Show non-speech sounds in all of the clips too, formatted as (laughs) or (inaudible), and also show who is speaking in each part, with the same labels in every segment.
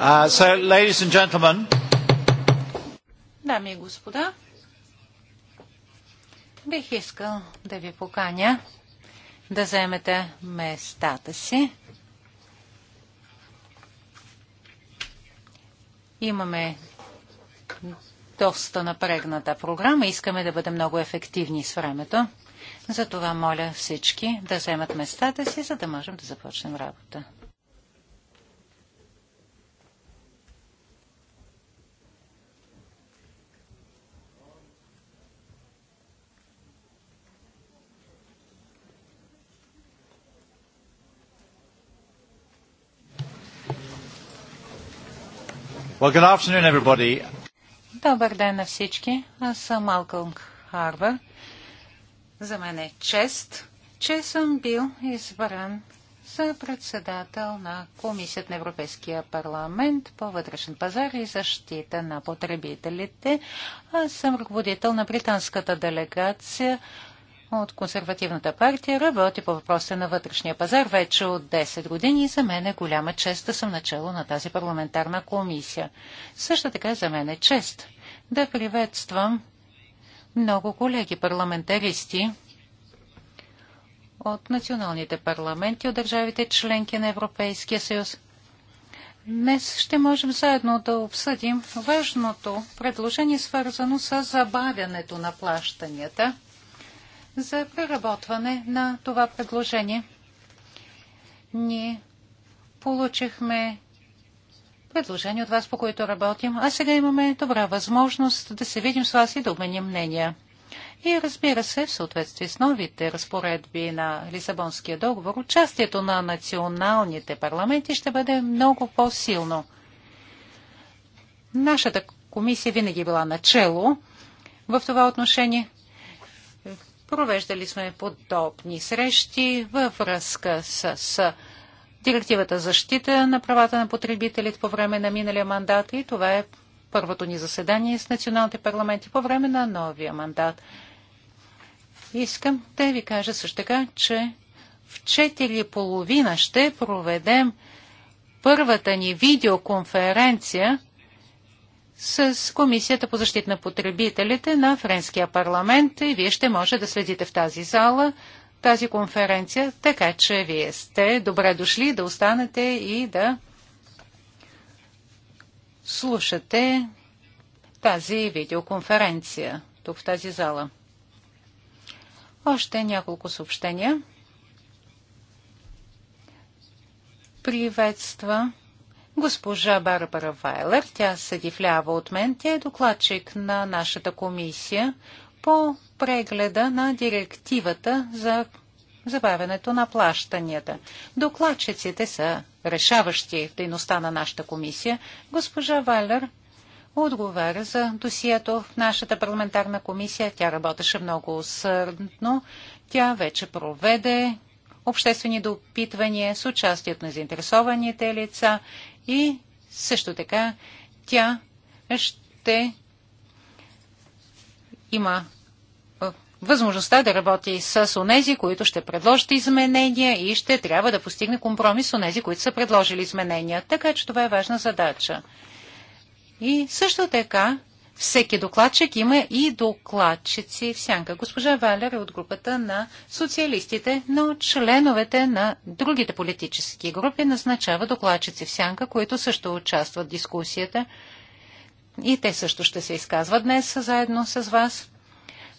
Speaker 1: Uh, ladies and gentlemen. Дами и господа, бих искал да ви поканя да заемете местата си. Имаме доста напрегната програма. Искаме да бъдем много ефективни с времето. Затова моля всички да вземат местата си, за да можем да започнем работа. Well, good afternoon, everybody. Добър ден на всички. Аз съм Малкълм Харбър. За мен е чест, че съм бил избран за председател на Комисията на Европейския парламент по вътрешен пазар и защита на потребителите. Аз съм ръководител на британската делегация от консервативната партия работи по въпроса на вътрешния пазар вече от 10 години и за мен е голяма чест да съм начало на тази парламентарна комисия. Също така за мен е чест да приветствам много колеги парламентаристи от националните парламенти от държавите членки на Европейския съюз. Днес ще можем заедно да обсъдим важното предложение, свързано с забавянето на плащанията – за преработване на това предложение. Ние получихме предложение от вас, по които работим, а сега имаме добра възможност да се видим с вас и да обменим мнения. И разбира се, в съответствие с новите разпоредби на Лисабонския договор, участието на националните парламенти ще бъде много по-силно. Нашата комисия винаги е била начало в това отношение. Провеждали сме подобни срещи във връзка с, с Директивата за защита на правата на потребителите по време на миналия мандат и това е първото ни заседание с националните парламенти по време на новия мандат. Искам да ви кажа също така, че в 4.30 ще проведем първата ни видеоконференция с Комисията по защита на потребителите на Френския парламент и вие ще може да следите в тази зала тази конференция, така че вие сте добре дошли да останете и да слушате тази видеоконференция тук в тази зала. Още няколко съобщения. Приветства госпожа Барбара Вайлер. Тя седи вляво от мен. Тя е докладчик на нашата комисия по прегледа на директивата за забавянето на плащанията. Докладчиците са решаващи в дейността на нашата комисия. Госпожа Вайлер отговаря за досието в нашата парламентарна комисия. Тя работеше много усърдно. Тя вече проведе обществени допитвания с участието на заинтересованите лица и също така тя ще има възможността да работи с онези, които ще предложат изменения и ще трябва да постигне компромис с онези, които са предложили изменения. Така че това е важна задача. И също така всеки докладчик има и докладчици в сянка. Госпожа Валер е от групата на социалистите, но членовете на другите политически групи назначава докладчици в сянка, които също участват в дискусията. И те също ще се изказват днес заедно с вас.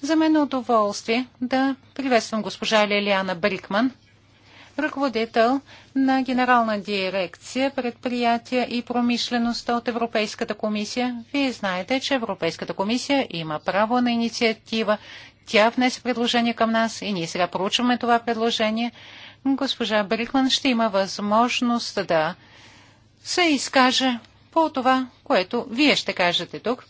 Speaker 1: За мен е удоволствие да приветствам госпожа Лилиана Брикман – ръководител на Генерална дирекция предприятия и промишленост от Европейската комисия. Вие знаете, че Европейската комисия има право на инициатива. Тя внесе предложение към нас и ние сега проучваме това предложение. Госпожа Брикман ще има възможност да се изкаже по това, което вие ще кажете тук.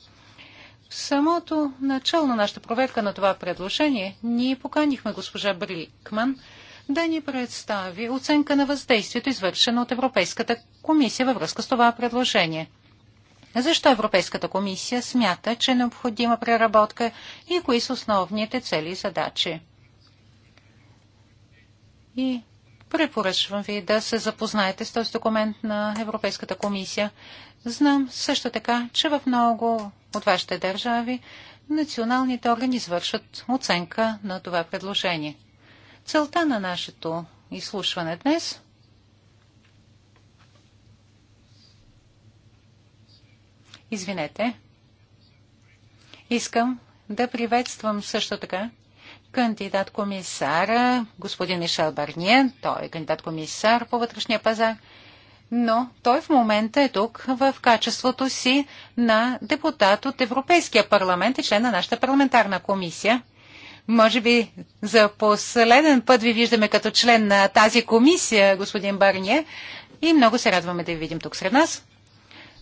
Speaker 1: В самото начало на нашата проверка на това предложение ние поканихме госпожа Брикман – да ни представи оценка на въздействието, извършено от Европейската комисия във връзка с това предложение. Защо Европейската комисия смята, че е необходима преработка и кои са основните цели и задачи? И препоръчвам ви да се запознаете с този документ на Европейската комисия. Знам също така, че в много от вашите държави националните органи извършват оценка на това предложение. Целта на нашето изслушване днес Извинете. Искам да приветствам също така кандидат-комисара, господин Мишел Барния. Той е кандидат-комисар по вътрешния пазар, но той в момента е тук в качеството си на депутат от Европейския парламент и член на нашата парламентарна комисия. Може би за последен път ви виждаме като член на тази комисия, господин Барние, и много се радваме да ви видим тук сред нас.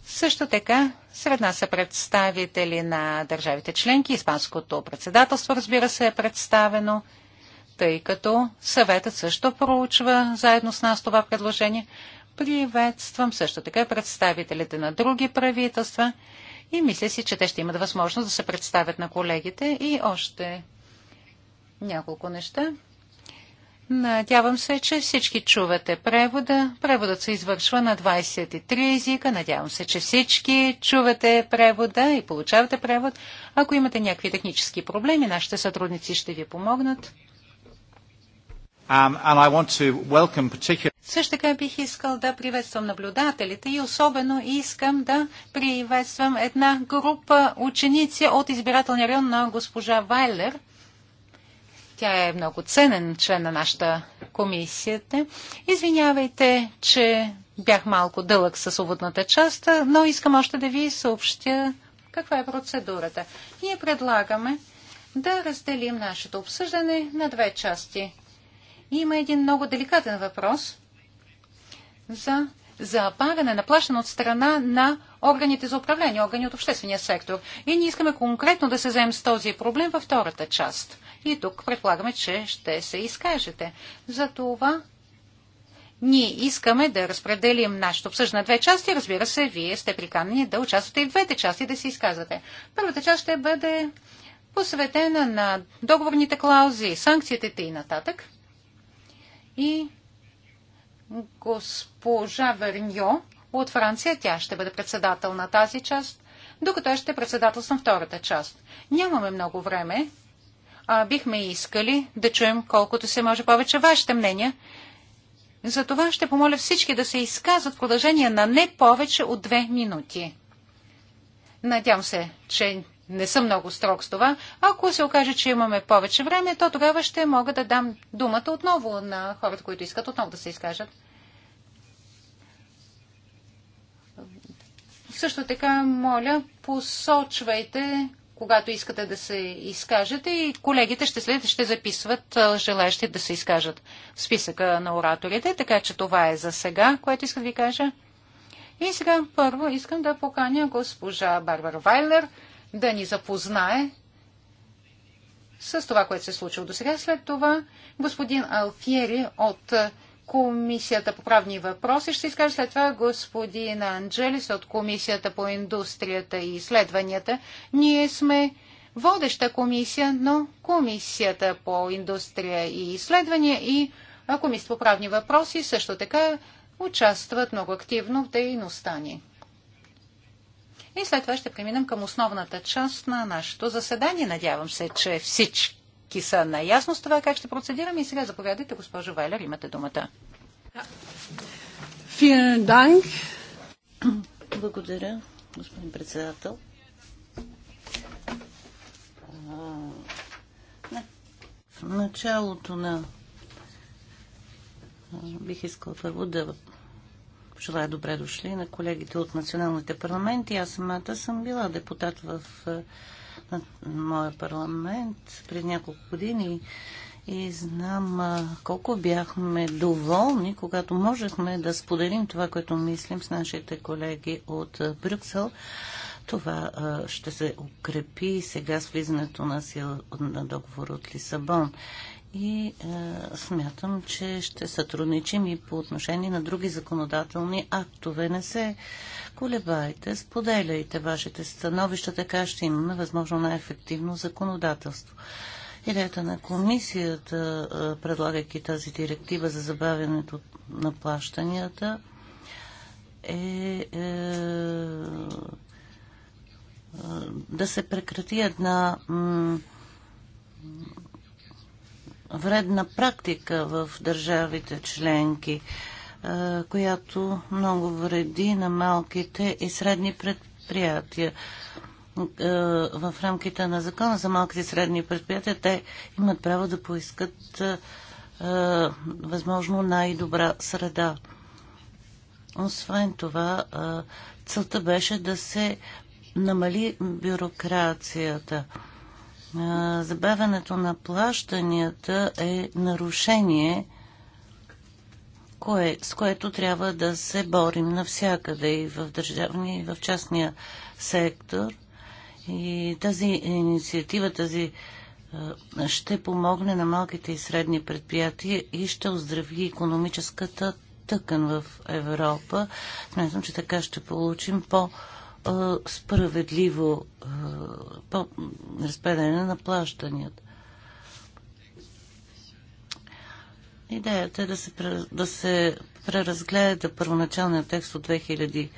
Speaker 1: Също така, сред нас са представители на държавите членки. Испанското председателство, разбира се, е представено, тъй като съветът също проучва заедно с нас това предложение. Приветствам също така представителите на други правителства и мисля си, че те ще имат възможност да се представят на колегите и още няколко неща. Надявам се, че всички чувате превода. Преводът се извършва на 23 езика. Надявам се, че всички чувате превода и получавате превод. Ако имате някакви технически проблеми, нашите сътрудници ще ви помогнат. Um, particular... Също така бих искал да приветствам наблюдателите и особено искам да приветствам една група ученици от избирателния район на госпожа Вайлер – тя е много ценен член на нашата комисията. Извинявайте, че бях малко дълъг с уводната част, но искам още да ви съобщя каква е процедурата. Ние предлагаме да разделим нашето обсъждане на две части. Има един много деликатен въпрос за забавяне на плащане от страна на органите за управление, органи от обществения сектор. И ние искаме конкретно да се вземем с този проблем във втората част. И тук предполагаме, че ще се изкажете. За това ние искаме да разпределим нашето обсъждане на две части. Разбира се, вие сте приканени да участвате и в двете части да се изказвате. Първата част ще бъде посветена на договорните клаузи, санкциите и нататък. И госпожа Верньо от Франция. Тя ще бъде председател на тази част, докато аз ще председателствам втората част. Нямаме много време. А бихме искали да чуем колкото се може повече вашите мнения. За това ще помоля всички да се изказват в продължение на не повече от две минути. Надявам се, че не съм много строг с това. Ако се окаже, че имаме повече време, то тогава ще мога да дам думата отново на хората, които искат отново да се изкажат. Също така, моля, посочвайте, когато искате да се изкажете и колегите ще след ще записват желаящи да се изкажат в списъка на ораторите, така че това е за сега, което искам да ви кажа. И сега първо искам да поканя госпожа Барбара Вайлер да ни запознае с това, което се е случило до сега. След това господин Алфиери от Комисията по правни въпроси. Ще изкаже след това господин Анджелис от Комисията по индустрията и изследванията. Ние сме водеща комисия, но Комисията по индустрия и изследвания и Комисията по правни въпроси също така участват много активно в дейността ни. И след това ще преминем към основната част на нашето заседание. Надявам се, че всички всички са наясно с това как ще процедираме. И сега заповядайте, госпожо Вайлер, имате думата. Благодаря, господин председател.
Speaker 2: В началото на бих искала първо да желая добре дошли на колегите от националните парламенти. Аз самата съм била депутат в на моя парламент пред няколко години и знам а, колко бяхме доволни, когато можехме да споделим това, което мислим с нашите колеги от а, Брюксел. Това а, ще се укрепи сега с влизането на сила на договор от Лисабон и е, смятам, че ще сътрудничим и по отношение на други законодателни актове. Не се колебайте, споделяйте вашите становища, така ще имаме възможно най-ефективно законодателство. Идеята на комисията, е, предлагайки тази директива за забавянето на плащанията, е, е, е да се прекрати една вредна практика в държавите членки, която много вреди на малките и средни предприятия. В рамките на закона за малките и средни предприятия те имат право да поискат възможно най-добра среда. Освен това, целта беше да се намали бюрокрацията забавянето на плащанията е нарушение, кое, с което трябва да се борим навсякъде и в държавния, и в частния сектор. И тази инициатива, тази ще помогне на малките и средни предприятия и ще оздрави економическата тъкан в Европа. Смятам, че така ще получим по- справедливо разпределение на плащанията. Идеята е да се, да се преразгледа първоначалният текст от 2000,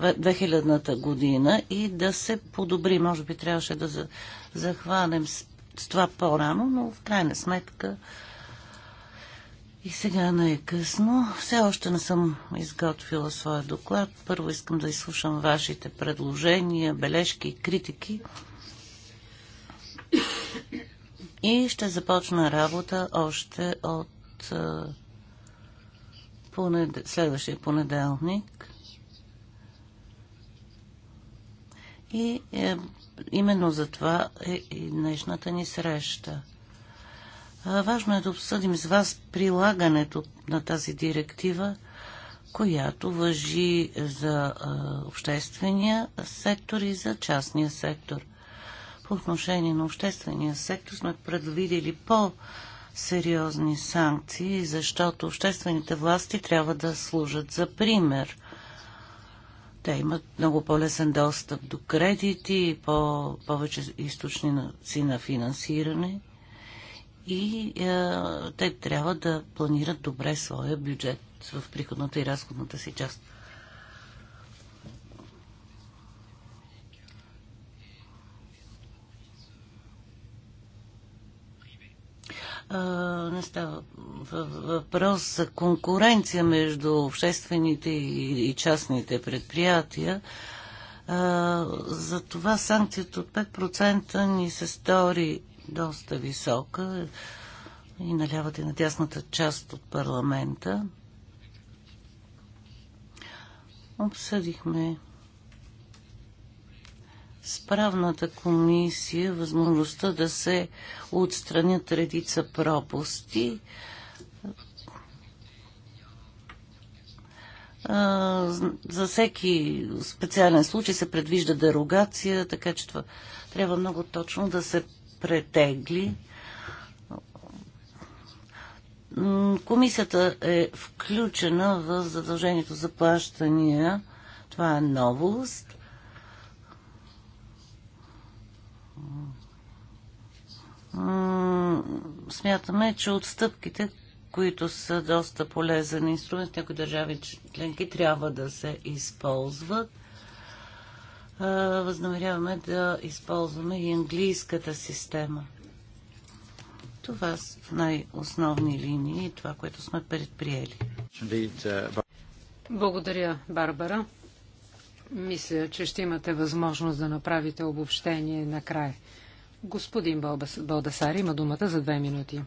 Speaker 2: 2000-та година и да се подобри. Може би трябваше да захванем с, с това по-рано, но в крайна сметка и сега не е късно. Все още не съм изготвила своя доклад. Първо искам да изслушам вашите предложения, бележки и критики. И ще започна работа още от понед... следващия понеделник. И е, именно за това е и днешната ни среща. Важно е да обсъдим с вас прилагането на тази директива, която въжи за обществения сектор и за частния сектор. По отношение на обществения сектор сме предвидели по- сериозни санкции, защото обществените власти трябва да служат за пример. Те имат много по-лесен достъп до кредити, по повече източници на финансиране и е, те трябва да планират добре своя бюджет в приходната и разходната си част. Е, не става въпрос за конкуренция между обществените и частните предприятия. Е, за това санкцията от 5% ни се стори доста висока и на лявата и на тясната част от парламента. Обсъдихме с правната комисия възможността да се отстранят редица пропусти. За всеки специален случай се предвижда дерогация, така че това трябва много точно да се претегли. Комисията е включена в задължението за плащания. Това е новост. Смятаме, че отстъпките, които са доста полезен инструмент, някои държави членки трябва да се използват възнамеряваме да използваме и английската система. Това са в най-основни линии това, което сме предприели.
Speaker 3: Благодаря, Барбара. Мисля, че ще имате възможност да направите обобщение накрая. Господин Балдасар има думата за две минути.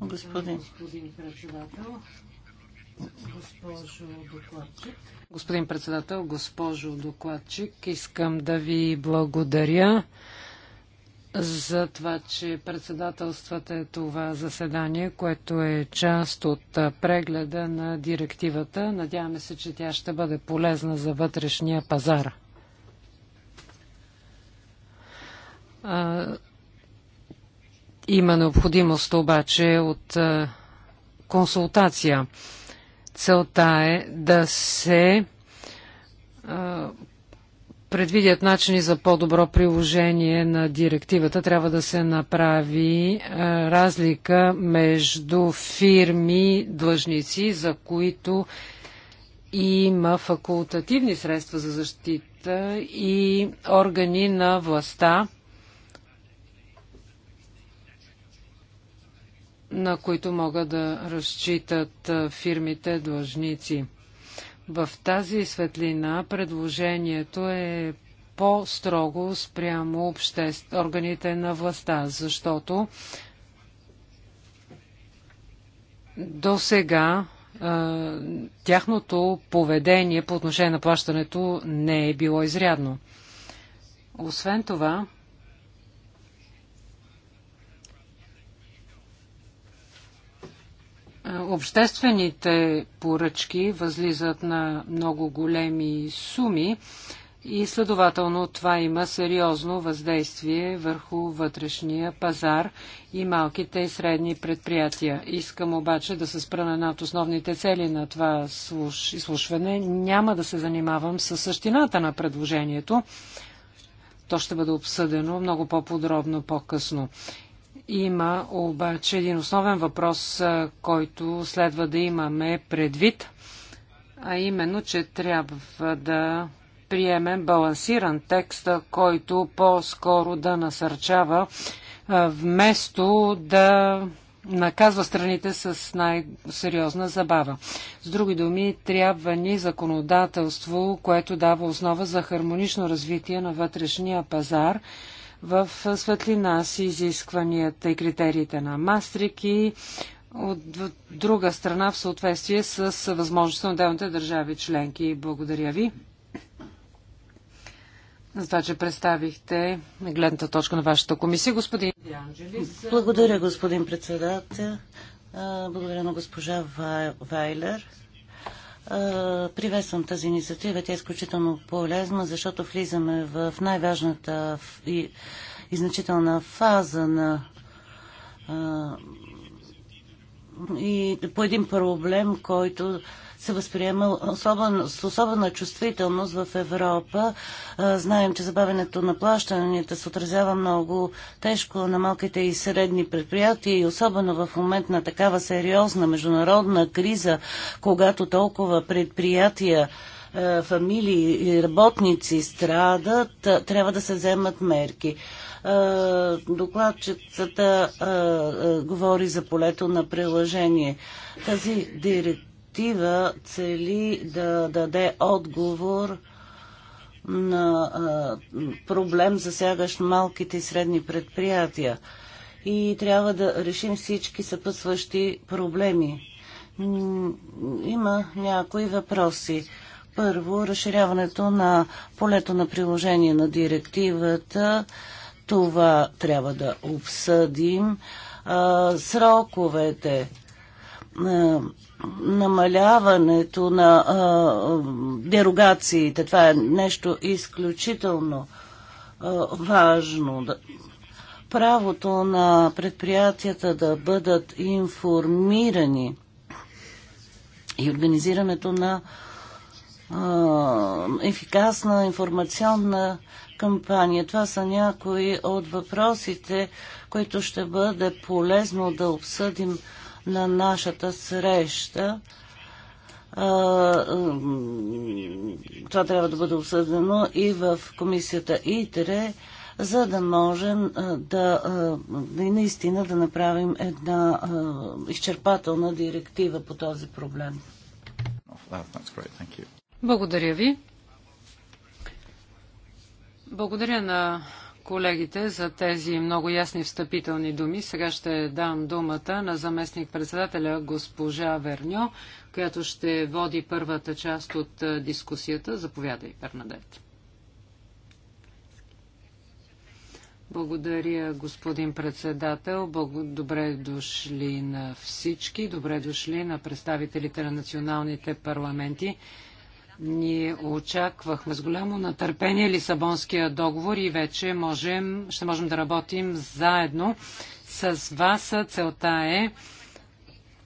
Speaker 3: Господин. Господин председател, Госпожо докладчик. Господин председател, госпожо докладчик, искам да ви благодаря за това, че председателствате това заседание, което е част от прегледа на директивата. Надяваме се, че тя ще бъде полезна за вътрешния пазар. има необходимост обаче от консултация Целта е да се предвидят начини за по-добро приложение на директивата. Трябва да се направи разлика между фирми, длъжници, за които има факултативни средства за защита и органи на властта, на които могат да разчитат фирмите длъжници. В тази светлина предложението е по-строго спрямо обществ, органите на властта, защото до сега тяхното поведение по отношение на плащането не е било изрядно. Освен това, Е, обществените поръчки възлизат на много големи суми и следователно това има сериозно въздействие върху вътрешния пазар и малките и средни предприятия. Искам обаче да се спра на една от основните цели на това изслушване. Няма да се занимавам с същината на предложението. То ще бъде обсъдено много по-подробно по-късно. Има обаче един основен въпрос, който следва да имаме предвид, а именно, че трябва да приемем балансиран текст, който по-скоро да насърчава, вместо да наказва страните с най-сериозна забава. С други думи, трябва ни законодателство, което дава основа за хармонично развитие на вътрешния пазар – в светлина с изискванията и критериите на Мастрик и от друга страна в съответствие с възможността на отделните държави членки. Благодаря ви за това, че представихте гледната точка на вашата комисия. Господин Анджелис. Благодаря, господин председател. Благодаря на госпожа
Speaker 2: Вайлер Приветствам тази инициатива. Тя е изключително полезна, защото влизаме в най-важната и, и значителна фаза на а, и по един проблем, който се възприема особен, с особена чувствителност в Европа. Знаем, че забавянето на плащанията се отразява много тежко на малките и средни предприятия и особено в момент на такава сериозна международна криза, когато толкова предприятия фамилии и работници страдат, трябва да се вземат мерки. Докладчицата говори за полето на приложение. Тази директ директива цели да даде отговор на проблем, засягащ малките и средни предприятия. И трябва да решим всички съпътстващи проблеми. Има някои въпроси. Първо, разширяването на полето на приложение на директивата. Това трябва да обсъдим. сроковете е, намаляването на е, дерогациите. Това е нещо изключително е, важно. Правото на предприятията да бъдат информирани и организирането на ефикасна информационна кампания. Това са някои от въпросите, които ще бъде полезно да обсъдим на нашата среща. Това трябва да бъде обсъдено и в комисията ИТРЕ, за да можем да, да наистина да направим една изчерпателна директива по този проблем.
Speaker 3: Благодаря ви. Благодаря на колегите за тези много ясни встъпителни думи. Сега ще дам думата на заместник-председателя госпожа Верньо, която ще води първата част от дискусията. Заповядай, Бернадет. Благодаря, господин председател. Добре дошли на всички. Добре дошли на представителите на националните парламенти. Ние очаквахме с голямо натърпение Лисабонския договор и вече можем, ще можем да работим заедно с вас. Целта е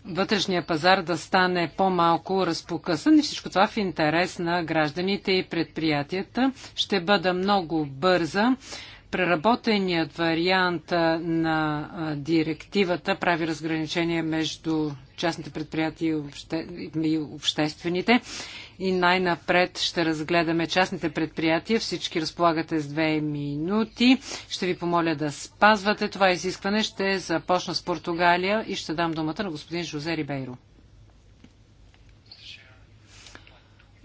Speaker 3: вътрешния пазар да стане по-малко разпокъсан и всичко това в интерес на гражданите и предприятията. Ще бъда много бърза. Преработеният вариант на директивата прави разграничение между частните предприятия и, обществените и най-напред ще разгледаме частните предприятия. Всички разполагате с две минути. Ще ви помоля да спазвате това изискване. Ще започна с Португалия и ще дам думата на господин Жозе Рибейро.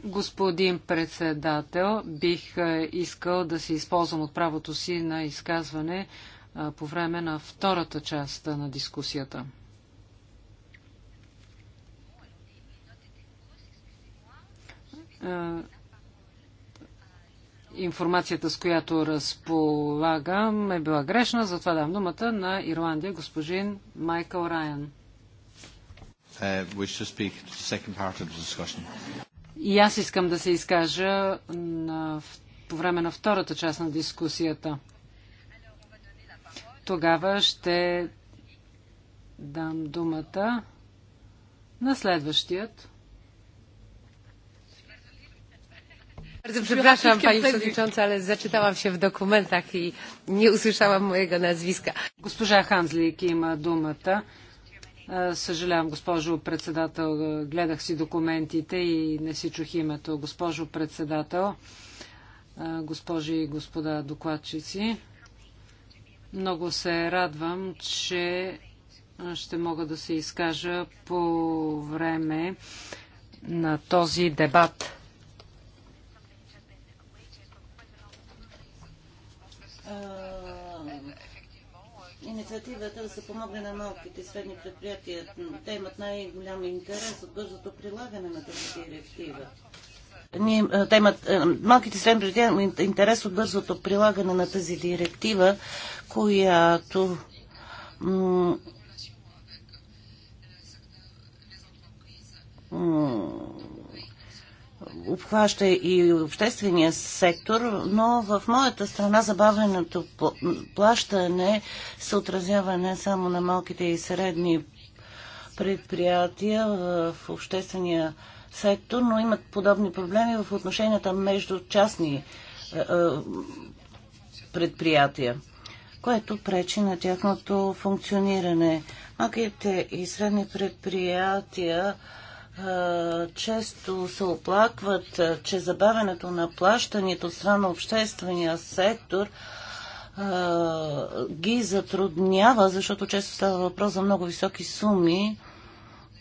Speaker 3: Господин председател, бих е, искал да се използвам от правото си на изказване по време на втората част на дискусията. информацията, с която разполагам, е била грешна, затова дам думата на Ирландия, господин Майкъл Райан. Uh, И аз искам да се изкажа на, по време на втората част на дискусията. Тогава ще дам думата на следващият. Bardzo Przepraszam Pani Przewodnicząca,
Speaker 1: ale zaczytałam się w dokumentach i nie usłyszałam mojego nazwiska. Госпожа
Speaker 3: Ханзлик има думата. Е, съжалявам, госпожо председател, гледах си документите и не си чух името. Госпожо председател, е, госпожи и господа докладчици, много се радвам, че ще мога да се изкажа по време на този дебат.
Speaker 2: инициативата да се помогне на малките и средни предприятия. Те имат най-голям интерес от бързото прилагане на тази директива. Ние, те имат, малките и средни предприятия имат интерес от бързото прилагане на тази директива, която обхваща и обществения сектор, но в моята страна забавеното плащане се отразява не само на малките и средни предприятия в обществения сектор, но имат подобни проблеми в отношенията между частни е, е, предприятия, което пречи на тяхното функциониране. Малките и средни предприятия често се оплакват, че забавянето на плащането от страна на обществения сектор ги затруднява, защото често става въпрос за много високи суми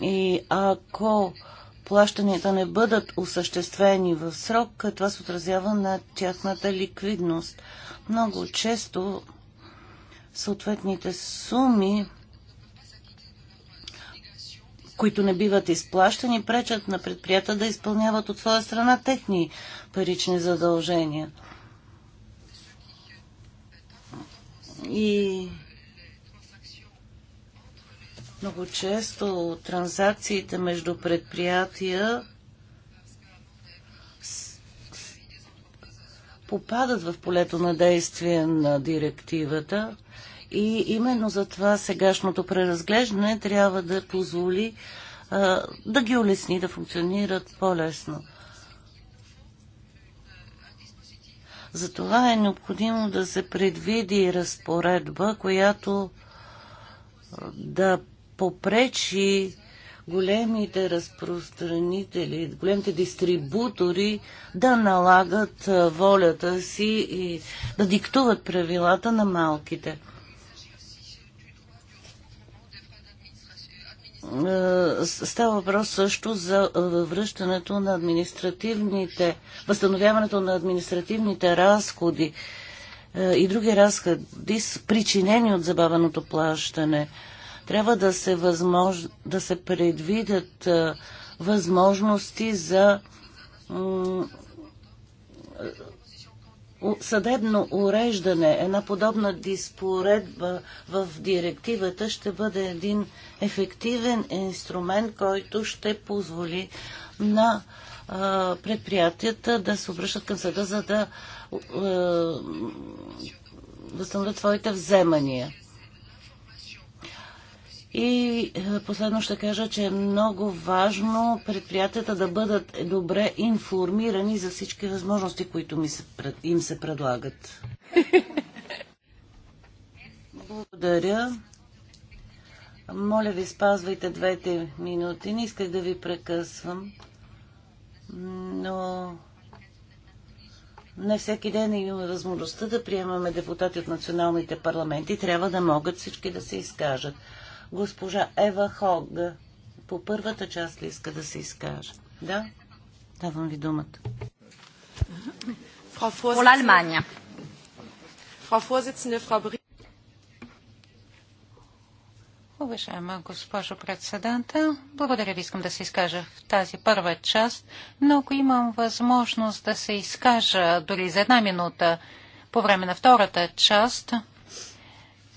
Speaker 2: и ако плащанията не бъдат осъществени в срок, това се отразява на тяхната ликвидност. Много често съответните суми които не биват изплащани, пречат на предприята да изпълняват от своя страна техни парични задължения. И много често транзакциите между предприятия попадат в полето на действие на директивата и именно за това сегашното преразглеждане трябва да позволи да ги улесни да функционират по-лесно. Затова е необходимо да се предвиди разпоредба, която да попречи големите разпространители, големите дистрибутори да налагат волята си и да диктуват правилата на малките. Е, става въпрос също за е, връщането на административните, възстановяването на административните разходи е, и други разходи, причинени от забавеното плащане. Трябва да се, възмож... да се предвидят възможности за съдебно уреждане, една подобна диспоредба в директивата ще бъде един ефективен инструмент, който ще позволи на предприятията да се обръщат към съда, за да възстановят своите вземания. И е, последно ще кажа, че е много важно предприятията да бъдат добре информирани за всички възможности, които се, им се предлагат. Благодаря. Моля ви, спазвайте двете минути. Не исках да ви прекъсвам, но не всеки ден имаме възможността да приемаме депутати от националните парламенти. Трябва да могат всички да се изкажат. Госпожа Ева Хог, по първата част ли иска да се изкаже? Да? Давам ви думата.
Speaker 1: Уважаема госпожо председател, благодаря ви, искам да се изкажа в тази първа част, но ако имам възможност да се изкажа дори за една минута по време на втората част,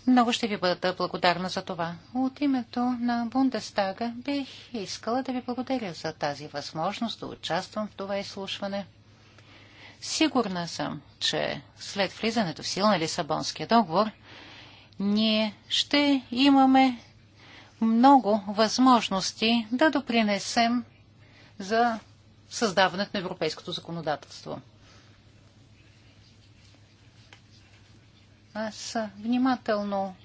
Speaker 1: много ще ви бъда благодарна за това. От името на Бундестага бих искала да ви благодаря за тази възможност да участвам в това изслушване. Сигурна съм, че след влизането в сила на Лисабонския договор, ние ще имаме много възможности да допринесем за създаването на европейското законодателство. Аз внимателно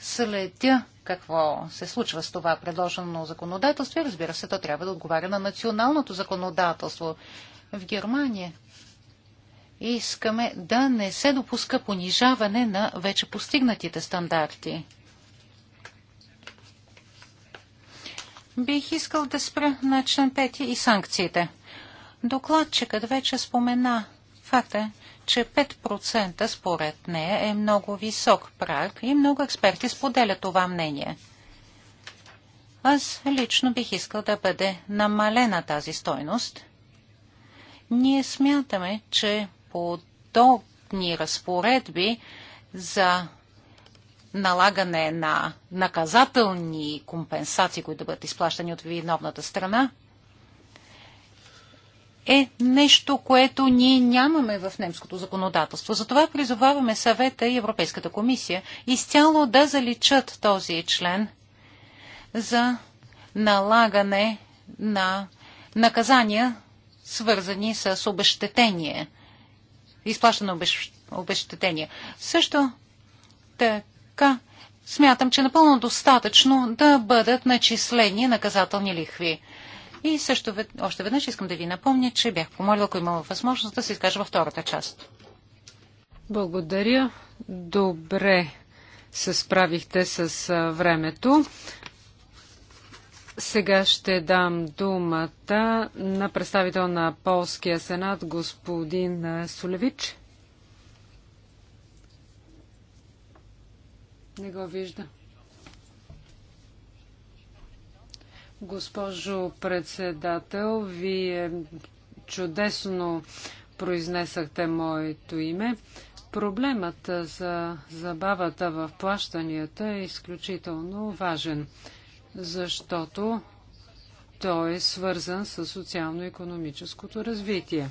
Speaker 1: следя какво се случва с това предложено законодателство и разбира се, то трябва да отговаря на националното законодателство в Германия. Искаме да не се допуска понижаване на вече постигнатите стандарти. Бих искал да спра на член 5 и санкциите. Докладчикът вече спомена факта, е, че 5% според нея е много висок праг и много експерти споделят това мнение. Аз лично бих искал да бъде намалена тази стойност. Ние смятаме, че подобни разпоредби за налагане на наказателни компенсации, които да бъдат изплащани от виновната страна, е нещо, което ние нямаме в немското законодателство. Затова призоваваме съвета и Европейската комисия изцяло да заличат този член за налагане на наказания, свързани с обещетение, изплащане обещетение. Също така смятам, че е напълно достатъчно да бъдат начислени наказателни лихви. И също още веднъж искам да ви напомня, че бях помолила, ако имала възможност, да се изкажа във втората част.
Speaker 3: Благодаря. Добре се справихте с времето. Сега ще дам думата на представител на Полския сенат, господин Сулевич. Не го вижда. Госпожо председател, вие чудесно произнесахте моето име. Проблемът за забавата в плащанията е изключително важен, защото той е свързан с социално-економическото развитие.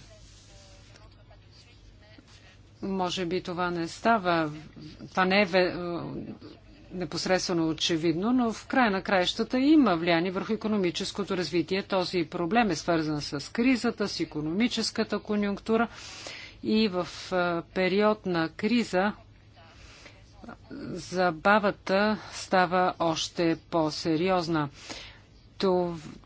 Speaker 3: Може би това не става, това не е непосредствено очевидно, но в края на краищата има влияние върху економическото развитие. Този проблем е свързан с кризата, с економическата конюнктура и в период на криза забавата става още по-сериозна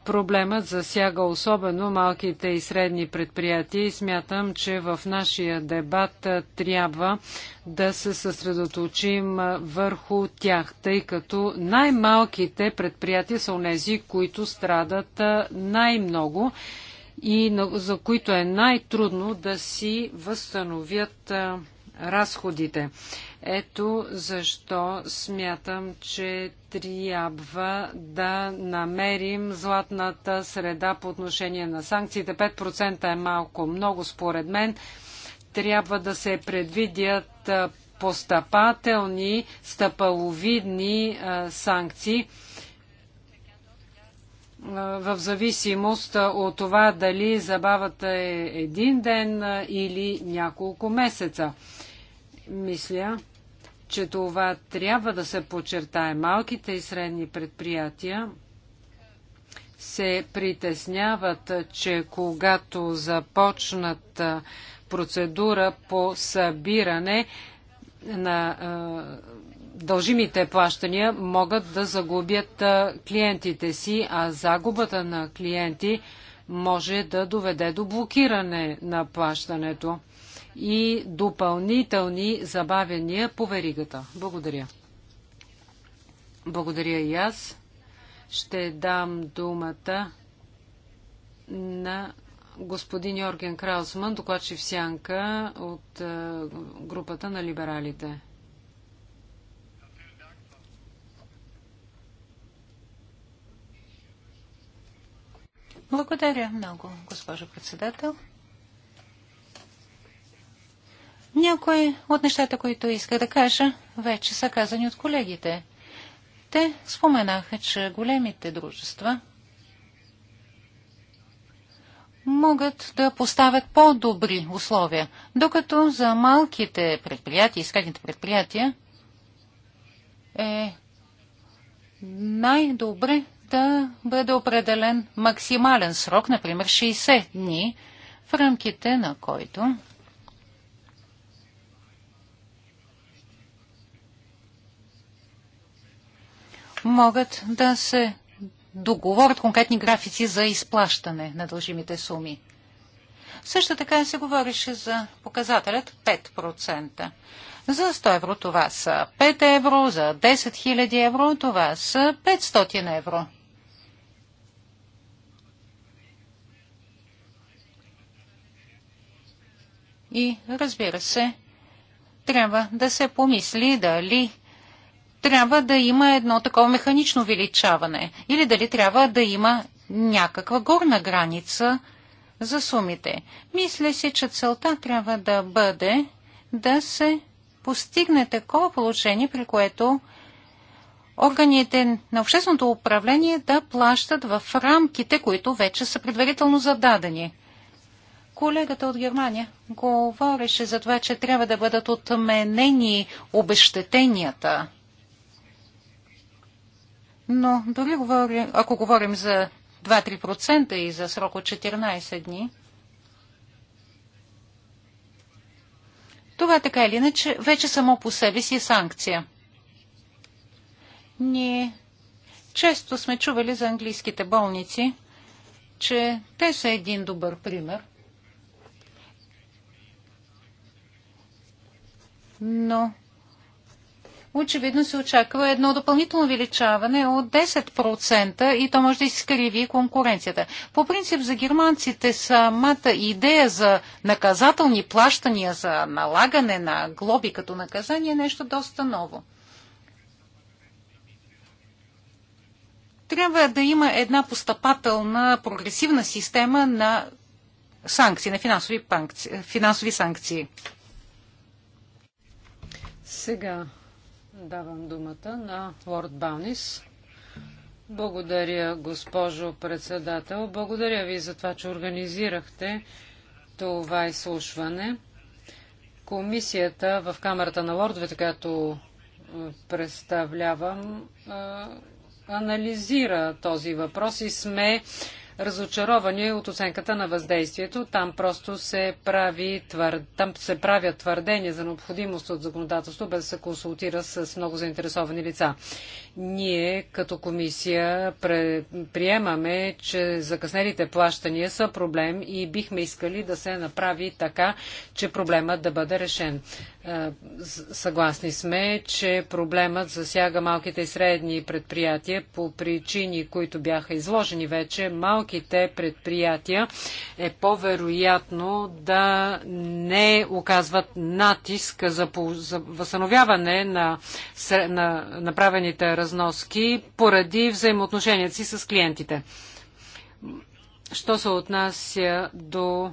Speaker 3: проблемът засяга особено малките и средни предприятия и смятам, че в нашия дебат трябва да се съсредоточим върху тях, тъй като най-малките предприятия са онези, които страдат най-много и за които е най-трудно да си възстановят разходите. Ето защо смятам, че трябва да намерим златната среда по отношение на санкциите. 5% е малко много според мен. Трябва да се предвидят постъпателни, стъпаловидни санкции в зависимост от това дали забавата е един ден или няколко месеца. Мисля, че това трябва да се подчертае. Малките и средни предприятия се притесняват, че когато започнат процедура по събиране на дължимите плащания, могат да загубят клиентите си, а загубата на клиенти може да доведе до блокиране на плащането и допълнителни забавяния по веригата. Благодаря. Благодаря и аз. Ще дам думата на господин Йорген Краусман, докладчив сянка от е, групата на либералите.
Speaker 1: Благодаря много, госпожо председател. Някои от нещата, които иска да кажа, вече са казани от колегите. Те споменаха, че големите дружества могат да поставят по-добри условия, докато за малките предприятия и средните предприятия е най-добре да бъде определен максимален срок, например 60 дни, в рамките на който могат да се договорят конкретни графици за изплащане на дължимите суми. Също така се говореше за показателят 5%. За 100 евро това са 5 евро, за 10 000 евро това са 500 евро. И разбира се, трябва да се помисли дали трябва да има едно такова механично увеличаване или дали трябва да има някаква горна граница за сумите. Мисля си, че целта трябва да бъде да се постигне такова положение, при което органите на общественото управление да плащат в рамките, които вече са предварително зададени. Колегата от Германия говореше за това, че трябва да бъдат отменени обещетенията но дори говорим, ако говорим за 2-3% и за срок от 14 дни, това така или иначе вече само по себе си е санкция. Ние често сме чували за английските болници, че те са един добър пример. Но очевидно се очаква едно допълнително увеличаване от 10% и то може да изкриви конкуренцията. По принцип за германците самата идея за наказателни плащания, за налагане на глоби като наказание е нещо доста ново. Трябва да има една постъпателна прогресивна система на санкции, на финансови, панкци, финансови санкции.
Speaker 3: Сега Давам думата на лорд Баунис. Благодаря, госпожо председател. Благодаря ви за това, че организирахте това изслушване. Комисията в Камерата на лордовете, която е, представлявам, е, анализира този въпрос и сме разочаровани от оценката на въздействието. Там просто се, прави твър... там се правят твърдения за необходимост от законодателство, без да се консултира с много заинтересовани лица. Ние като комисия приемаме, че закъснелите плащания са проблем и бихме искали да се направи така, че проблемът да бъде решен. Съгласни сме, че проблемът засяга малките и средни предприятия по причини, които бяха изложени вече. Малките предприятия е по-вероятно да не оказват натиск за, възстановяване на, на направените разноски поради взаимоотношенията си с клиентите. Що се отнася до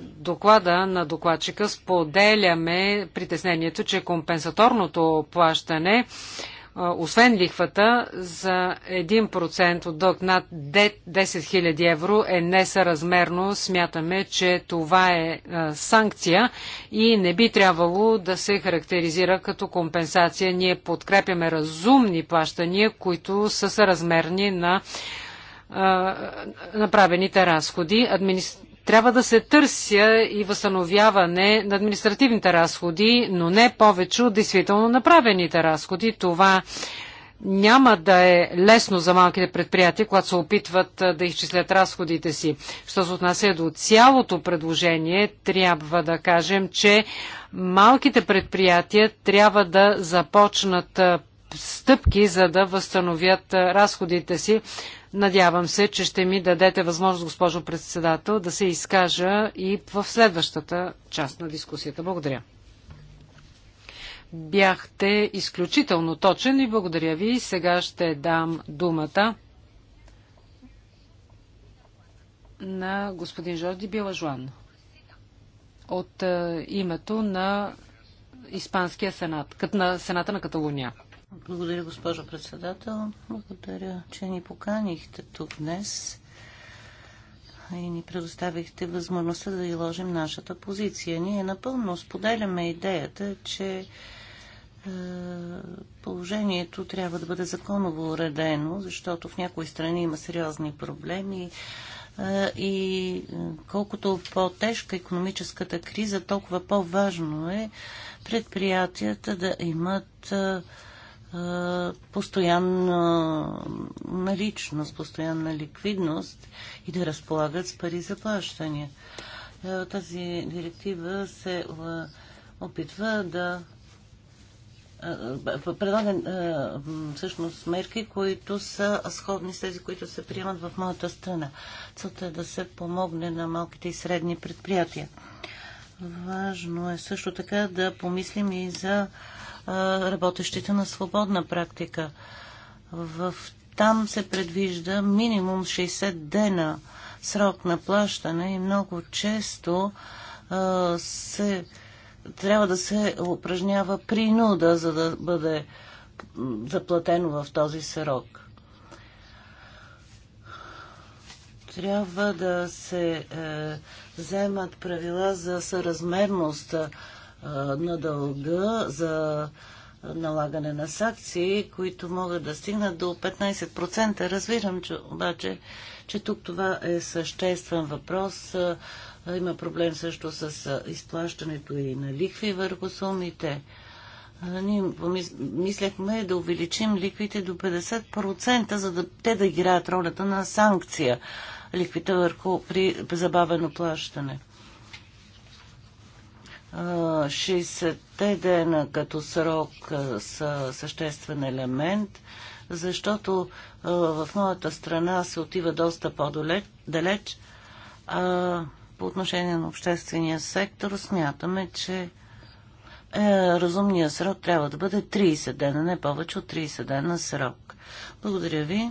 Speaker 3: доклада на докладчика споделяме притеснението, че компенсаторното плащане освен лихвата, за 1% от дълг над 10 000 евро е несъразмерно. Смятаме, че това е санкция и не би трябвало да се характеризира като компенсация. Ние подкрепяме разумни плащания, които са съразмерни на направените разходи. Администр... Трябва да се търся и възстановяване на административните разходи, но не повече от действително направените разходи. Това няма да е лесно за малките предприятия, когато се опитват да изчислят разходите си. Що се отнася до цялото предложение, трябва да кажем, че малките предприятия трябва да започнат стъпки, за да възстановят разходите си. Надявам се, че ще ми дадете възможност, госпожо председател, да се изкажа и в следващата част на дискусията. Благодаря. Бяхте изключително точен и благодаря ви. Сега ще дам думата на господин Жорди Билажуан от е, името на Испанския сенат, на сената на Каталуния.
Speaker 2: Благодаря, госпожо председател.
Speaker 3: Благодаря, че ни поканихте
Speaker 2: тук днес и ни предоставихте възможността да изложим нашата позиция. Ние напълно споделяме идеята, че е, положението трябва да бъде законово уредено, защото в някои страни има сериозни проблеми е, и колкото по-тежка економическата криза, толкова по-важно е предприятията да имат е, постоянна наличност, постоянна ликвидност и да разполагат с пари за плащания. Тази директива се опитва да предлага всъщност мерки, които са сходни с тези, които се приемат в моята страна. Целта е да се помогне на малките и средни предприятия. Важно е също така да помислим и за работещите на свободна практика. В там се предвижда минимум 60 дена срок на плащане и много често а, се, трябва да се упражнява принуда, за да бъде заплатено в този срок. Трябва да се е, вземат правила за съразмерност на дълга за налагане на санкции, които могат да стигнат до 15%. Разбирам, че, обаче, че тук това е съществен въпрос. Има проблем също с изплащането и на ликви върху сумите. Ние мислехме да увеличим ликвите до 50%, за да те да играят ролята на санкция ликвите върху при забавено плащане. 60-те дена като срок са съществен елемент, защото в моята страна се отива доста по-далеч. По отношение на обществения сектор смятаме, че е, разумният срок трябва да бъде 30 дена, не повече от 30 дена срок. Благодаря ви.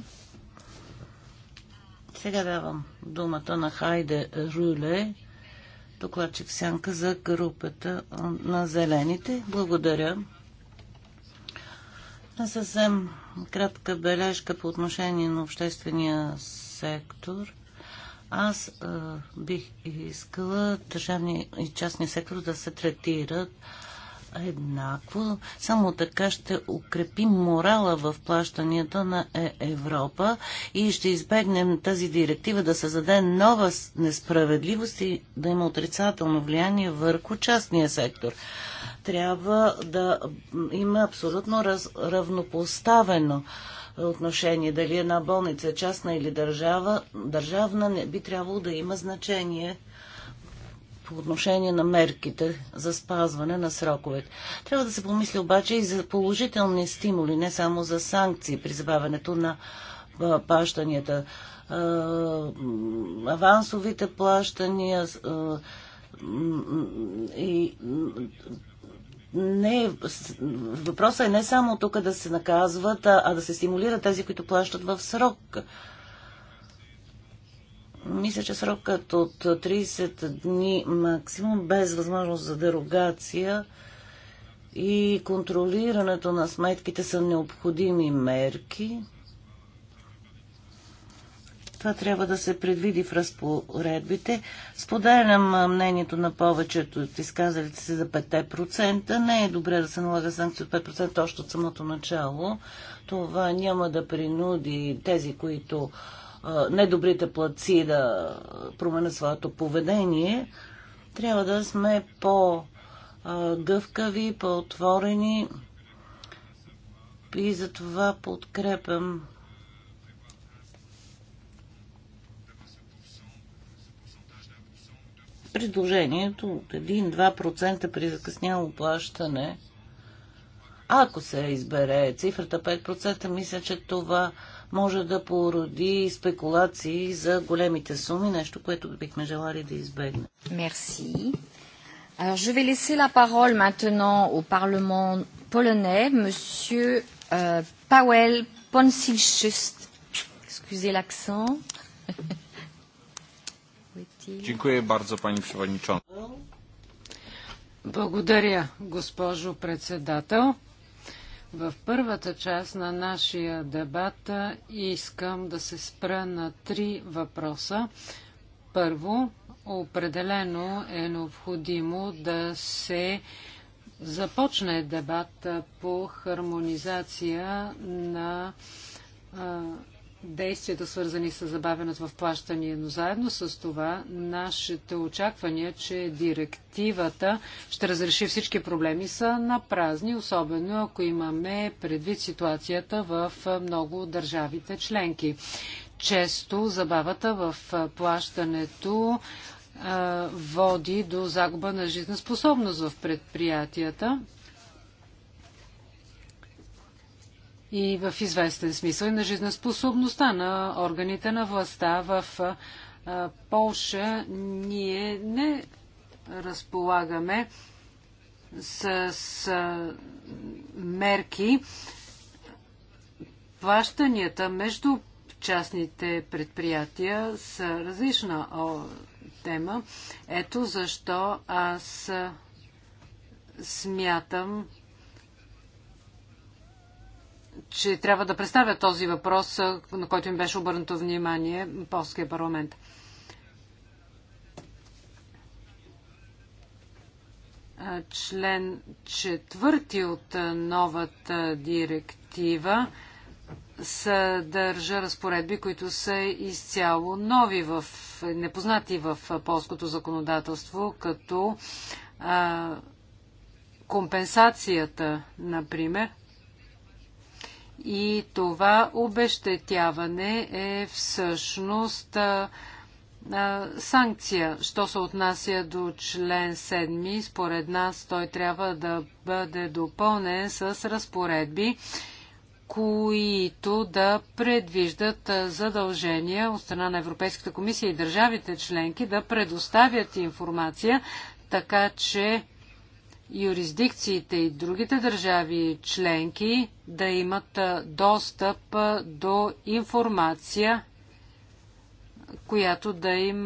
Speaker 2: Сега давам думата на Хайде Руле докладчик сянка за групата на зелените. Благодаря. На съвсем кратка бележка по отношение на обществения сектор. Аз а, бих искала държавния и частния сектор да се третират еднакво. Само така ще укрепим морала в плащанията на е- Европа и ще избегнем тази директива да създаде нова несправедливост и да има отрицателно влияние върху частния сектор. Трябва да има абсолютно раз, равнопоставено отношение, дали една болница е частна или държава, държавна, не би трябвало да има значение по отношение на мерките за спазване на сроковете. Трябва да се помисли обаче и за положителни стимули, не само за санкции при забавянето на плащанията. Авансовите плащания и не, въпросът е не само тук да се наказват, а, а да се стимулират тези, които плащат в срок. Мисля, че срокът от 30 дни максимум без възможност за дерогация и контролирането на сметките са необходими мерки. Това трябва да се предвиди в разпоредбите. Споделям мнението на повечето от изказалите се за 5%. Не е добре да се налага санкция от 5% още от самото начало. Това няма да принуди тези, които недобрите плаци да променят своето поведение, трябва да сме по-гъвкави, по-отворени и за това подкрепям предложението от 1-2% при закъсняло плащане. Ако се избере цифрата 5%, мисля, че това може да породи спекулации за големите суми, нещо, което бихме желали да избегнем.
Speaker 1: Мерси. Alors, je vais laisser la parole maintenant au Parlement polonais, Monsieur euh, Paweł Ponsilchust. Excusez l'accent.
Speaker 2: Dziękuję bardzo, Pani Przewodnicząca.
Speaker 3: Благодаря, госпожо председател. В първата част на нашия дебат искам да се спра на три въпроса. Първо, определено е необходимо да се започне дебат по хармонизация на действията, свързани с забавянето в плащане, но заедно с това нашите очаквания, че директивата ще разреши всички проблеми са на празни, особено ако имаме предвид ситуацията в много държавите членки. Често забавата в плащането води до загуба на жизнеспособност в предприятията и в известен смисъл и на жизнеспособността на органите на властта в Полша ние не разполагаме с, с мерки плащанията между частните предприятия са различна тема. Ето защо аз смятам, че трябва да представя този въпрос, на който им беше обърнато внимание полския парламент. Член четвърти от новата директива съдържа разпоредби, които са изцяло нови в непознати в полското законодателство, като а, компенсацията, например. И това обещетяване е всъщност санкция. Що се отнася до член 7, според нас той трябва да бъде допълнен с разпоредби, които да предвиждат задължения от страна на Европейската комисия и държавите членки да предоставят информация, така че юрисдикциите и другите държави членки да имат достъп до информация, която да им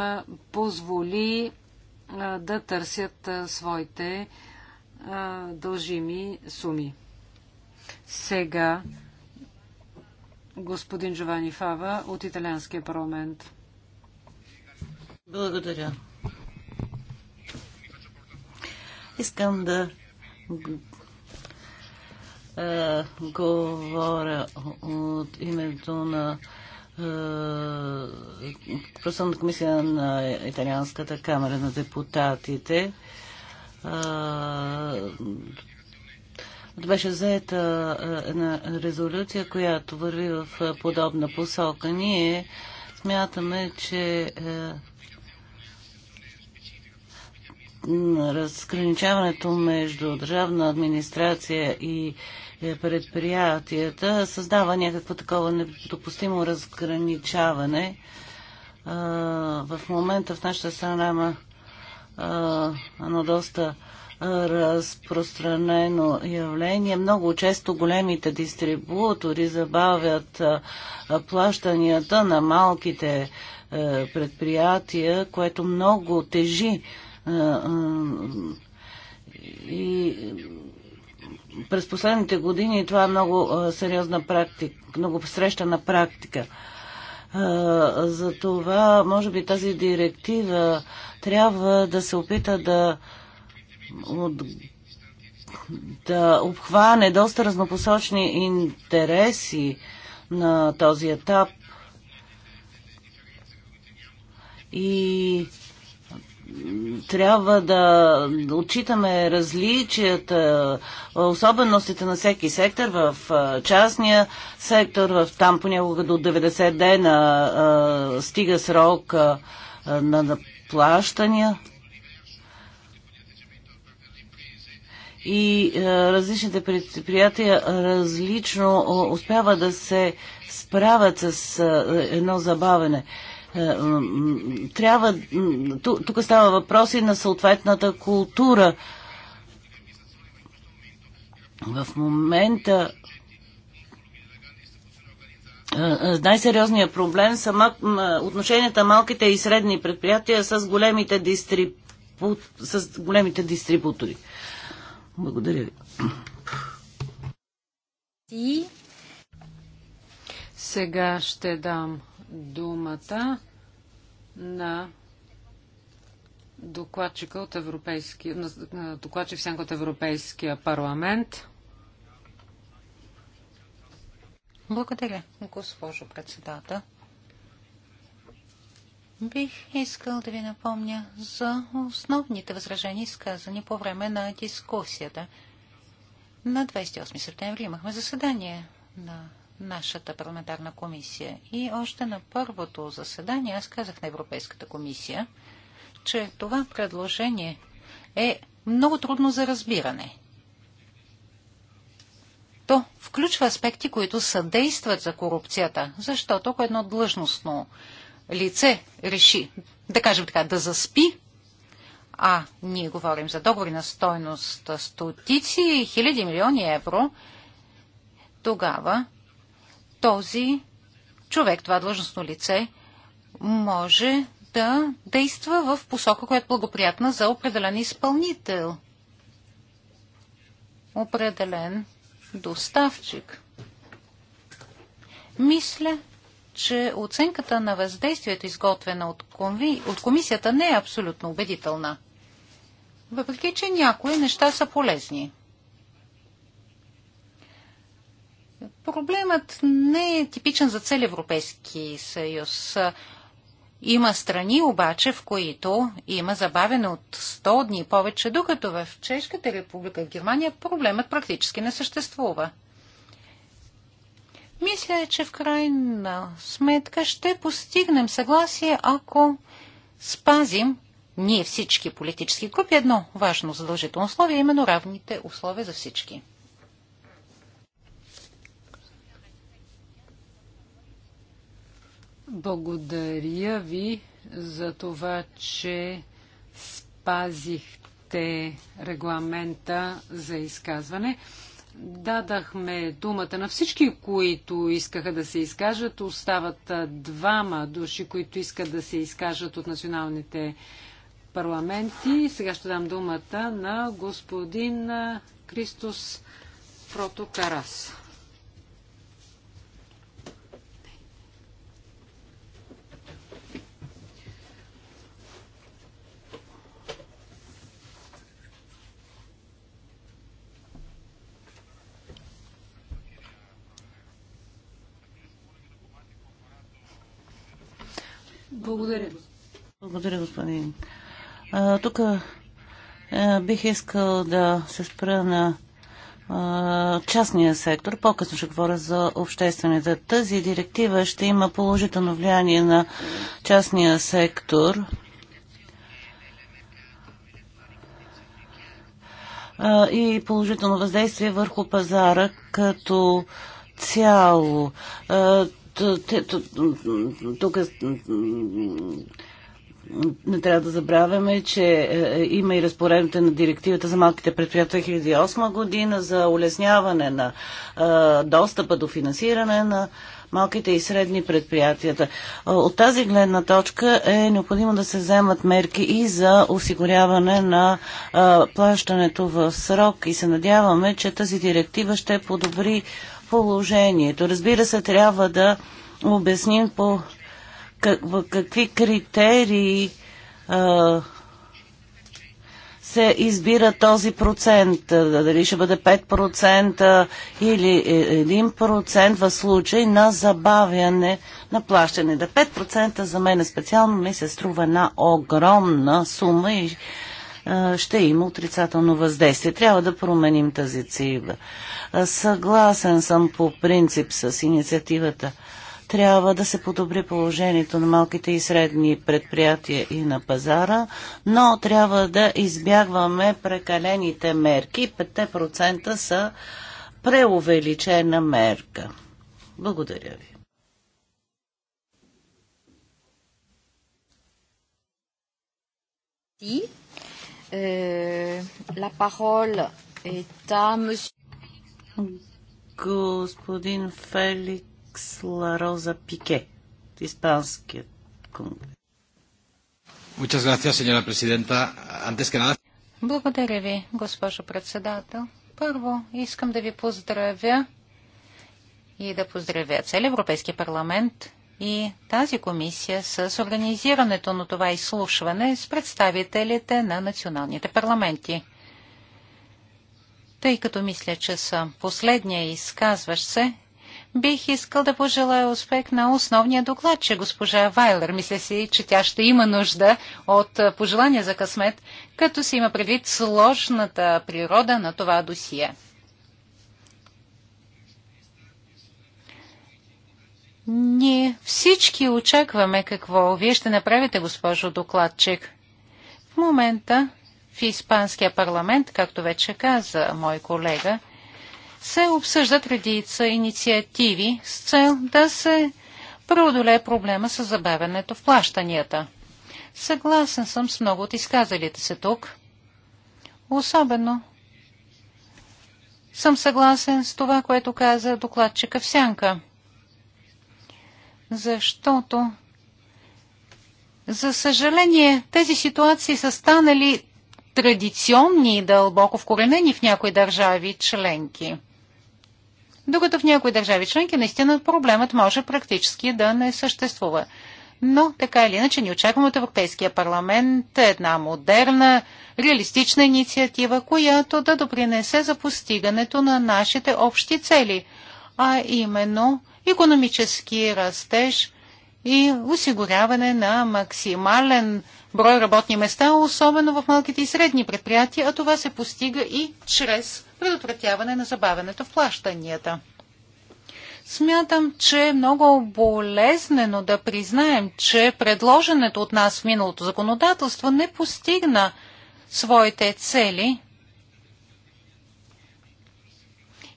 Speaker 3: позволи да търсят своите дължими суми. Сега господин Джовани Фава от Италианския парламент.
Speaker 2: Благодаря. Искам да е, говоря от името на е, Просълната комисия на Италианската камера на депутатите. Е, беше заета е, една резолюция, която върви в подобна посока. Ние смятаме, че разграничаването между държавна администрация и е, предприятията създава някакво такова недопустимо разграничаване. В момента в нашата страна има едно доста разпространено явление. Много често големите дистрибутори забавят плащанията на малките е, предприятия, което много тежи и през последните години това е много сериозна практика, много срещана практика. За това, може би, тази директива трябва да се опита да, от, да обхване доста разнопосочни интереси на този етап. И трябва да отчитаме различията, особеностите на всеки сектор, в частния сектор, в там понякога до 90 дена стига срок на плащания. и различните предприятия различно успяват да се справят с едно забавене. Е, трябва, тук става въпроси на съответната култура. В момента е, е, най-сериозният проблем са мак... отношенията малките и средни предприятия с големите, дистрибу... с големите дистрибутори. Благодаря
Speaker 1: ви.
Speaker 3: сега ще дам думата на докладчика от Европейския, докладчик сянка от Европейския парламент.
Speaker 1: Благодаря, госпожо председател. Бих искал да ви напомня за основните възражения, изказани по време на дискусията. На 28 септември имахме заседание на нашата парламентарна комисия. И още на първото заседание аз казах на Европейската комисия, че това предложение е много трудно за разбиране. То включва аспекти, които съдействат за корупцията, защото ако едно длъжностно лице реши, да кажем така, да заспи, а ние говорим за договори на стойност стотици, хиляди милиони евро, тогава този човек, това длъжностно лице, може да действа в посока, която е благоприятна за определен изпълнител, определен доставчик. Мисля, че оценката на въздействието, изготвена от, коми... от комисията, не е абсолютно убедителна. Въпреки, че някои неща са полезни. Проблемът не е типичен за цели Европейски съюз. Има страни обаче, в които има забавене от 100 дни повече, докато в Чешката република в Германия проблемът практически не съществува. Мисля, че в крайна сметка ще постигнем съгласие, ако спазим ние всички политически групи едно важно задължително условие, именно равните условия за всички. Благодаря
Speaker 3: ви за това, че спазихте регламента за изказване. Дадахме думата на всички, които искаха да се изкажат. Остават двама души, които искат да се изкажат от националните парламенти. Сега ще дам думата на господин Кристос Протокарас. Благодаря. Благодаря,
Speaker 2: господин. тук бих искал да се спра на частния сектор. По-късно ще говоря за обществените. Тази директива ще има положително влияние на частния сектор. и положително въздействие върху пазара като цяло тук не трябва да забравяме, че е, има и разпоредбите на директивата за малките предприятия 2008 година за улесняване на е, достъпа до финансиране на малките и средни предприятията. Е, от тази гледна точка е необходимо да се вземат мерки и за осигуряване на плащането в срок и се надяваме, че тази директива ще подобри положението. Разбира се, трябва да обясним по какви критерии а, се избира този процент. Дали ще бъде 5% или 1% е, в случай на забавяне на плащане. Да 5% за мен е специално ми се струва една огромна сума и ще има отрицателно въздействие. Трябва да променим тази цива. Съгласен съм по принцип с инициативата. Трябва да се подобри положението на малките и средни предприятия и на пазара, но трябва да избягваме прекалените мерки. 5% са преувеличена мерка. Благодаря ви.
Speaker 1: Ти Euh, la parole est à monsieur... Господин
Speaker 2: Феликс Лароза Пике, испанският конгрес.
Speaker 3: Muchas gracias, señora presidenta. Antes que nada...
Speaker 1: Благодаря ви, госпожо председател. Първо, искам да ви поздравя и да поздравя цели Европейски парламент и тази комисия с организирането на това изслушване с представителите на националните парламенти. Тъй като мисля, че съм последния изказващ се, бих искал да пожелая успех на основния доклад, че госпожа Вайлер. Мисля си, че тя ще има нужда от пожелания за късмет, като се има предвид сложната природа на това досие. Ние всички очакваме какво вие ще направите, госпожо докладчик. В момента в Испанския парламент, както вече каза мой колега, се обсъждат редица инициативи с цел да се преодолее проблема с забавянето в плащанията. Съгласен съм с много от изказалите се тук. Особено съм съгласен с това, което каза докладчика в Сянка – защото за съжаление тези ситуации са станали традиционни и дълбоко вкоренени в някои държави членки. Докато в някои държави членки наистина проблемът може практически да не съществува. Но така или иначе ни очакваме от Европейския парламент една модерна, реалистична инициатива, която да допринесе за постигането на нашите общи цели, а именно економически растеж и осигуряване на максимален брой работни места, особено в малките и средни предприятия, а това се постига и чрез предотвратяване на забавянето в плащанията. Смятам, че е много болезнено да признаем, че предложенето от нас в миналото законодателство не постигна своите цели.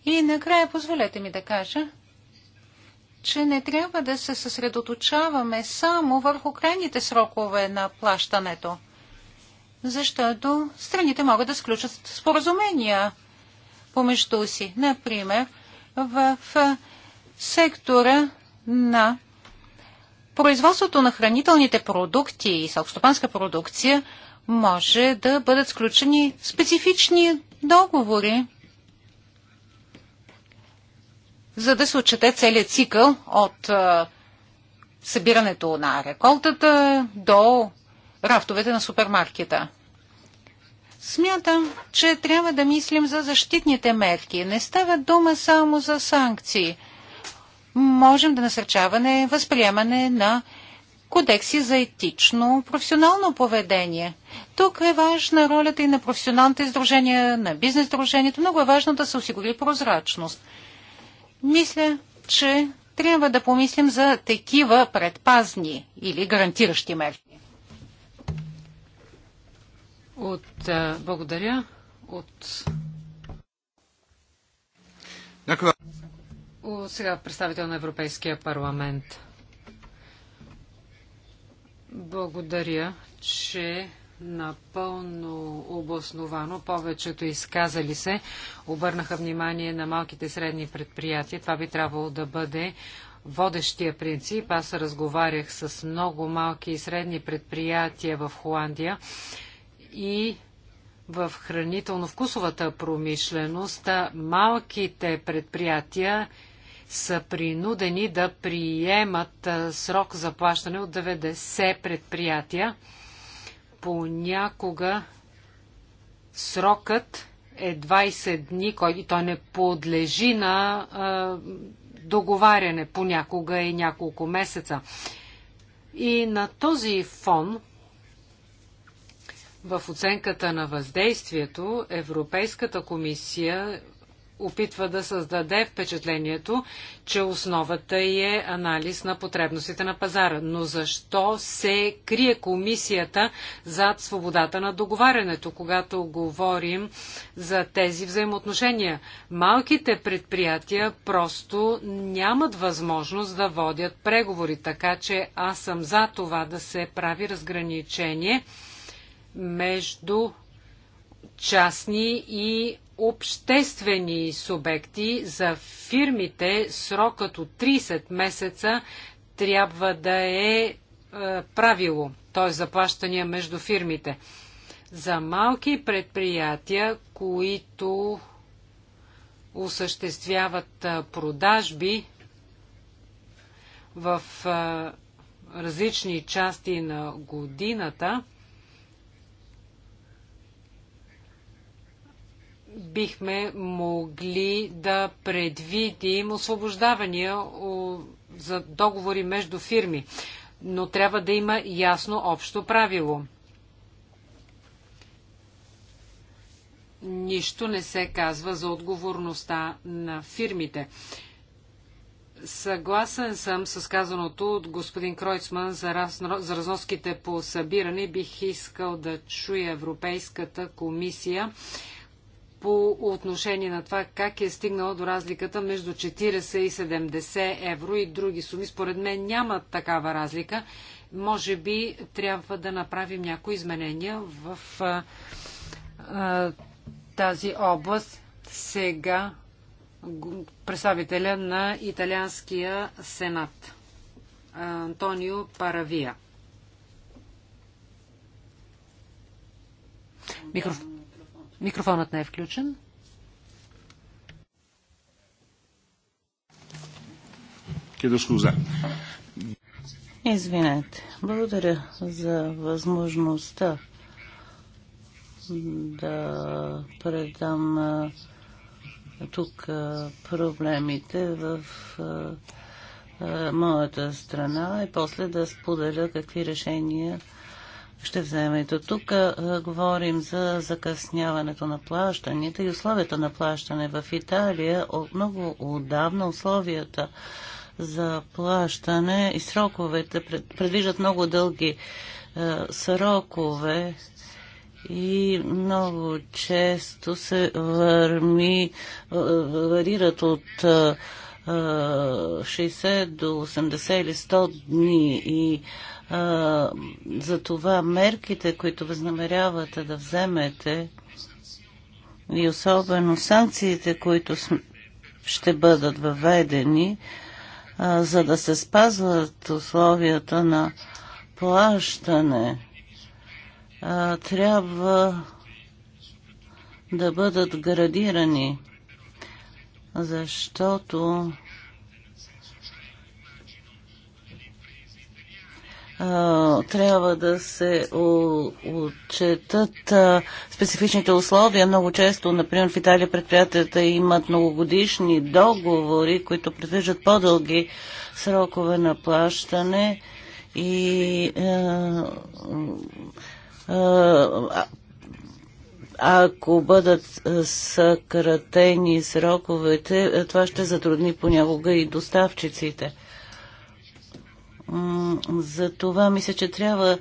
Speaker 1: И накрая позволете ми да кажа, че не трябва да се съсредоточаваме само върху крайните срокове на плащането, защото страните могат да сключат споразумения помежду си. Например, в сектора на производството на хранителните продукти и селскостопанска продукция може да бъдат сключени специфични договори за да се отчете целият цикъл от събирането на реколтата до рафтовете на супермаркета. Смятам, че трябва да мислим за защитните мерки. Не става дума само за санкции. Можем да насърчаваме възприемане на кодекси за етично професионално поведение. Тук е важна ролята и на професионалните издружения, на бизнес дружението. Много е важно да се осигури прозрачност. Мисля, че трябва да помислим за такива предпазни или гарантиращи мерки.
Speaker 3: От, благодаря. От... От сега представител на Европейския парламент. Благодаря, че напълно обосновано. Повечето изказали се обърнаха внимание на малките и средни предприятия. Това би трябвало да бъде водещия принцип. Аз разговарях с много малки и средни предприятия в Холандия и в хранително-вкусовата промишленост малките предприятия са принудени да приемат срок за плащане от 90 предприятия понякога срокът е 20 дни, който той не подлежи на а, договаряне, понякога и е няколко месеца. И на този фон в оценката на въздействието Европейската комисия опитва да създаде впечатлението, че основата е анализ на потребностите на пазара. Но защо се крие комисията зад свободата на договарянето, когато говорим за тези взаимоотношения? Малките предприятия просто нямат възможност да водят преговори, така че аз съм за това да се прави разграничение между частни и обществени субекти, за фирмите срокът от 30 месеца трябва да е, е правило, т.е. заплащания между фирмите. За малки предприятия, които осъществяват е, продажби в е, различни части на годината, бихме могли да предвидим освобождавания за договори между фирми, но трябва да има ясно общо правило. Нищо не се казва за отговорността на фирмите. Съгласен съм с казаното от господин Кройцман за, раз, за разноските по събиране. Бих искал да чуя Европейската комисия по отношение на това как е стигнала до разликата между 40 и 70 евро и други суми. Според мен няма такава разлика. Може би трябва да направим някои изменения в а, а, тази област. Сега представителя на Италианския сенат Антонио Паравия. Микрофон. Микрофонът не е включен.
Speaker 2: Извинете. Благодаря за възможността да предам тук проблемите в моята страна и после да споделя какви решения ще вземете. Тук говорим за закъсняването на плащанията и условията на плащане в Италия. От много отдавна условията за плащане и сроковете предвижат предвиждат много дълги срокове и много често се върми, варират от 60 до 80 или 100 дни и за това мерките, които възнамерявате да вземете и особено санкциите, които ще бъдат въведени, а, за да се спазват условията на плащане, а, трябва да бъдат градирани, защото трябва да се отчетат специфичните условия. Много често, например, в Италия предприятията имат многогодишни договори, които предвиждат по-дълги срокове на плащане и а, а, ако бъдат съкратени сроковете, това ще затрудни понякога и доставчиците. За това мисля, че трябва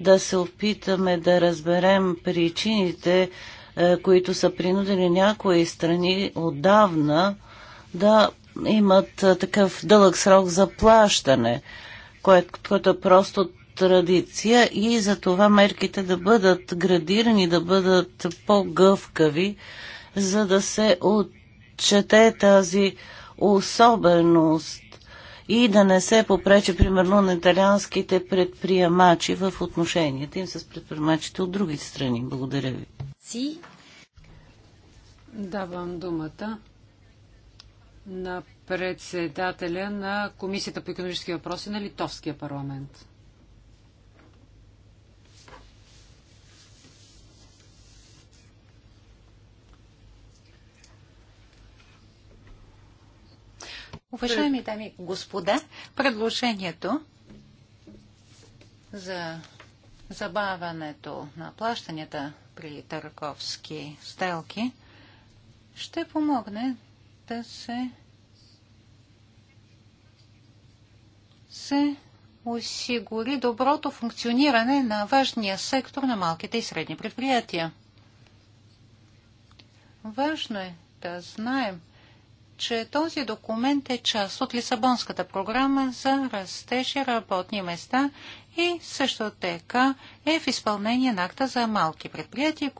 Speaker 2: да се опитаме да разберем причините, е, които са принудили някои страни отдавна да имат е, такъв дълъг срок за плащане, което е просто традиция и за това мерките да бъдат градирани, да бъдат по-гъвкави, за да се отчете тази особеност и да не се попречи, примерно, на италианските предприемачи в отношенията им с предприемачите от други страни. Благодаря ви.
Speaker 3: Си. Давам думата на председателя на Комисията по економически въпроси на Литовския парламент.
Speaker 1: Уважаеми дами и господа, предложението за забавянето на плащанията при търговски сделки ще помогне да се се осигури доброто функциониране на важния сектор на малките и средни предприятия. Важно е да знаем, че този документ е част от Лисабонската програма за растеж и работни места и също така е в изпълнение на акта за малки предприятия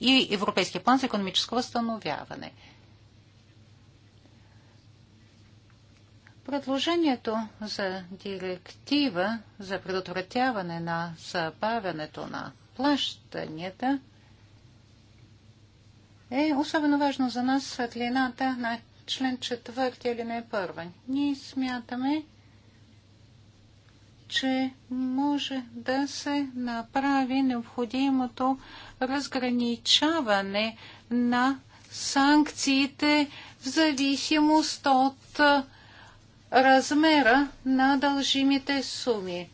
Speaker 1: и Европейския план за економическо възстановяване. Предложението за директива за предотвратяване на забавянето на плащанията е особено важно за нас светлината на член 4 или не първа. Ние смятаме, че може да се направи необходимото разграничаване на санкциите в зависимост от размера на дължимите суми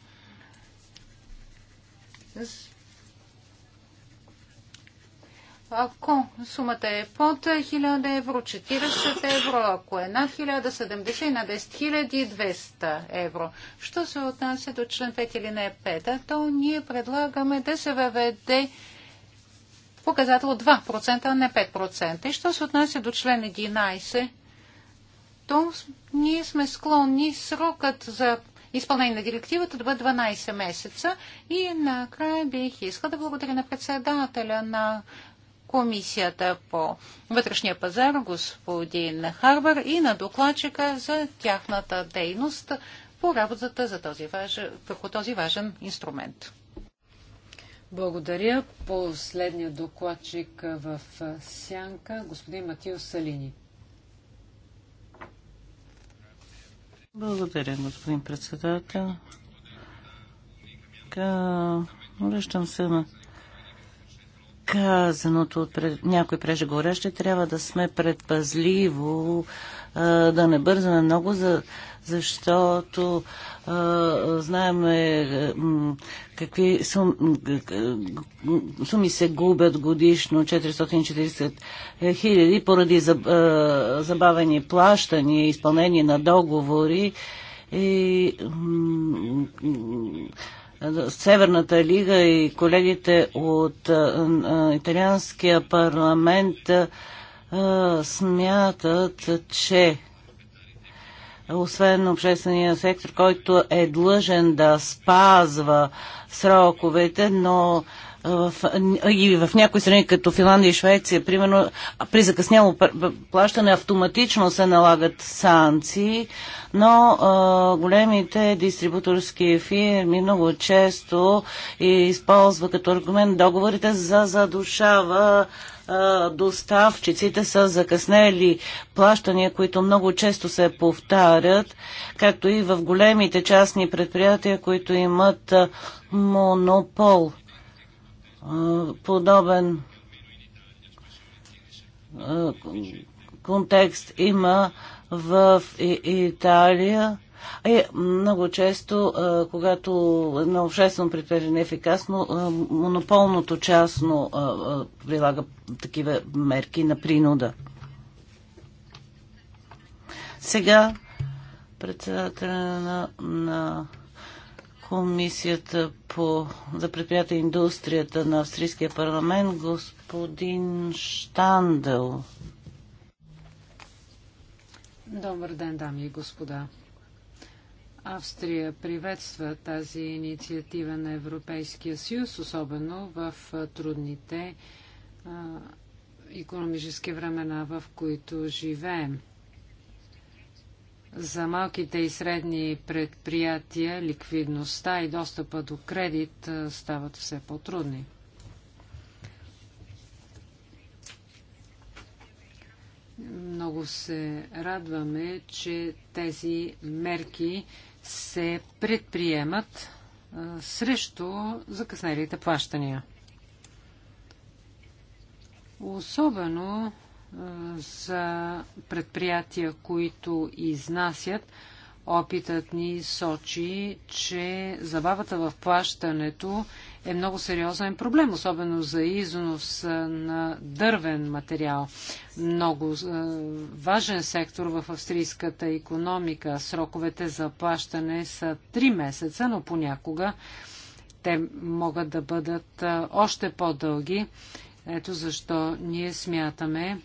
Speaker 1: ако сумата е под 1000 евро, 40 евро, ако е над 1070 и на 10 200 евро. Що се отнася до член 5 или не 5, то ние предлагаме да се въведе показател от 2%, а не 5%. И що се отнася до член 11, то ние сме склонни срокът за изпълнение на директивата да бъде 12 месеца. И накрая бих искал да благодаря на председателя на Комисията по вътрешния пазар господин Харбър и на докладчика за тяхната дейност по работата за този важен, върху този важен инструмент. Благодаря. Последният
Speaker 3: докладчик в Сянка, господин Матио Салини.
Speaker 2: Благодаря, господин председател. Връщам се на казаното от пред... някой преждеговорящи, трябва да сме предпазливо, да не бързаме много, за... защото знаеме какви сум... суми се губят годишно 440 хиляди поради забавени плащания, изпълнение на договори и Северната лига и колегите от италианския парламент смятат, че освен обществения сектор, който е длъжен да спазва сроковете, но в, и в някои страни, като Финландия и Швеция, примерно, при закъсняло плащане автоматично се налагат санкции, но а, големите дистрибуторски фирми много често използва като аргумент договорите за задушава доставчиците са закъснели плащания, които много често се повтарят, както и в големите частни предприятия, които имат монопол подобен контекст има в Италия. И много често, когато едно обществено предприятие не е ефикасно, монополното частно прилага такива мерки на принуда. Сега председателя на, на Комисията по, за предприятия и индустрията на Австрийския парламент, господин Штандел.
Speaker 3: Добър ден, дами и господа. Австрия приветства тази инициатива на Европейския съюз, особено в трудните економически времена, в които живеем. За малките и средни предприятия ликвидността и достъпа до кредит стават все по-трудни. Много се радваме, че тези мерки се предприемат срещу закъснелите плащания. Особено за предприятия, които изнасят. Опитът ни сочи, че забавата в плащането е много сериозен проблем, особено за износ на дървен материал. Много е, важен сектор в австрийската економика. Сроковете за плащане са 3 месеца, но понякога те могат да бъдат е, още по-дълги. Ето защо ние смятаме,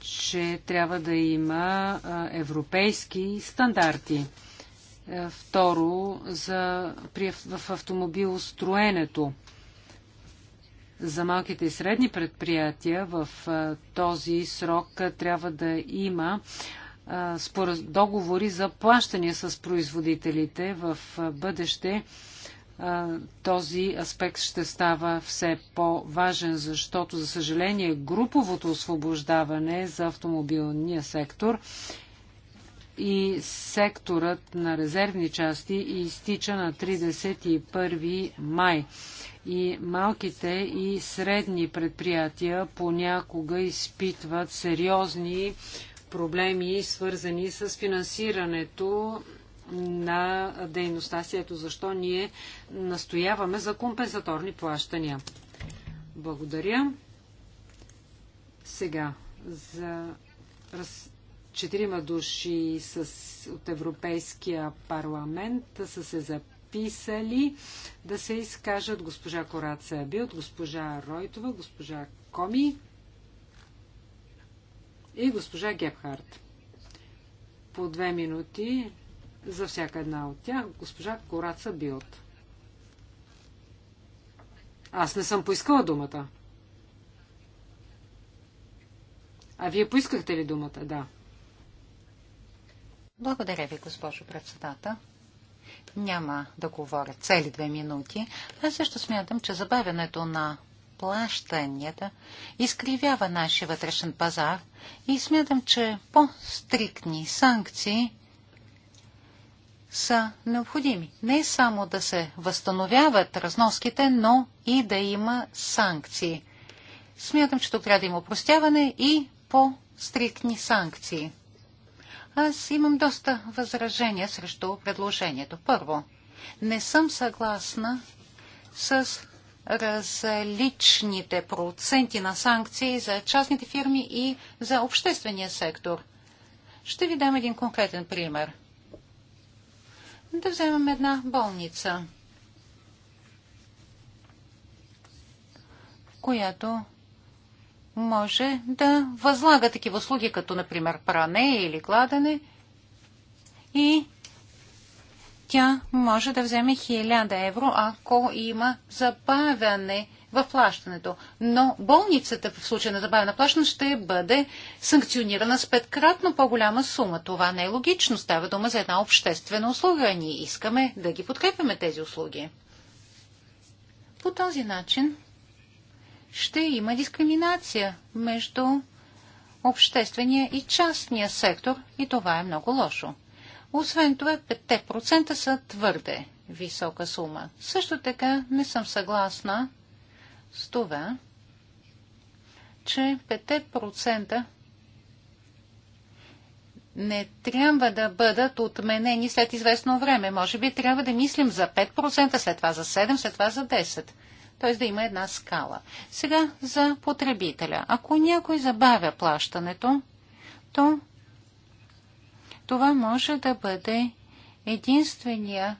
Speaker 3: че трябва да има европейски стандарти. Е, второ, за, при, в автомобилостроенето за малките и средни предприятия в този срок трябва да има договори за плащане с производителите в бъдеще този аспект ще става все по-важен, защото, за съжаление, груповото освобождаване за автомобилния сектор и секторът на резервни части изтича на 31 май. И малките и средни предприятия понякога изпитват сериозни проблеми, свързани с финансирането на дейността си. Ето защо ние настояваме за компенсаторни плащания. Благодаря. Сега за раз... четирима души с... от Европейския парламент са се записали да се изкажат госпожа Кораца Билт, госпожа Ройтова, госпожа Коми и госпожа Гепхарт. По две минути за всяка една от тях. Госпожа Кораца Биот. Аз не съм поискала думата.
Speaker 1: А вие поискахте ли думата? Да. Благодаря ви, госпожо председател. Няма да говоря цели две минути. Аз също смятам, че забавянето на плащанията изкривява нашия вътрешен пазар и смятам, че по-стриктни санкции са необходими. Не само да се възстановяват разноските, но и да има санкции. Смятам, че тук трябва да има упростяване и по-стриктни санкции. Аз имам доста възражения срещу предложението. Първо, не съм съгласна с различните проценти на санкции за частните фирми и за обществения сектор. Ще ви дам един конкретен пример – да вземем една болница, която може да възлага такива услуги, като например пране или гладене и тя може да вземе 1000 евро, ако има забавяне в плащането. Но болницата в случай на забавена плащане ще бъде санкционирана с петкратно по-голяма сума. Това не е логично. Става дума за една обществена услуга. А Ние искаме да ги подкрепяме тези услуги. По този начин ще има дискриминация между обществения и частния сектор и това е много лошо. Освен това, 5% са твърде висока сума. Също така не съм съгласна с това, че 5% не трябва да бъдат отменени след известно време. Може би трябва да мислим за 5%, след това за 7%, след това за 10%. Т.е. да има една скала. Сега за потребителя. Ако някой забавя плащането, то това може да бъде единствения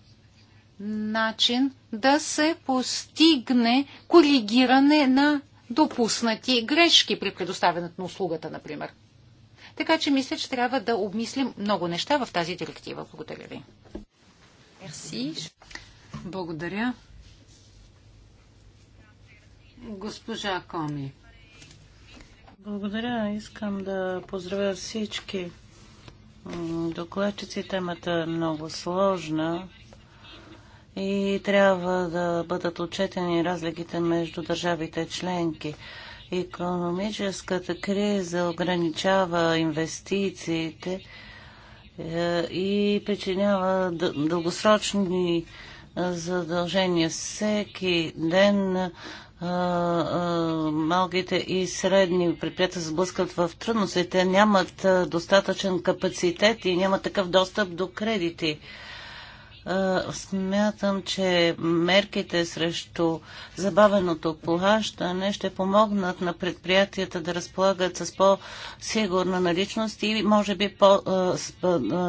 Speaker 1: начин да се постигне коригиране на допуснати грешки при предоставянето на услугата, например. Така че мисля, че трябва да обмислим много неща в тази директива. Благодаря ви. Мерси. Благодаря.
Speaker 3: Госпожа Коми.
Speaker 2: Благодаря. Искам да поздравя всички докладчици. Темата е много сложна и трябва да бъдат отчетени разликите между държавите членки. Економическата криза ограничава инвестициите е, и причинява дългосрочни е, задължения. Всеки ден е, малките и средни предприятия се сблъскат в трудности. Те нямат достатъчен капацитет и нямат такъв достъп до кредити смятам, че мерките срещу забавеното плащане ще помогнат на предприятията да разполагат с по-сигурна наличност и може би по,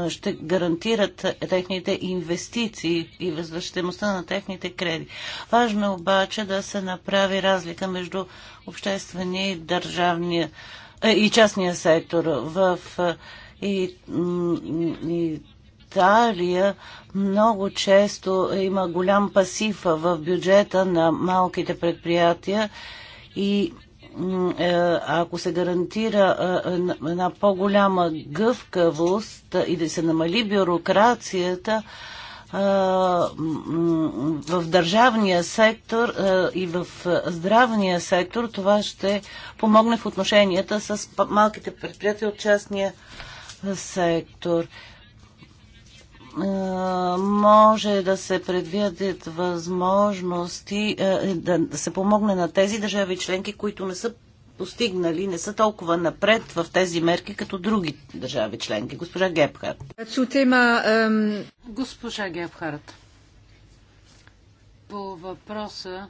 Speaker 2: ще гарантират техните инвестиции и възвръщаемостта на техните кредити. Важно е, обаче да се направи разлика между обществения и държавния и частния сектор в и, и Италия много често има голям пасив в бюджета на малките предприятия и е, ако се гарантира е, е, една по-голяма гъвкавост и да се намали бюрокрацията в държавния сектор и в здравния сектор, това ще помогне в отношенията с малките предприятия от частния сектор. Е, може да се предвидят възможности е, да, се помогне на тези държави членки, които не са постигнали, не са толкова напред в тези мерки, като други държави членки. Госпожа Гепхарт.
Speaker 3: Госпожа Гепхарт, по въпроса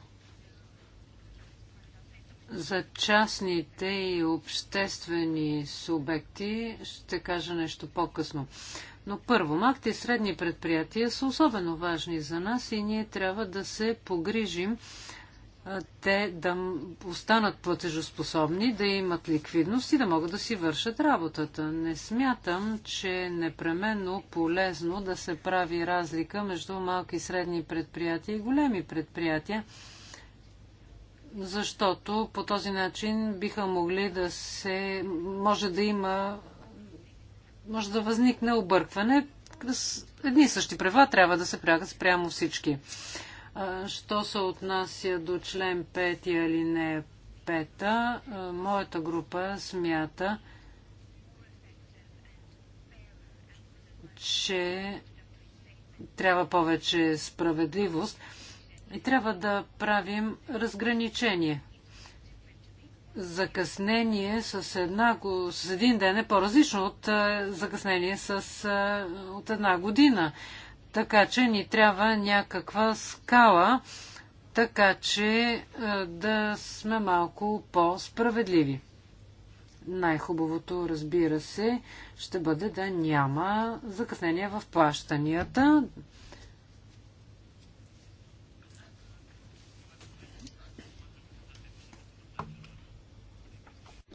Speaker 3: за частните и обществени субекти ще кажа нещо по-късно. Но първо, малките и средни предприятия са особено важни за нас и ние трябва да се погрижим те да останат платежоспособни, да имат ликвидност и да могат да си вършат работата. Не смятам, че е непременно полезно да се прави разлика между малки и средни предприятия и големи предприятия, защото по този начин биха могли да се... може да има може да възникне объркване. Едни и същи права трябва да се прягат спрямо всички. Що се отнася до член 5 или не 5, моята група смята, че трябва повече справедливост и трябва да правим разграничение закъснение с, една, с един ден е по-различно от е, закъснение с, е, от една година. Така че ни трябва някаква скала, така че е, да сме малко по-справедливи. Най-хубавото, разбира се, ще бъде да няма закъснение в плащанията.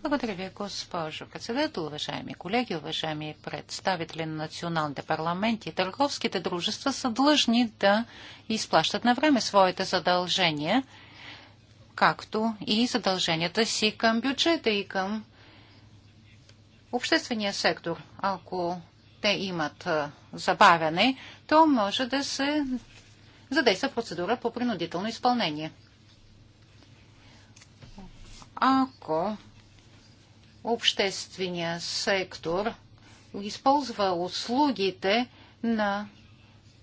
Speaker 1: Благодаря ви, госпожо председател, уважаеми колеги, уважаеми представители на националните парламенти. Търговските дружества са длъжни да изплащат на време своите задължения, както и задълженията си към бюджета и към обществения сектор. Ако те имат забавяне, то може да се задейства процедура по принудително изпълнение. Ако обществения сектор използва услугите на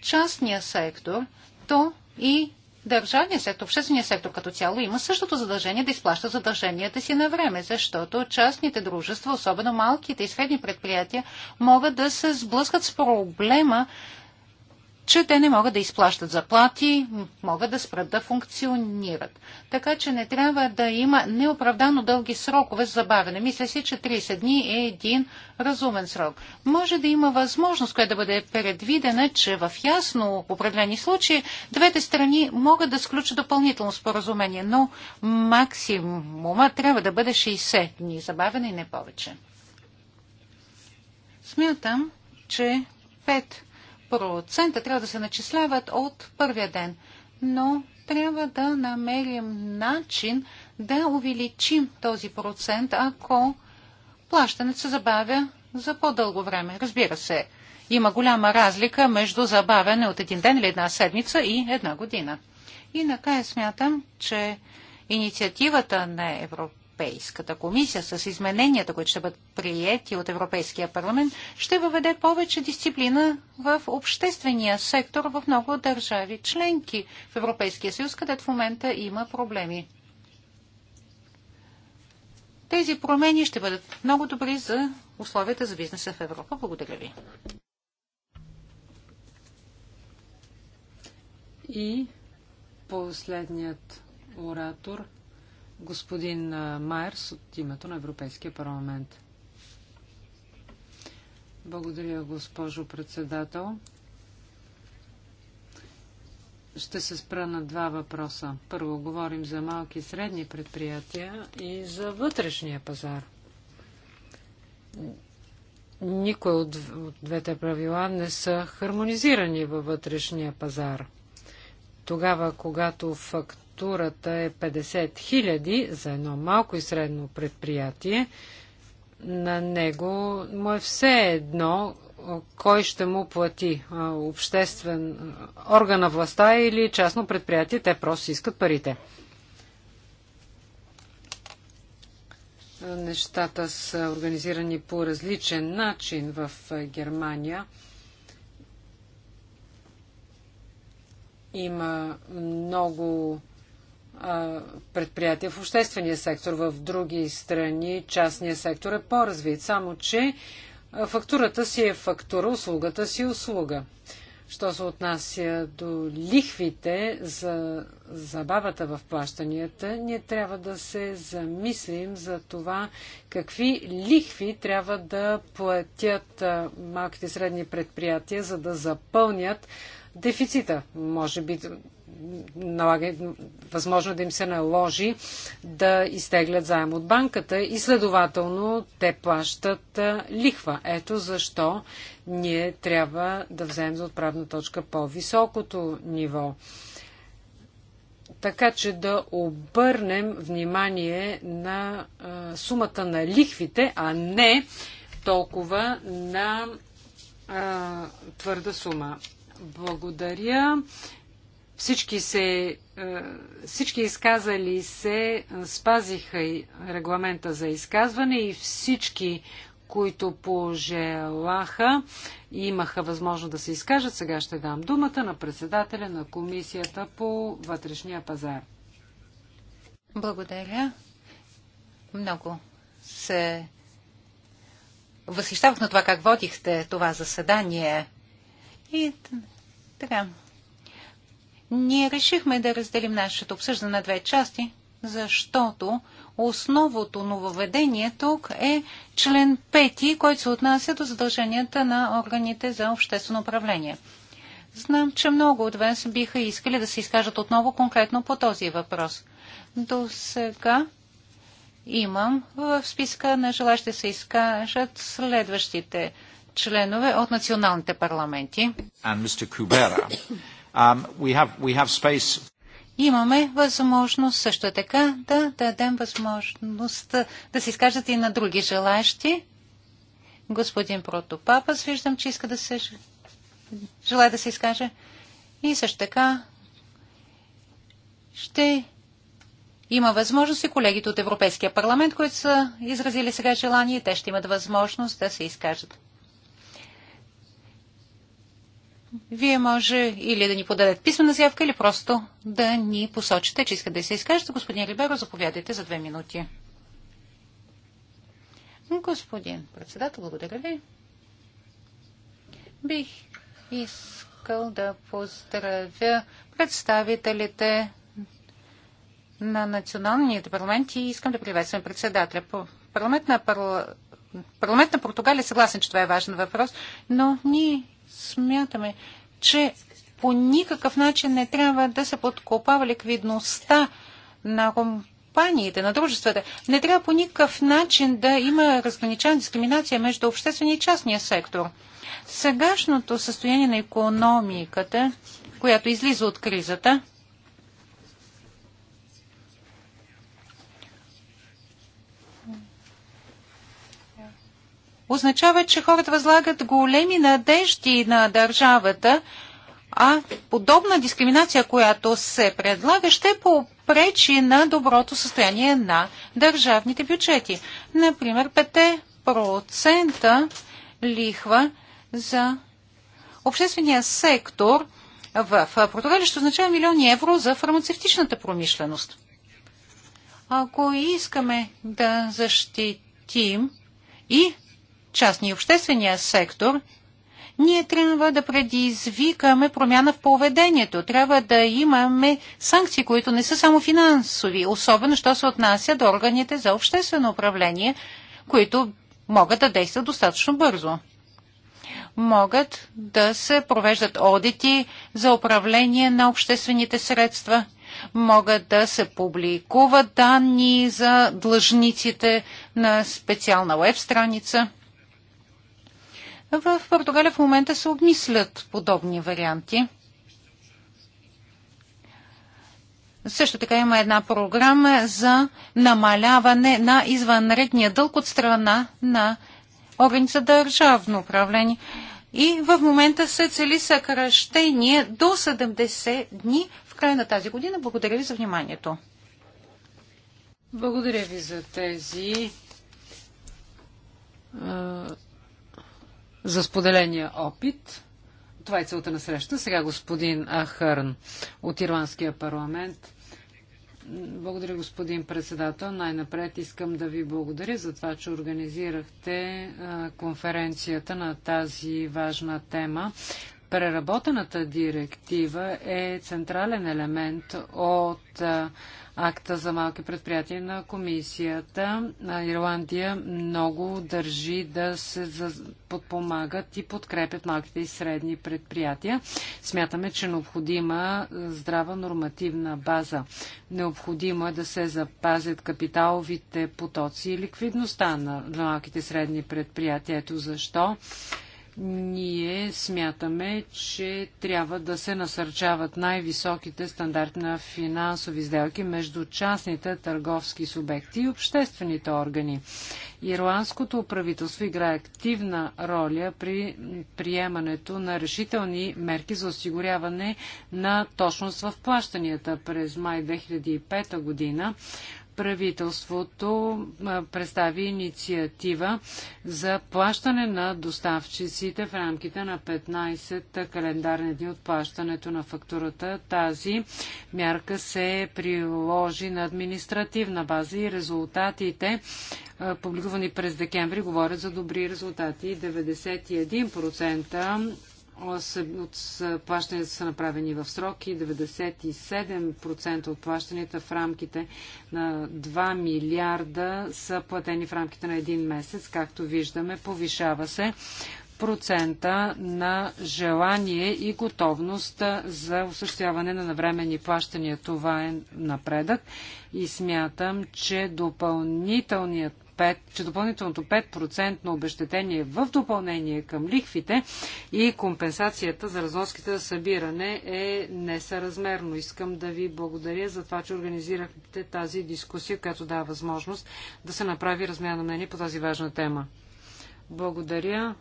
Speaker 1: частния сектор, то и държавния сектор, обществения сектор като цяло има същото задължение да изплаща задълженията си на време, защото частните дружества, особено малките и средни предприятия, могат да се сблъскат с проблема че те не могат да изплащат заплати, могат да спрат да функционират. Така че не трябва да има неоправдано дълги срокове за забавяне. Мисля си, че 30 дни е един разумен срок. Може да има възможност, която да бъде предвидена, че в ясно определени случаи двете страни могат да сключат допълнително споразумение, но максимума трябва да бъде 60 дни забавяне и не повече. Смятам, че 5 процента трябва да се начисляват от първия ден. Но трябва да намерим начин да увеличим този процент, ако плащането се забавя за по-дълго време. Разбира се, има голяма разлика между забавяне от един ден или една седмица и една година. И накрая смятам, че инициативата на Европа Европейската комисия с измененията, които ще бъдат приети от Европейския парламент, ще въведе повече дисциплина в обществения сектор в много държави членки в Европейския съюз, където в момента има проблеми. Тези промени ще бъдат много добри за условията за бизнеса в Европа. Благодаря ви. И
Speaker 3: последният оратор господин Майерс от името на Европейския парламент. Благодаря, госпожо председател. Ще се спра на два въпроса. Първо, говорим за малки и средни предприятия и за вътрешния пазар. Никой от двете правила не са хармонизирани във вътрешния пазар. Тогава, когато факт фактурата е 50 000 за едно малко и средно предприятие, на него му е все едно кой ще му плати обществен орган на властта или частно предприятие. Те просто искат парите. Нещата са организирани по различен начин в Германия. Има много предприятия в обществения сектор. В други страни частния сектор е по-развит, само че фактурата си е фактура, услугата си е услуга. Що се отнася до лихвите за забавата в плащанията, ние трябва да се замислим за това какви лихви трябва да платят малките и средни предприятия, за да запълнят дефицита. Може би налага, възможно да им се наложи да изтеглят заем от банката и следователно те плащат лихва. Ето защо ние трябва да вземем за отправна точка по-високото ниво. Така че да обърнем внимание на сумата на лихвите, а не толкова на а, твърда сума. Благодаря. Всички, се, е, всички изказали се е, спазиха регламента за изказване и всички, които пожелаха и имаха възможност да се изкажат, сега ще дам думата на председателя на Комисията по вътрешния
Speaker 1: пазар. Благодаря. Много се възхищавах на това как водихте това заседание. И така, ние решихме да разделим нашето обсъждане на две части, защото основото нововведение тук е член 5, който се отнася до задълженията на органите за обществено управление. Знам, че много от вас биха искали да се изкажат отново конкретно по този въпрос. До сега имам в списка на желащите се изкажат следващите членове от националните парламенти. Um, имаме възможност също така да дадем възможност да се изкажат и на други желащи. Господин Протопапас, виждам, че иска да се желая да се изкаже. И също така ще има възможност и колегите от Европейския парламент, които са изразили сега желание, те ще имат възможност да се изкажат вие може или да ни подадете писмена заявка, или просто да ни посочите, че искате да се изкажете. Господин Либеро, заповядайте за две минути. Господин председател, благодаря ви. Бих искал да поздравя представителите на националните парламенти и искам да приветствам председателя. Парламент на, парла... парламент на Португалия е съгласен, че това е важен въпрос, но ние смятаме, че по никакъв начин не трябва да се подкопава ликвидността на компаниите, на дружествата. Не трябва по никакъв начин да има разграничена дискриминация между обществения и частния сектор. Сегашното състояние на економиката, която излиза от кризата, означава, че хората възлагат големи надежди на държавата, а подобна дискриминация, която се предлага, ще попречи на доброто състояние на държавните бюджети. Например, 5% лихва за обществения сектор в Португалия ще означава милиони евро за фармацевтичната промишленост. Ако искаме да защитим и частния и обществения сектор, ние трябва да предизвикаме промяна в поведението. Трябва да имаме санкции, които не са само финансови, особено що се отнася до органите за обществено управление, които могат да действат достатъчно бързо. Могат да се провеждат одити за управление на обществените средства, могат да се публикуват данни за длъжниците на специална веб страница – в Португалия в момента се обмислят подобни варианти. Също така има една програма за намаляване на извънредния дълг от страна на органи за държавно управление. И в момента се цели съкръщение до 70 дни в края на тази година. Благодаря ви за вниманието.
Speaker 3: Благодаря ви за тези за споделения опит. Това е целта на среща. Сега господин Ахърн от Ирландския парламент. Благодаря, господин председател. Най-напред искам да ви благодаря за това, че организирахте конференцията на тази важна тема. Преработената директива е централен елемент от акта за малки предприятия на комисията. Ирландия много държи да се подпомагат и подкрепят малките и средни предприятия. Смятаме, че необходима здрава нормативна база. Необходимо е да се запазят капиталовите потоци и ликвидността на малките и средни предприятия. Ето защо ние смятаме, че трябва да се насърчават най-високите стандарти на финансови сделки между частните търговски субекти и обществените органи. Ирландското правителство играе активна роля при приемането на решителни мерки за осигуряване на точност в плащанията през май 2005 година правителството представи инициатива за плащане на доставчиците в рамките на 15 календарни дни от плащането на фактурата. Тази мярка се приложи на административна база и резултатите публикувани през декември, говорят за добри резултати. 91% от плащанията са направени в срок и 97% от плащанията в рамките на 2 милиарда са платени в рамките на един месец. Както виждаме, повишава се процента на желание и готовност за осъществяване на навременни плащания. Това е напредък и смятам, че допълнителният 5, че допълнителното 5% на обещетение е в допълнение към лихвите и компенсацията за разноските за събиране е несъразмерно. Искам да ви благодаря за това, че организирахте тази дискусия, която дава възможност да се направи размяна на мнение по тази важна тема. Благодаря.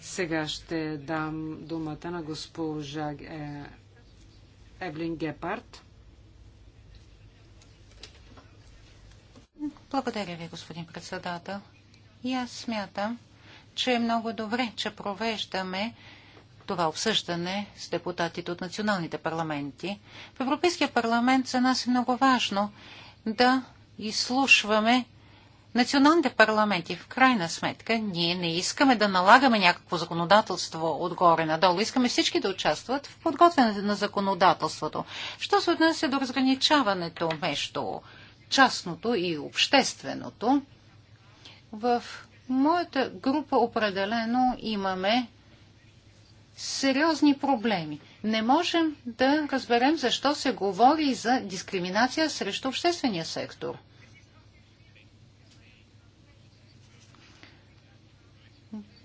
Speaker 3: Сега ще дам думата на госпожа е, Евлин Гепард.
Speaker 1: Благодаря ви, господин председател. И аз смятам, че е много добре, че провеждаме това обсъждане с депутатите от националните парламенти. В Европейския парламент за нас е много важно да изслушваме националните парламенти. В крайна сметка ние не искаме да налагаме някакво законодателство отгоре надолу. Искаме всички да участват в подготвянето на законодателството. Що се отнася до разграничаването между частното и общественото, в моята група определено имаме сериозни проблеми. Не можем да разберем защо се говори за дискриминация срещу обществения сектор.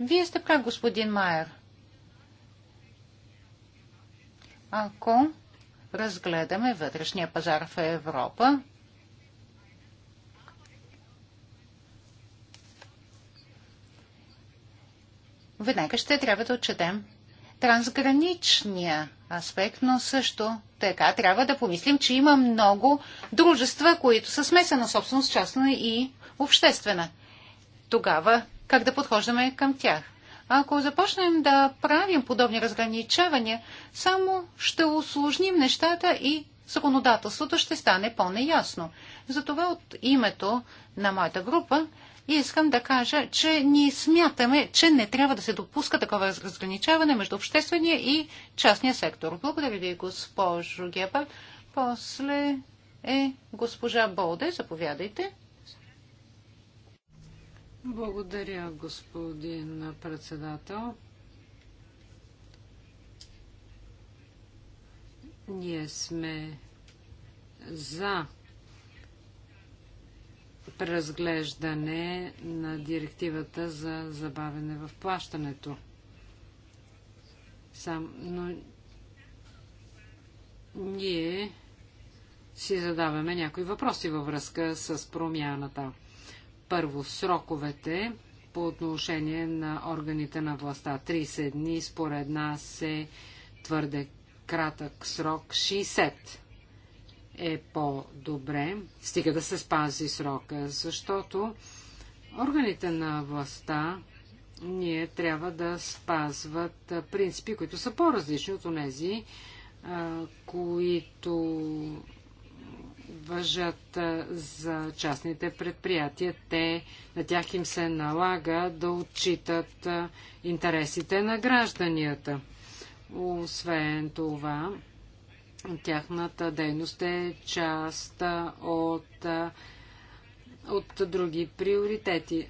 Speaker 1: Вие сте прав, господин Майер. Ако разгледаме вътрешния пазар в Европа, веднага ще трябва да отчетем трансграничния аспект, но също така трябва да помислим, че има много дружества, които са смесена собственост, частна и обществена. Тогава как да подхождаме към тях. Ако започнем да правим подобни разграничавания, само ще усложним нещата и законодателството ще стане по-неясно. Затова от името на моята група искам да кажа, че ние смятаме, че не трябва да се допуска такова разграничаване между обществения и частния сектор. Благодаря ви, госпожо Гепа. После е госпожа Болде. Заповядайте.
Speaker 3: Благодаря, господин председател. Ние сме за преразглеждане на директивата за забавене в плащането. Сам, но ние си задаваме някои въпроси във връзка с промяната. Първо, сроковете по отношение на органите на властта. 30 дни според нас е твърде кратък срок. 60 е по-добре, стига да се спази срока, защото органите на властта ние трябва да спазват принципи, които са по-различни от тези, които въжат за частните предприятия. Те, на тях им се налага да отчитат интересите на гражданията. Освен това, тяхната дейност е част от, от други приоритети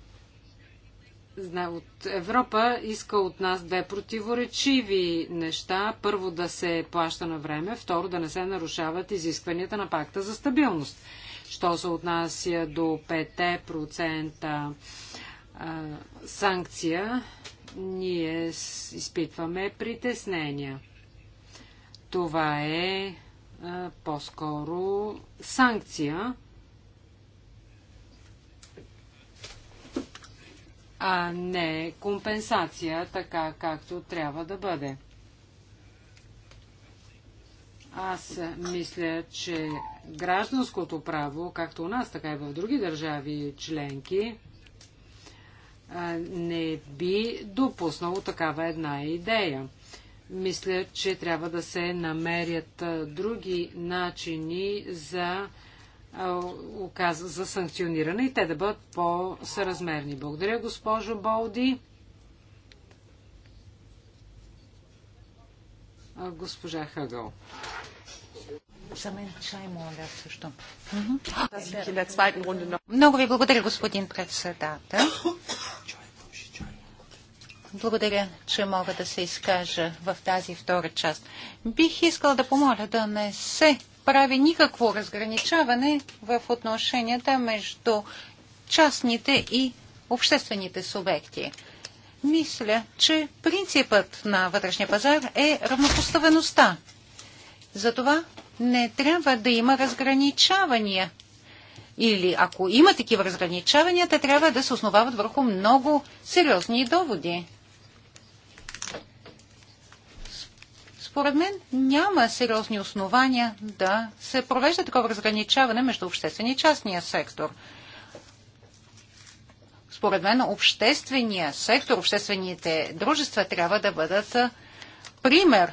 Speaker 3: от Европа иска от нас две противоречиви неща. Първо да се плаща на време, второ да не се нарушават изискванията на пакта за стабилност. Що се отнася до 5% санкция, ние изпитваме притеснения. Това е по-скоро санкция, а не компенсация, така както трябва да бъде. Аз мисля, че гражданското право, както у нас, така и в други държави членки, не би допуснало такава една идея. Мисля, че трябва да се намерят други начини за за санкциониране и те да бъдат по-съразмерни. Благодаря, госпожо Болди. Госпожа Хагъл.
Speaker 1: За мен чай, моля, също. Много ви благодаря, господин председател. Благодаря, че мога да се изкажа в тази втора част. Бих искала да помоля да не се прави никакво разграничаване в отношенията между частните и обществените субекти. Мисля, че принципът на вътрешния пазар е равнопоставеността. Затова не трябва да има разграничавания. Или ако има такива разграничавания, те трябва да се основават върху много сериозни доводи. Според мен няма сериозни основания да се провежда такова разграничаване между обществения и частния сектор. Според мен обществения сектор, обществените дружества трябва да бъдат пример.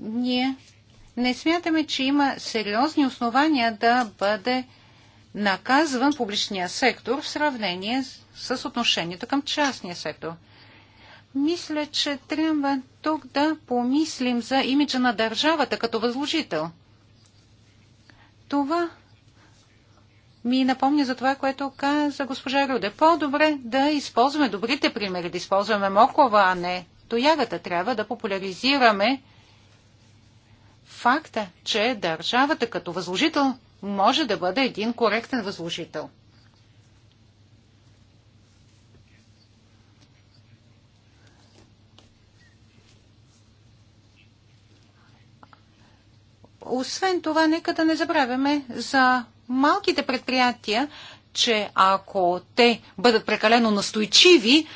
Speaker 1: Ние не смятаме, че има сериозни основания да бъде наказван публичния сектор в сравнение с отношението към частния сектор. Мисля, че трябва тук да помислим за имиджа на държавата като възложител. Това ми напомня за това, което каза госпожа Руде. По-добре да използваме добрите примери, да използваме мокова, а не тоягата. Трябва да популяризираме факта, че държавата като възложител може да бъде един коректен възложител. Освен това, нека да не забравяме за малките предприятия, че ако те бъдат прекалено настойчиви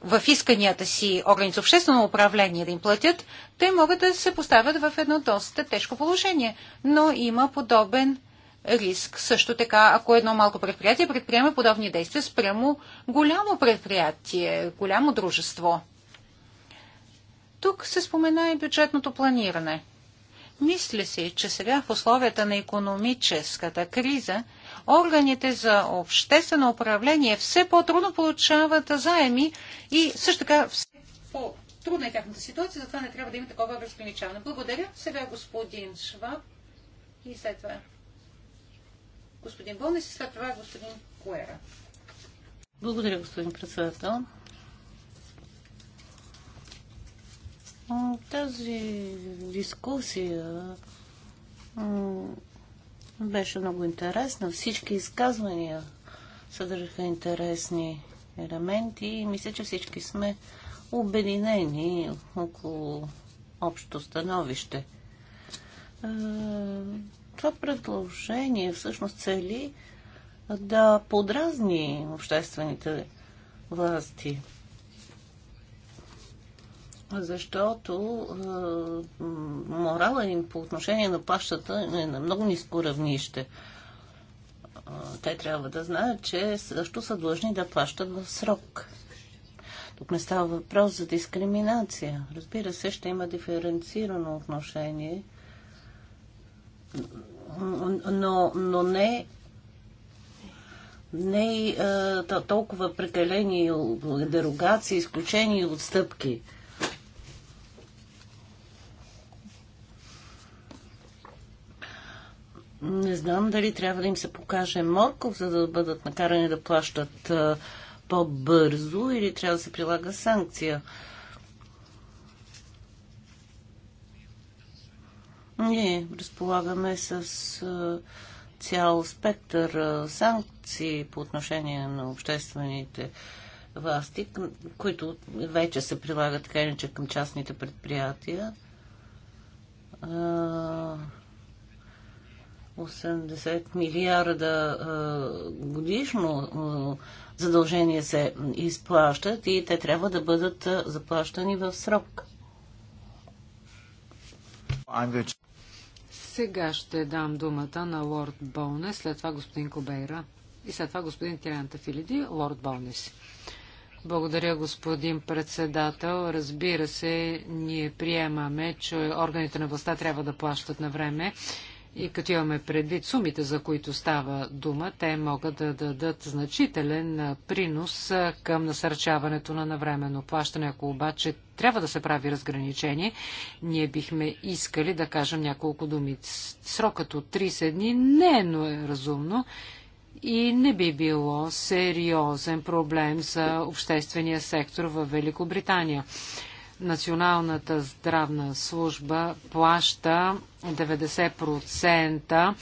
Speaker 1: в исканията си органи за обществено управление да им платят, те могат да се поставят в едно доста тежко положение. Но има подобен риск. Също така, ако едно малко предприятие предприеме подобни действия спрямо голямо предприятие, голямо дружество. Тук се спомена и бюджетното планиране. Мисля си, че сега в условията на економическата криза органите за обществено управление все по-трудно получават заеми и също така все по-трудна е тяхната ситуация, затова не трябва да има такова разграничаване. Благодаря. Сега господин Шваб и след това господин Болнес и след това господин Куера.
Speaker 2: Благодаря, господин председател.
Speaker 1: Тази
Speaker 2: дискусия беше много интересна. Всички изказвания съдържаха интересни елементи и мисля, че всички сме обединени около общо становище. Е, това предложение всъщност цели да подразни обществените власти защото е, морала им по отношение на плащата е на много ниско равнище. Е, те трябва да знаят, че също са длъжни да плащат в срок. Тук не става въпрос за дискриминация. Разбира се, ще има диференцирано отношение, но, но не не и е, толкова прекалени дерогации, изключения и отстъпки. Не знам дали трябва да им се покаже морков, за да бъдат накарани да плащат по-бързо или трябва да се прилага санкция. Ние разполагаме с цял спектър санкции по отношение на обществените власти, които вече се прилагат така иначе към частните предприятия. 80 милиарда годишно задължения се изплащат и те трябва да бъдат заплащани в срок.
Speaker 3: Сега ще дам думата на лорд Болнес, след това господин Кобейра и след това господин Тиранта Филиди, лорд Болнес. Благодаря, господин председател. Разбира се, ние приемаме, че органите на властта трябва да плащат на време и като имаме предвид сумите, за които става дума, те могат да дадат значителен принос към насърчаването на навременно плащане. Ако обаче трябва да се прави разграничение, ние бихме искали да кажем няколко думи. Срокът от 30 дни не е, но е разумно и не би било сериозен проблем за обществения сектор в Великобритания. Националната здравна служба плаща 90%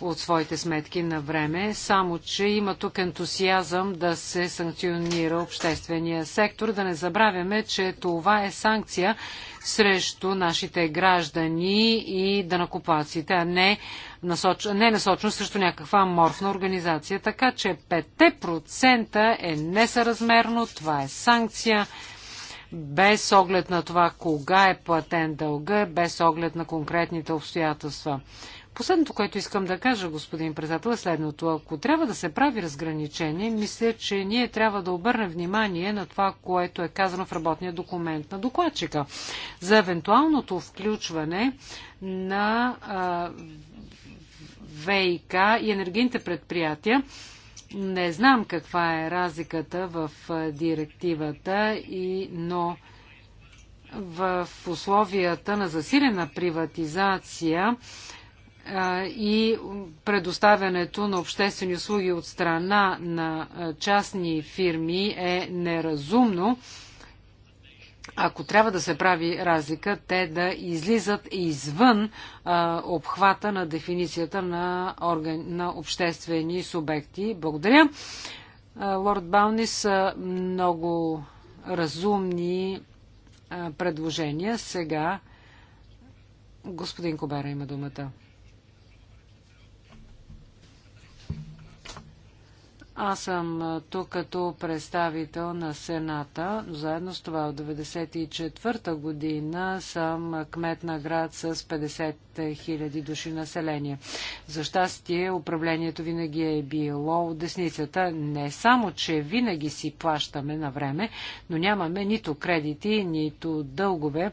Speaker 3: от своите сметки на време, само че има тук ентусиазъм да се санкционира обществения сектор. Да не забравяме, че това е санкция срещу нашите граждани и данакоплаците, а не, насоч... не насочено срещу някаква морфна организация. Така че 5% е несъразмерно, това е санкция без оглед на това кога е платен дълга, без оглед на конкретните обстоятелства. Последното, което искам да кажа, господин председател, е следното. Ако трябва да се прави разграничение, мисля, че ние трябва да обърнем внимание на това, което е казано в работния документ на докладчика за евентуалното включване на а, ВИК и енергийните предприятия не знам каква е разликата в директивата, и, но в условията на засилена приватизация и предоставянето на обществени услуги от страна на частни фирми е неразумно ако трябва да се прави разлика, те да излизат извън а, обхвата на дефиницията на, орган, на обществени субекти. Благодаря. Лорд Бауни са много разумни а, предложения. Сега господин Кобера има думата. Аз съм тук като представител на Сената. Заедно с това от 1994 година съм кмет на град с 50 000 души население. За щастие, управлението винаги е било от десницата. Не само, че винаги си плащаме на време, но нямаме нито кредити, нито дългове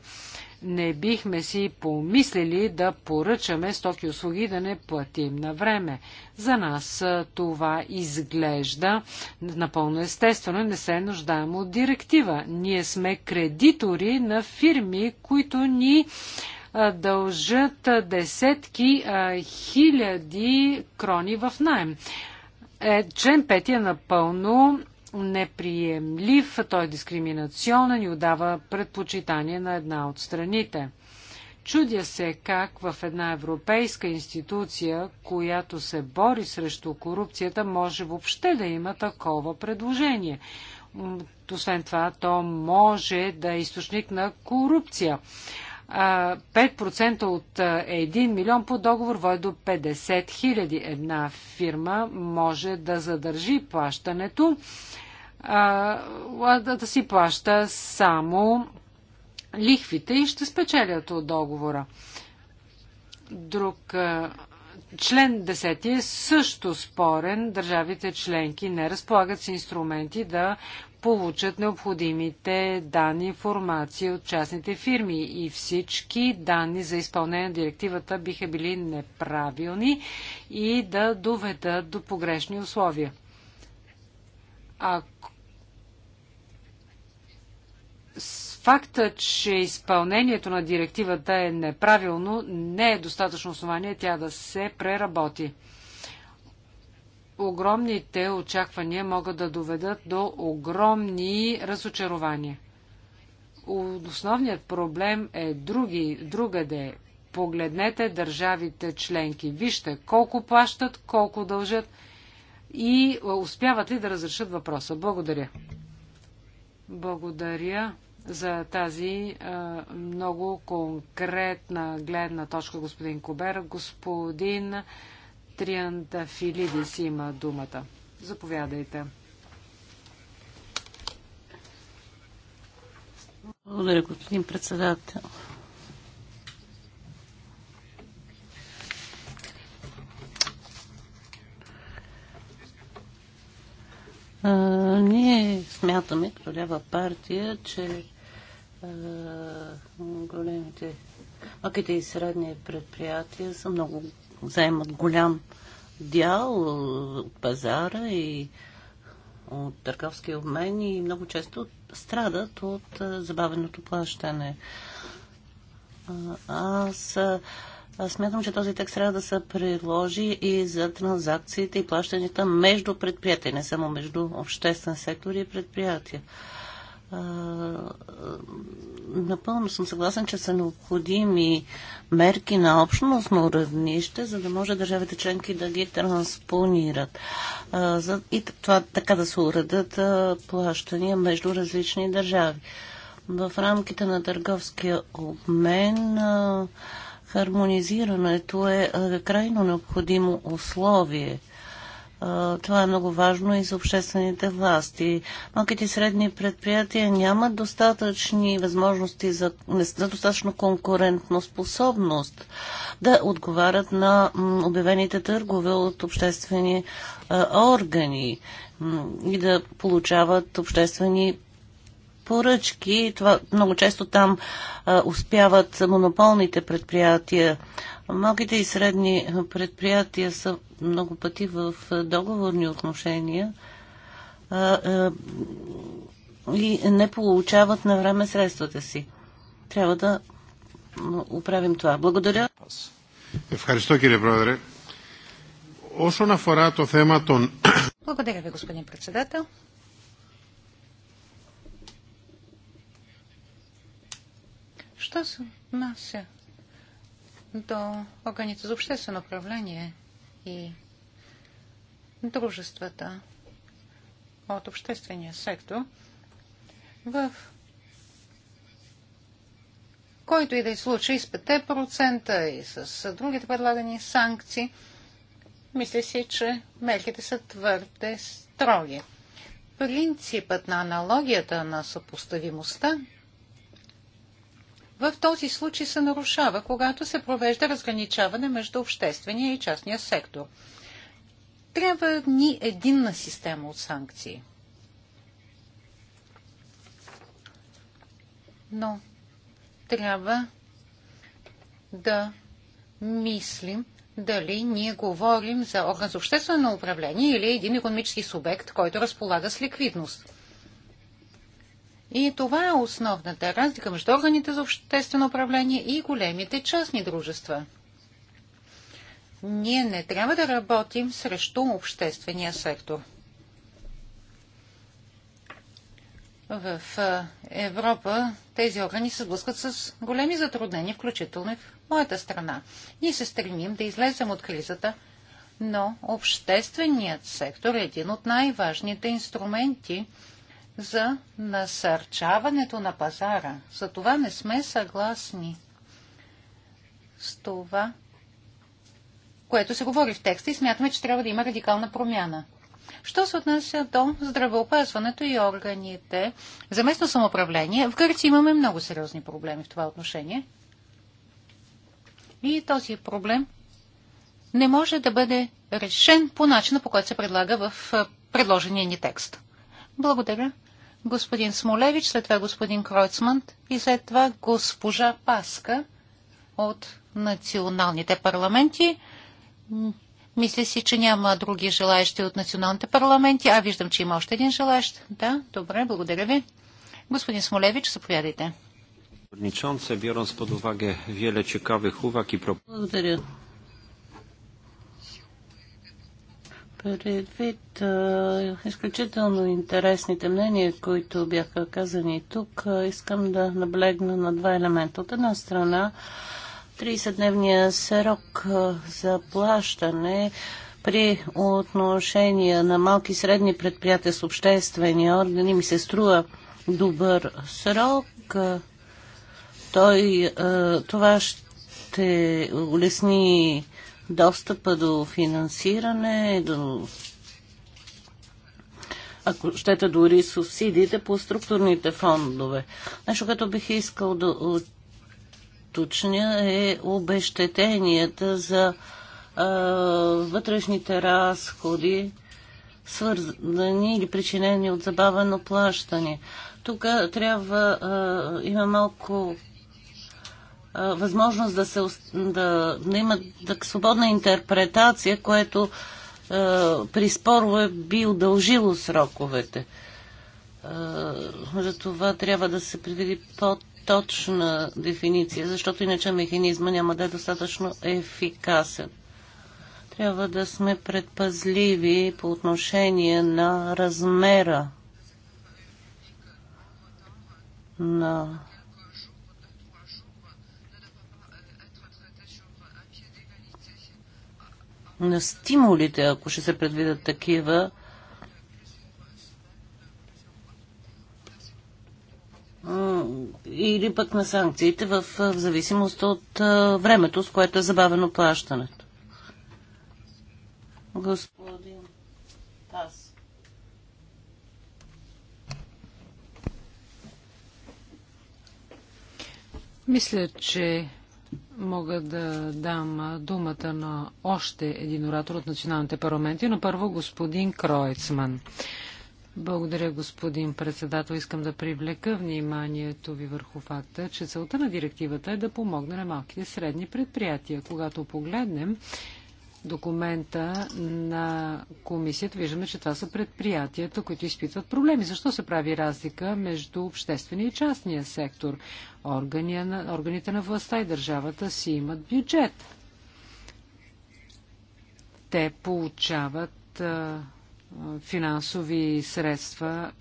Speaker 3: не бихме си помислили да поръчаме стоки услуги да не платим на време. За нас това изглежда напълно естествено. Не се нуждаем от директива. Ние сме кредитори на фирми, които ни дължат десетки хиляди крони в найем. Е, член 5 е напълно неприемлив, той е дискриминационен и отдава предпочитание на една от страните. Чудя се как в една европейска институция, която се бори срещу корупцията, може въобще да има такова предложение. Освен това, то може да е източник на корупция. 5% от 1 милион по договор води до 50 хиляди. Една фирма може да задържи плащането, а да си плаща само лихвите и ще спечелят от договора. Друг член 10 е също спорен. Държавите членки не разполагат с инструменти да получат необходимите данни, информации от частните фирми и всички данни за изпълнение на директивата биха били неправилни и да доведат до погрешни условия. Ако факта, че изпълнението на директивата е неправилно, не е достатъчно основание тя да се преработи огромните очаквания могат да доведат до огромни разочарования. Основният проблем е други, другаде. Погледнете държавите членки. Вижте колко плащат, колко дължат и успяват ли да разрешат въпроса. Благодаря. Благодаря за тази е, много конкретна гледна точка, господин Кобер. Господин Триандафилидис има думата. Заповядайте. Благодаря, господин председател.
Speaker 2: А, ние смятаме, като лява партия, че а, големите, малките и средни предприятия са много, заемат голям дял от пазара и от търговски обмен и много често страдат от забавеното плащане. Аз смятам, че този текст трябва да се приложи и за транзакциите и плащанията между предприятия, не само между обществен сектор и предприятия напълно съм съгласен, че са необходими мерки на общностно равнище, за да може държавите членки да ги транспонират. И това така да се уредат плащания между различни държави. В рамките на търговския обмен хармонизирането е крайно необходимо условие – това е много важно и за обществените власти. Малките и средни предприятия нямат достатъчни възможности за, за достатъчно конкурентно способност да отговарят на обявените търгове от обществени органи и да получават обществени поръчки. Това много често там успяват монополните предприятия Малките и средни предприятия са много пъти в договорни отношения и не получават на време средствата си. Трябва да управим това. Благодаря.
Speaker 3: Ευχαριστώ κύριε Πρόεδρε. Όσον αφορά το θέμα των...
Speaker 1: Благодаря ви, господин председател. Що се нася до органите за обществено управление и дружествата от обществения сектор, в който и да е случай с 5% и с другите предлагани санкции, мисля си, че мерките са твърде строги. Принципът на аналогията на съпоставимостта в този случай се нарушава, когато се провежда разграничаване между обществения и частния сектор. Трябва ни единна система от санкции. Но трябва да мислим дали ние говорим за орган за обществено управление или един економически субект, който разполага с ликвидност. И това е основната разлика между органите за обществено управление и големите частни дружества. Ние не трябва да работим срещу обществения сектор. В Европа тези органи се сблъскват с големи затруднения, включително и в моята страна. Ние се стремим да излезем от кризата, но общественият сектор е един от най-важните инструменти – за насърчаването на пазара. За това не сме съгласни с това, което се говори в текста и смятаме, че трябва да има радикална промяна. Що се отнася до здравеопазването и органите за местно самоуправление, в Гърция имаме много сериозни проблеми в това отношение. И този проблем не може да бъде решен по начина, по който се предлага в предложения ни текст. Благодаря господин Смолевич, след това господин Кройцман и след това госпожа Паска от националните парламенти. Мисля си, че няма други желаящи от националните парламенти. А, виждам, че има още един желаящ. Да, добре, благодаря ви. Господин Смолевич, заповядайте.
Speaker 2: Благодаря. Предвид а, изключително интересните мнения, които бяха казани тук, а, искам да наблегна на два елемента. От една страна, 30-дневния срок а, за плащане при отношения на малки и средни предприятия с обществени органи ми се струва добър срок. Той, това ще улесни достъпа до финансиране, до ако щете дори субсидиите по структурните фондове. Нещо, което бих искал да уточня е обещетенията за а, вътрешните разходи, свързани или причинени от забавено плащане. Тук трябва а, има малко възможност да, се, да, да има да, свободна интерпретация, което а, при спорове би удължило сроковете. А, за това трябва да се предвиди по-точна дефиниция, защото иначе механизма няма да е достатъчно ефикасен. Трябва да сме предпазливи по отношение на размера на на стимулите, ако ще се предвидят такива, или пък на санкциите в, в зависимост от времето, с което е забавено плащането. Господин Тас.
Speaker 3: Мисля, че Мога да дам думата на още един оратор от националните парламенти, но първо господин Кроецман. Благодаря, господин председател. Искам да привлека вниманието ви върху факта, че целта на директивата е да помогне на малките средни предприятия. Когато погледнем документа на комисията виждаме, че това са предприятията, които изпитват проблеми. Защо се прави разлика между обществения и частния сектор? органите на властта и държавата си имат бюджет. Те получават финансови средства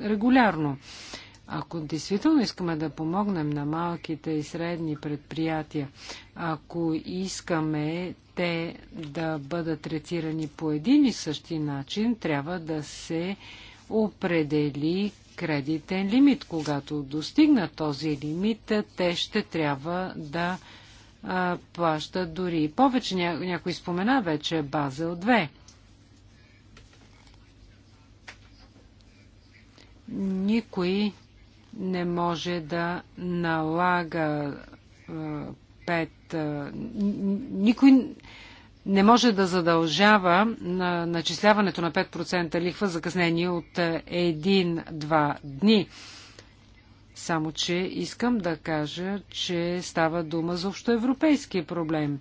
Speaker 3: регулярно. Ако действително искаме да помогнем на малките и средни предприятия, ако искаме те да бъдат третирани по един и същи начин, трябва да се определи кредитен лимит. Когато достигнат този лимит, те ще трябва да а, плащат дори повече. Ня, някой спомена вече Базел 2. Никой не може да налага а, пет. А, никой не може да задължава на начисляването на 5% лихва закъснение от 1-2 е, дни. Само, че искам да кажа, че става дума за общоевропейски проблем.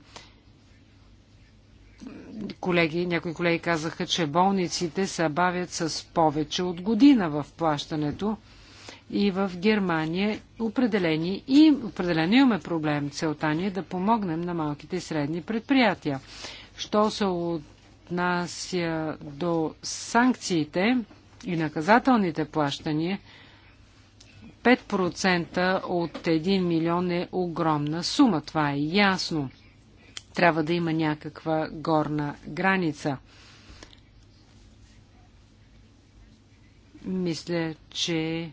Speaker 3: Колеги, някои колеги казаха, че болниците се бавят с повече от година в плащането и в Германия определени и определено имаме проблем. Целта ни е да помогнем на малките и средни предприятия. Що се отнася до санкциите и наказателните плащания, 5% от 1 милион е огромна сума, това е ясно. Трябва да има някаква горна граница. Мисля, че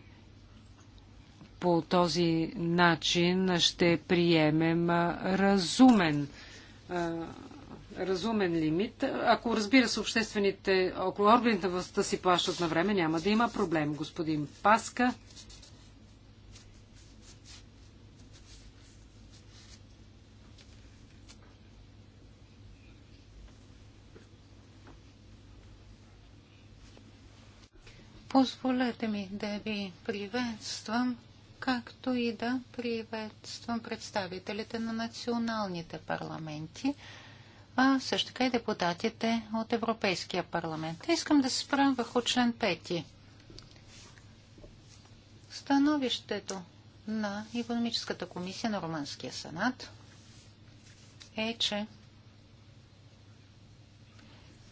Speaker 3: по този начин ще приемем разумен, разумен лимит. Ако разбира се обществените, ако органите властта си плащат на време, няма да има проблем. Господин Паска.
Speaker 1: Позволете ми да ви приветствам както и да приветствам представителите на националните парламенти, а също така и депутатите от Европейския парламент. Искам да се спра върху член 5. Становището на економическата комисия на Румънския сенат е, че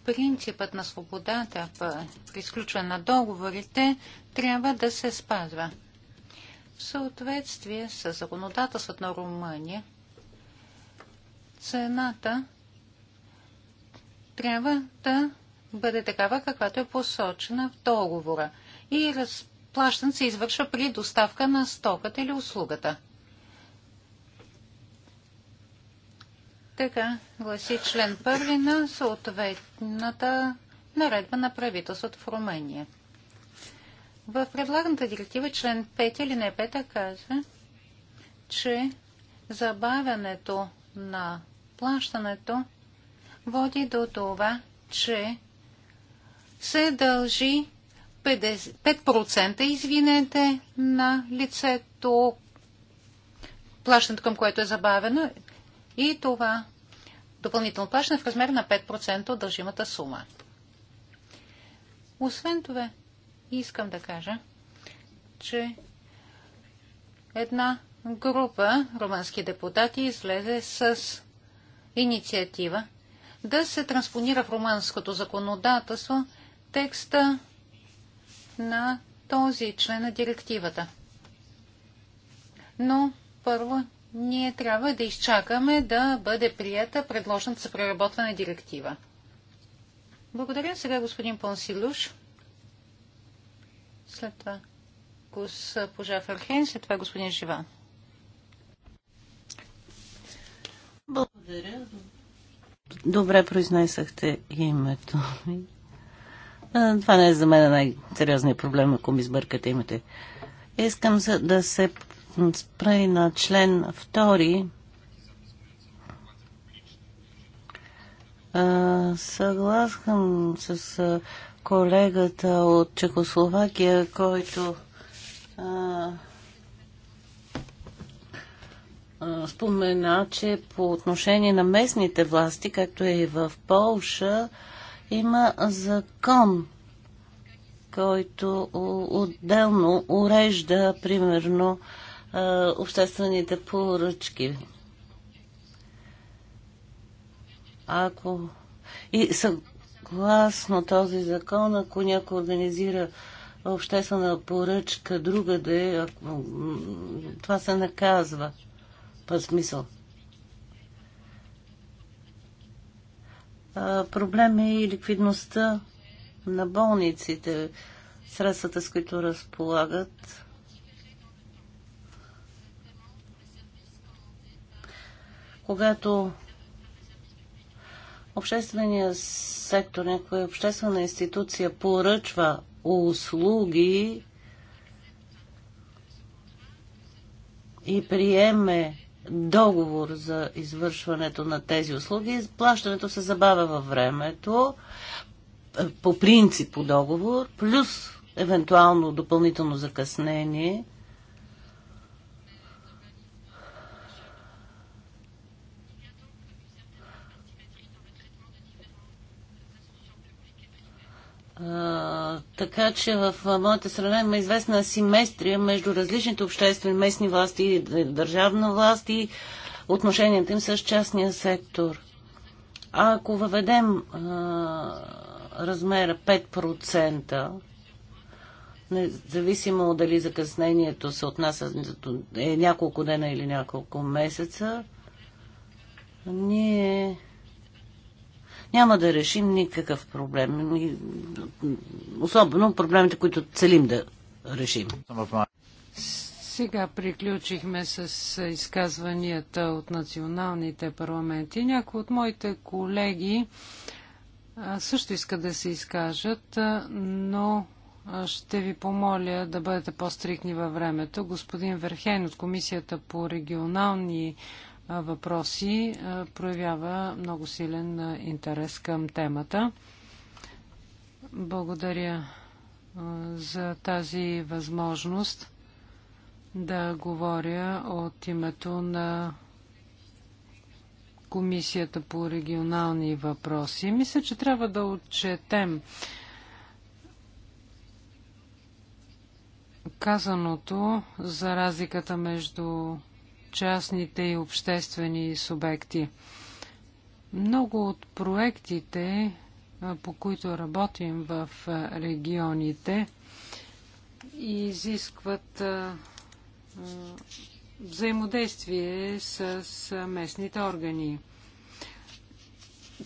Speaker 1: принципът на свободата при изключване на договорите трябва да се спазва. В съответствие с законодателството на Румъния, цената трябва да бъде такава, каквато е посочена в договора и разплащан се извършва при доставка на стоката или услугата. Така гласи член първи на съответната наредба на правителството в Румъния. В предлаганата директива член 5 или не 5 казва, че забавянето на плащането води до това, че се дължи 5% извинете на лицето, плащането към което е забавено и това допълнително плащане в размер на 5% от дължимата сума. Освен това, и искам да кажа, че една група румънски депутати излезе с инициатива да се транспонира в румънското законодателство текста на този член на директивата. Но първо ние трябва да изчакаме да бъде прията предложената за преработване директива. Благодаря сега господин Понсилюш. След това госпожа Фархен, след това господин Живан. Благодаря.
Speaker 2: Добре произнесахте името ми. Това не е за мен най-сериозният проблем, ако ми сбъркате имате. Искам да се спра и на член втори. Съгласен с колегата от Чехословакия, който а, а, спомена, че по отношение на местните власти, както е и в Полша, има закон, който отделно урежда, примерно, а, обществените поръчки. Ако и са, съгласно този закон, ако някой организира обществена поръчка друга да е, това се наказва. По смисъл. проблем е и ликвидността на болниците, средствата с които разполагат. Когато обществения сектор, някоя обществена институция поръчва услуги и приеме договор за извършването на тези услуги, плащането се забавя във времето, е, по принцип по договор, плюс евентуално допълнително закъснение – така че в моята страна има известна асиметрия между различните обществени местни власти и държавна власт и отношенията им с частния сектор. А ако въведем а, размера 5%, независимо дали закъснението се отнася е няколко дена или няколко месеца, ние няма да решим никакъв проблем. Особено проблемите, които целим да решим.
Speaker 3: Сега приключихме с изказванията от националните парламенти. Някои от моите колеги също искат да се изкажат, но ще ви помоля да бъдете по-стрикни във времето. Господин Верхен от Комисията по регионални въпроси проявява много силен интерес към темата. Благодаря за тази възможност да говоря от името на Комисията по регионални въпроси. Мисля, че трябва да отчетем казаното за разликата между частните и обществени субекти. Много от проектите, по които работим в регионите, изискват взаимодействие с местните органи.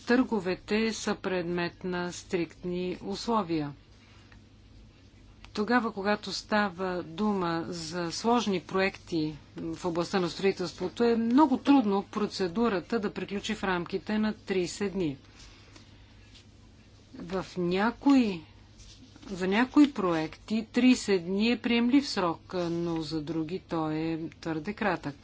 Speaker 3: Търговете са предмет на стриктни условия. Тогава, когато става дума за сложни проекти в областта на строителството, е много трудно процедурата да приключи в рамките на 30 дни. В някои, за някои проекти 30 дни е приемлив срок, но за други той е твърде кратък.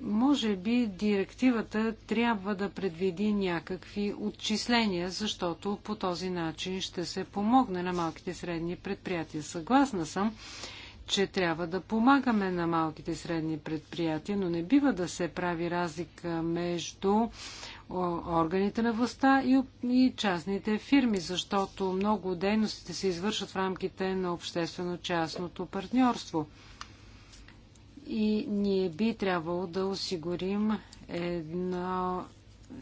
Speaker 3: Може би директивата трябва да предвиди някакви отчисления, защото по този начин ще се помогне на малките и средни предприятия. Съгласна съм, че трябва да помагаме на малките и средни предприятия, но не бива да се прави разлика между органите на властта и, и частните фирми, защото много дейностите се извършват в рамките на обществено-частното партньорство. И ние би трябвало да осигурим едно,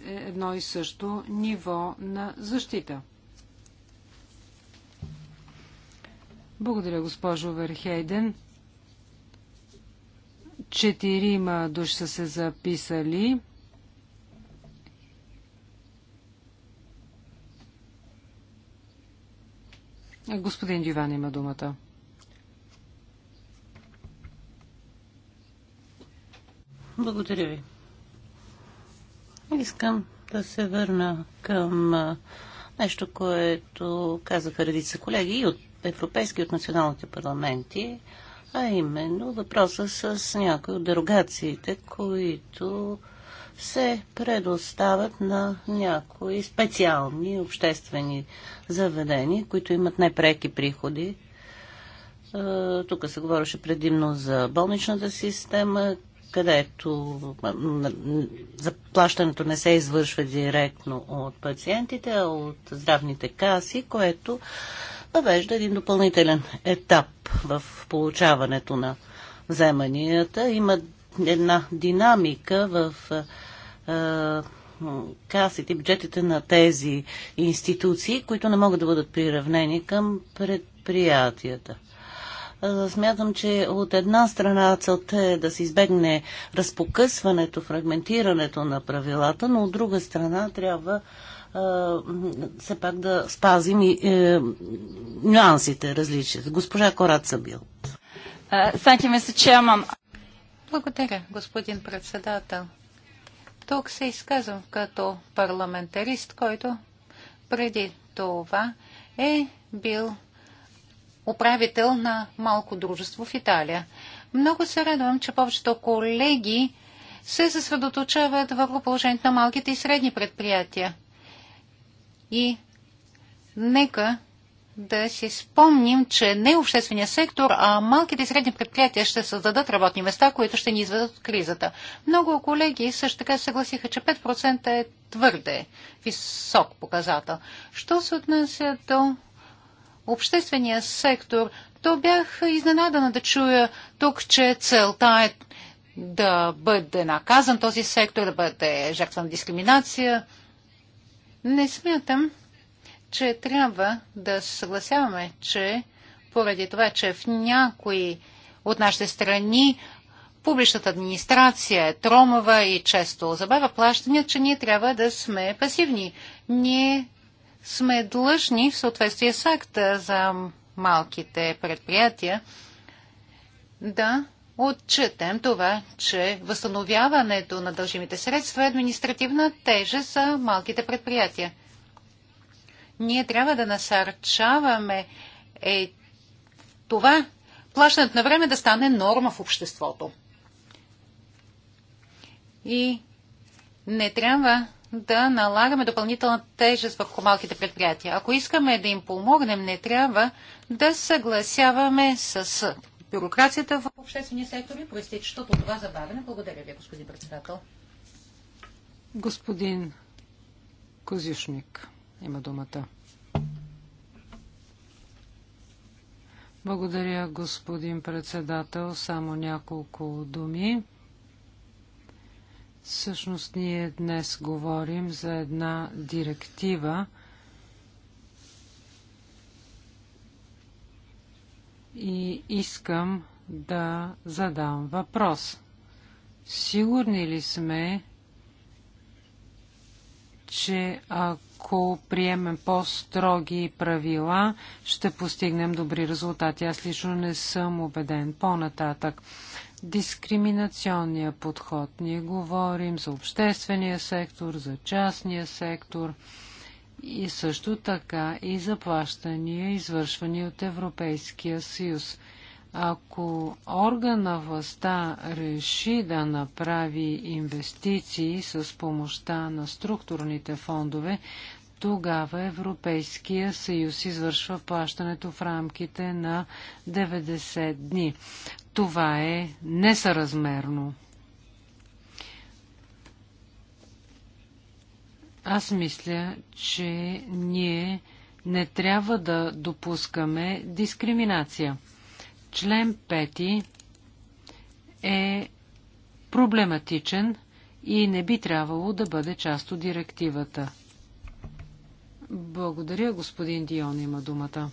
Speaker 3: едно и също ниво на защита. Благодаря, госпожо Верхейден. Четирима души са се записали. Господин Диван има думата.
Speaker 2: Благодаря ви. Искам да се върна към нещо, което казаха редица колеги и от европейски, и от националните парламенти, а именно въпроса с някои от дерогациите, които се предоставят на някои специални обществени заведения, които имат непреки приходи. Тук се говореше предимно за болничната система, където заплащането не се извършва директно от пациентите, а от здравните каси, което въвежда един допълнителен етап в получаването на вземанията. Има една динамика в касите, бюджетите на тези институции, които не могат да бъдат приравнени към предприятията. Смятам, че от една страна целта е да се избегне разпокъсването, фрагментирането на правилата, но от друга страна трябва все пак да спазим и е, нюансите различията. Госпожа Кораца Бил.
Speaker 1: Благодаря, господин председател. Тук се изказвам като парламентарист, който преди това е бил управител на малко дружество в Италия. Много се радвам, че повечето колеги се съсредоточават върху положението на малките и средни предприятия. И нека да си спомним, че не обществения сектор, а малките и средни предприятия ще създадат работни места, които ще ни изведат от кризата. Много колеги също така съгласиха, че 5% е твърде висок показател. Що се отнася до обществения сектор, то бях изненадана да чуя тук, че целта е да бъде наказан този сектор, да бъде жертва на дискриминация. Не смятам, че трябва да се съгласяваме, че поради това, че в някои от нашите страни публичната администрация е тромава и често забавя плащания, че ние трябва да сме пасивни. Ние сме длъжни в съответствие с акта за малките предприятия да отчетем това, че възстановяването на дължимите средства е административна тежест за малките предприятия. Ние трябва да насърчаваме е, това плащането на време да стане норма в обществото. И не трябва да налагаме допълнителна тежест върху малките предприятия. Ако искаме да им помогнем, не трябва да съгласяваме с бюрокрацията в обществения сектор и проистичащото от това забавяне. Благодаря ви, господин председател.
Speaker 3: Господин Козишник има думата. Благодаря, господин председател. Само няколко думи. Всъщност ние днес говорим за една директива и искам да задам въпрос. Сигурни ли сме, че ако приемем по-строги правила, ще постигнем добри резултати? Аз лично не съм убеден по-нататък дискриминационния подход. Ние говорим за обществения сектор, за частния сектор и също така и заплащания, извършвани от Европейския съюз. Ако органа властта реши да направи инвестиции с помощта на структурните фондове, тогава Европейския съюз извършва плащането в рамките на 90 дни. Това е несъразмерно. Аз мисля, че ние не трябва да допускаме дискриминация. Член 5 е проблематичен и не би трябвало да бъде част от директивата. Благодаря, господин Дион има думата.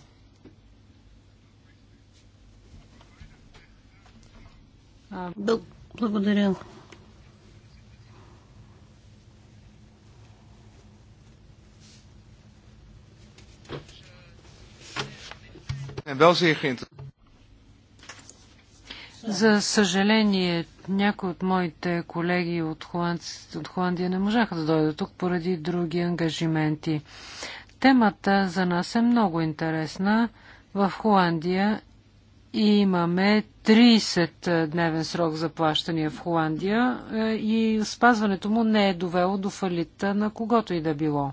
Speaker 3: Благодаря.
Speaker 2: Е, е
Speaker 1: за
Speaker 3: съжаление, някои от моите колеги от, Холанд... от Холандия не можаха да дойдат тук поради други ангажименти. Темата за нас е много интересна. В Холандия Имаме 30-дневен е, срок за плащания в Холандия е, и спазването му не е довело до фалита на когото и да било.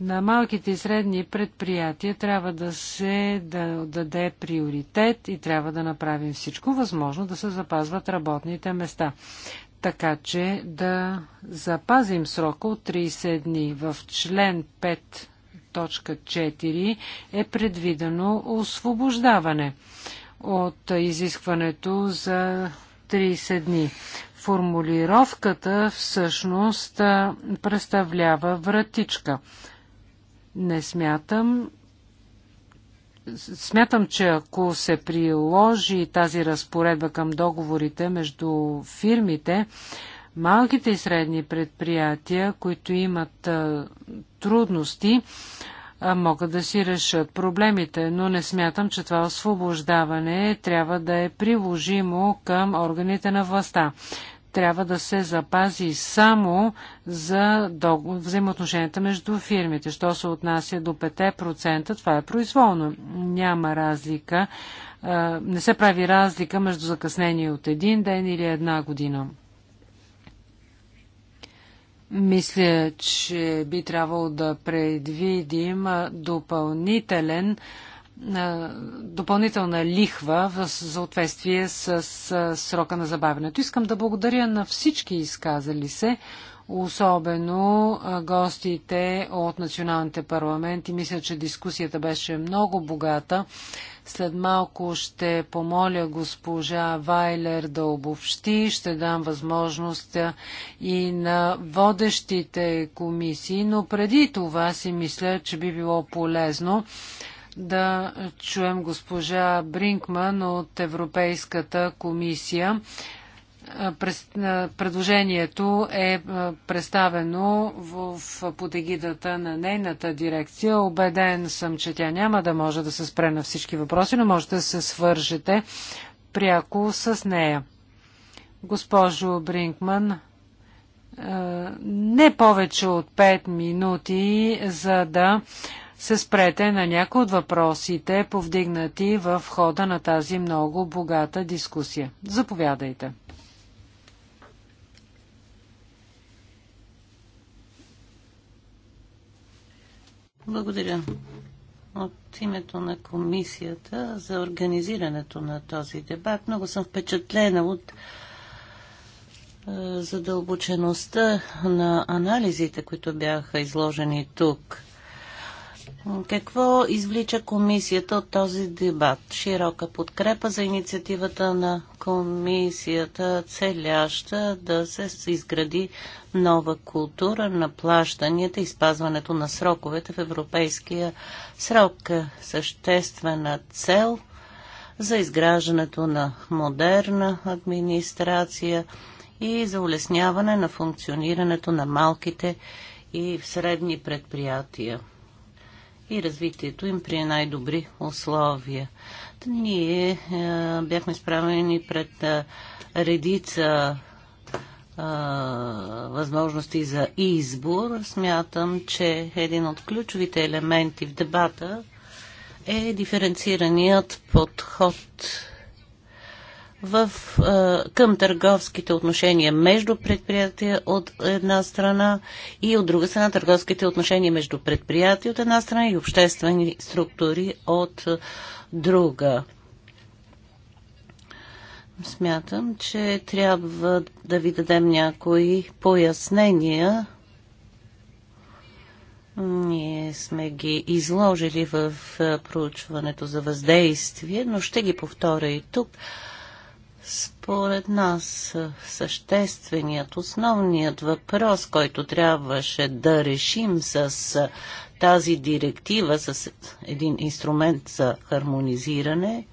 Speaker 3: На малките и средни предприятия трябва да се да даде приоритет и трябва да направим всичко възможно да се запазват работните места. Така че да запазим срока от 30 дни в член 5 точка 4 е предвидено освобождаване от изискването за 30 дни. Формулировката всъщност представлява вратичка. Не смятам, смятам, че ако се приложи тази разпоредба към договорите между фирмите, малките и средни предприятия, които имат трудности, могат да си решат проблемите, но не смятам, че това освобождаване трябва да е приложимо към органите на властта. Трябва да се запази само за взаимоотношенията между фирмите. Що се отнася до 5%, това е произволно. Няма разлика. Не се прави разлика между закъснение от един ден или една година. Мисля, че би трябвало да предвидим допълнителен допълнителна лихва в съответствие с срока на забавянето. Искам да благодаря на всички изказали се, особено гостите от националните парламенти. Мисля, че дискусията беше много богата. След малко ще помоля госпожа Вайлер да обобщи, ще дам възможност и на водещите комисии, но преди това си мисля, че би било полезно да чуем госпожа Бринкман от Европейската комисия Предложението е представено в подегидата на нейната дирекция. Обеден съм, че тя няма да може да се спре на всички въпроси, но може да се свържете пряко с нея. Госпожо Бринкман, не повече от 5 минути, за да се спрете на някои от въпросите, повдигнати в хода на тази много богата дискусия. Заповядайте.
Speaker 2: Благодаря. От името на комисията за организирането на този дебат много съм впечатлена от е, задълбочеността на анализите, които бяха изложени тук. Какво извлича комисията от този дебат? Широка подкрепа за инициативата на комисията, целяща да се изгради нова култура на плащанията и спазването на сроковете в европейския срок. Съществена цел за изграждането на модерна администрация и за улесняване на функционирането на малките и средни предприятия и развитието им при най-добри условия. Та ние а, е, бяхме справени пред а, е, редица а, е, възможности за избор. Смятам, че един от ключовите елементи в дебата е диференцираният подход в, а, е, към търговските отношения между предприятия от една страна и от друга страна търговските отношения между предприятия от една страна и обществени структури от е, друга. Смятам, че трябва да ви дадем някои пояснения. Ние сме ги изложили в е, проучването за въздействие, но ще ги повторя и тук. Според нас е, същественият, основният въпрос, който трябваше да решим с е, тази директива, с един инструмент за хармонизиране,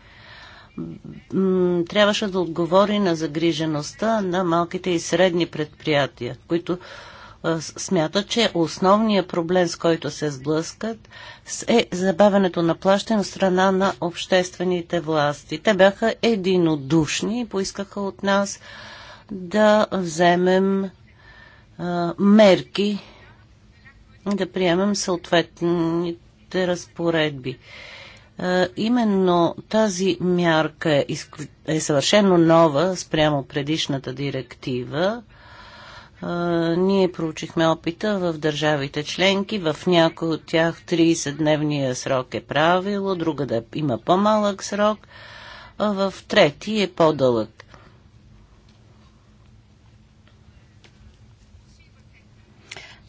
Speaker 2: трябваше да отговори на загрижеността на малките и средни предприятия, които смята, че основният проблем, с който се сблъскат, е забавянето на плащане от страна на обществените власти. Те бяха единодушни и поискаха от нас да вземем а, мерки, да приемем съответните разпоредби. А, именно тази мярка е, изклю... е съвършено нова спрямо предишната директива ние проучихме опита в държавите членки. В някои от тях 30-дневния срок е правило, друга да има по-малък срок, а в трети е по-дълъг.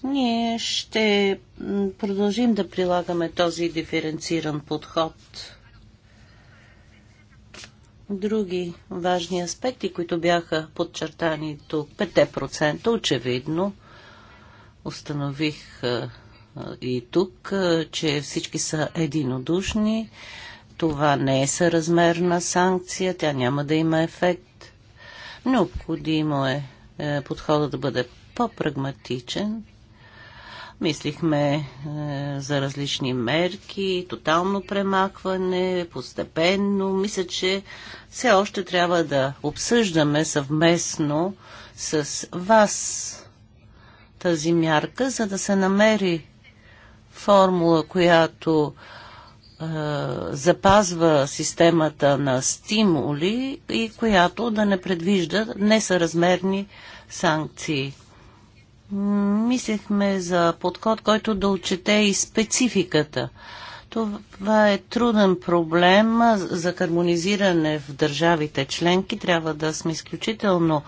Speaker 2: Ние ще продължим да прилагаме този диференциран подход други важни аспекти, които бяха подчертани тук. 5% очевидно установих и тук, че всички са единодушни. Това не е съразмерна санкция, тя няма да има ефект. Необходимо е, е подходът да бъде по-прагматичен Мислихме е, за различни мерки, тотално премахване, постепенно. Мисля, че все още трябва да обсъждаме съвместно с вас тази мярка, за да се намери формула, която е, запазва системата на стимули и която да не предвижда несъразмерни санкции. Мислехме за подход, който да отчете и спецификата. Това е труден проблем за хармонизиране в държавите членки. Трябва да сме изключително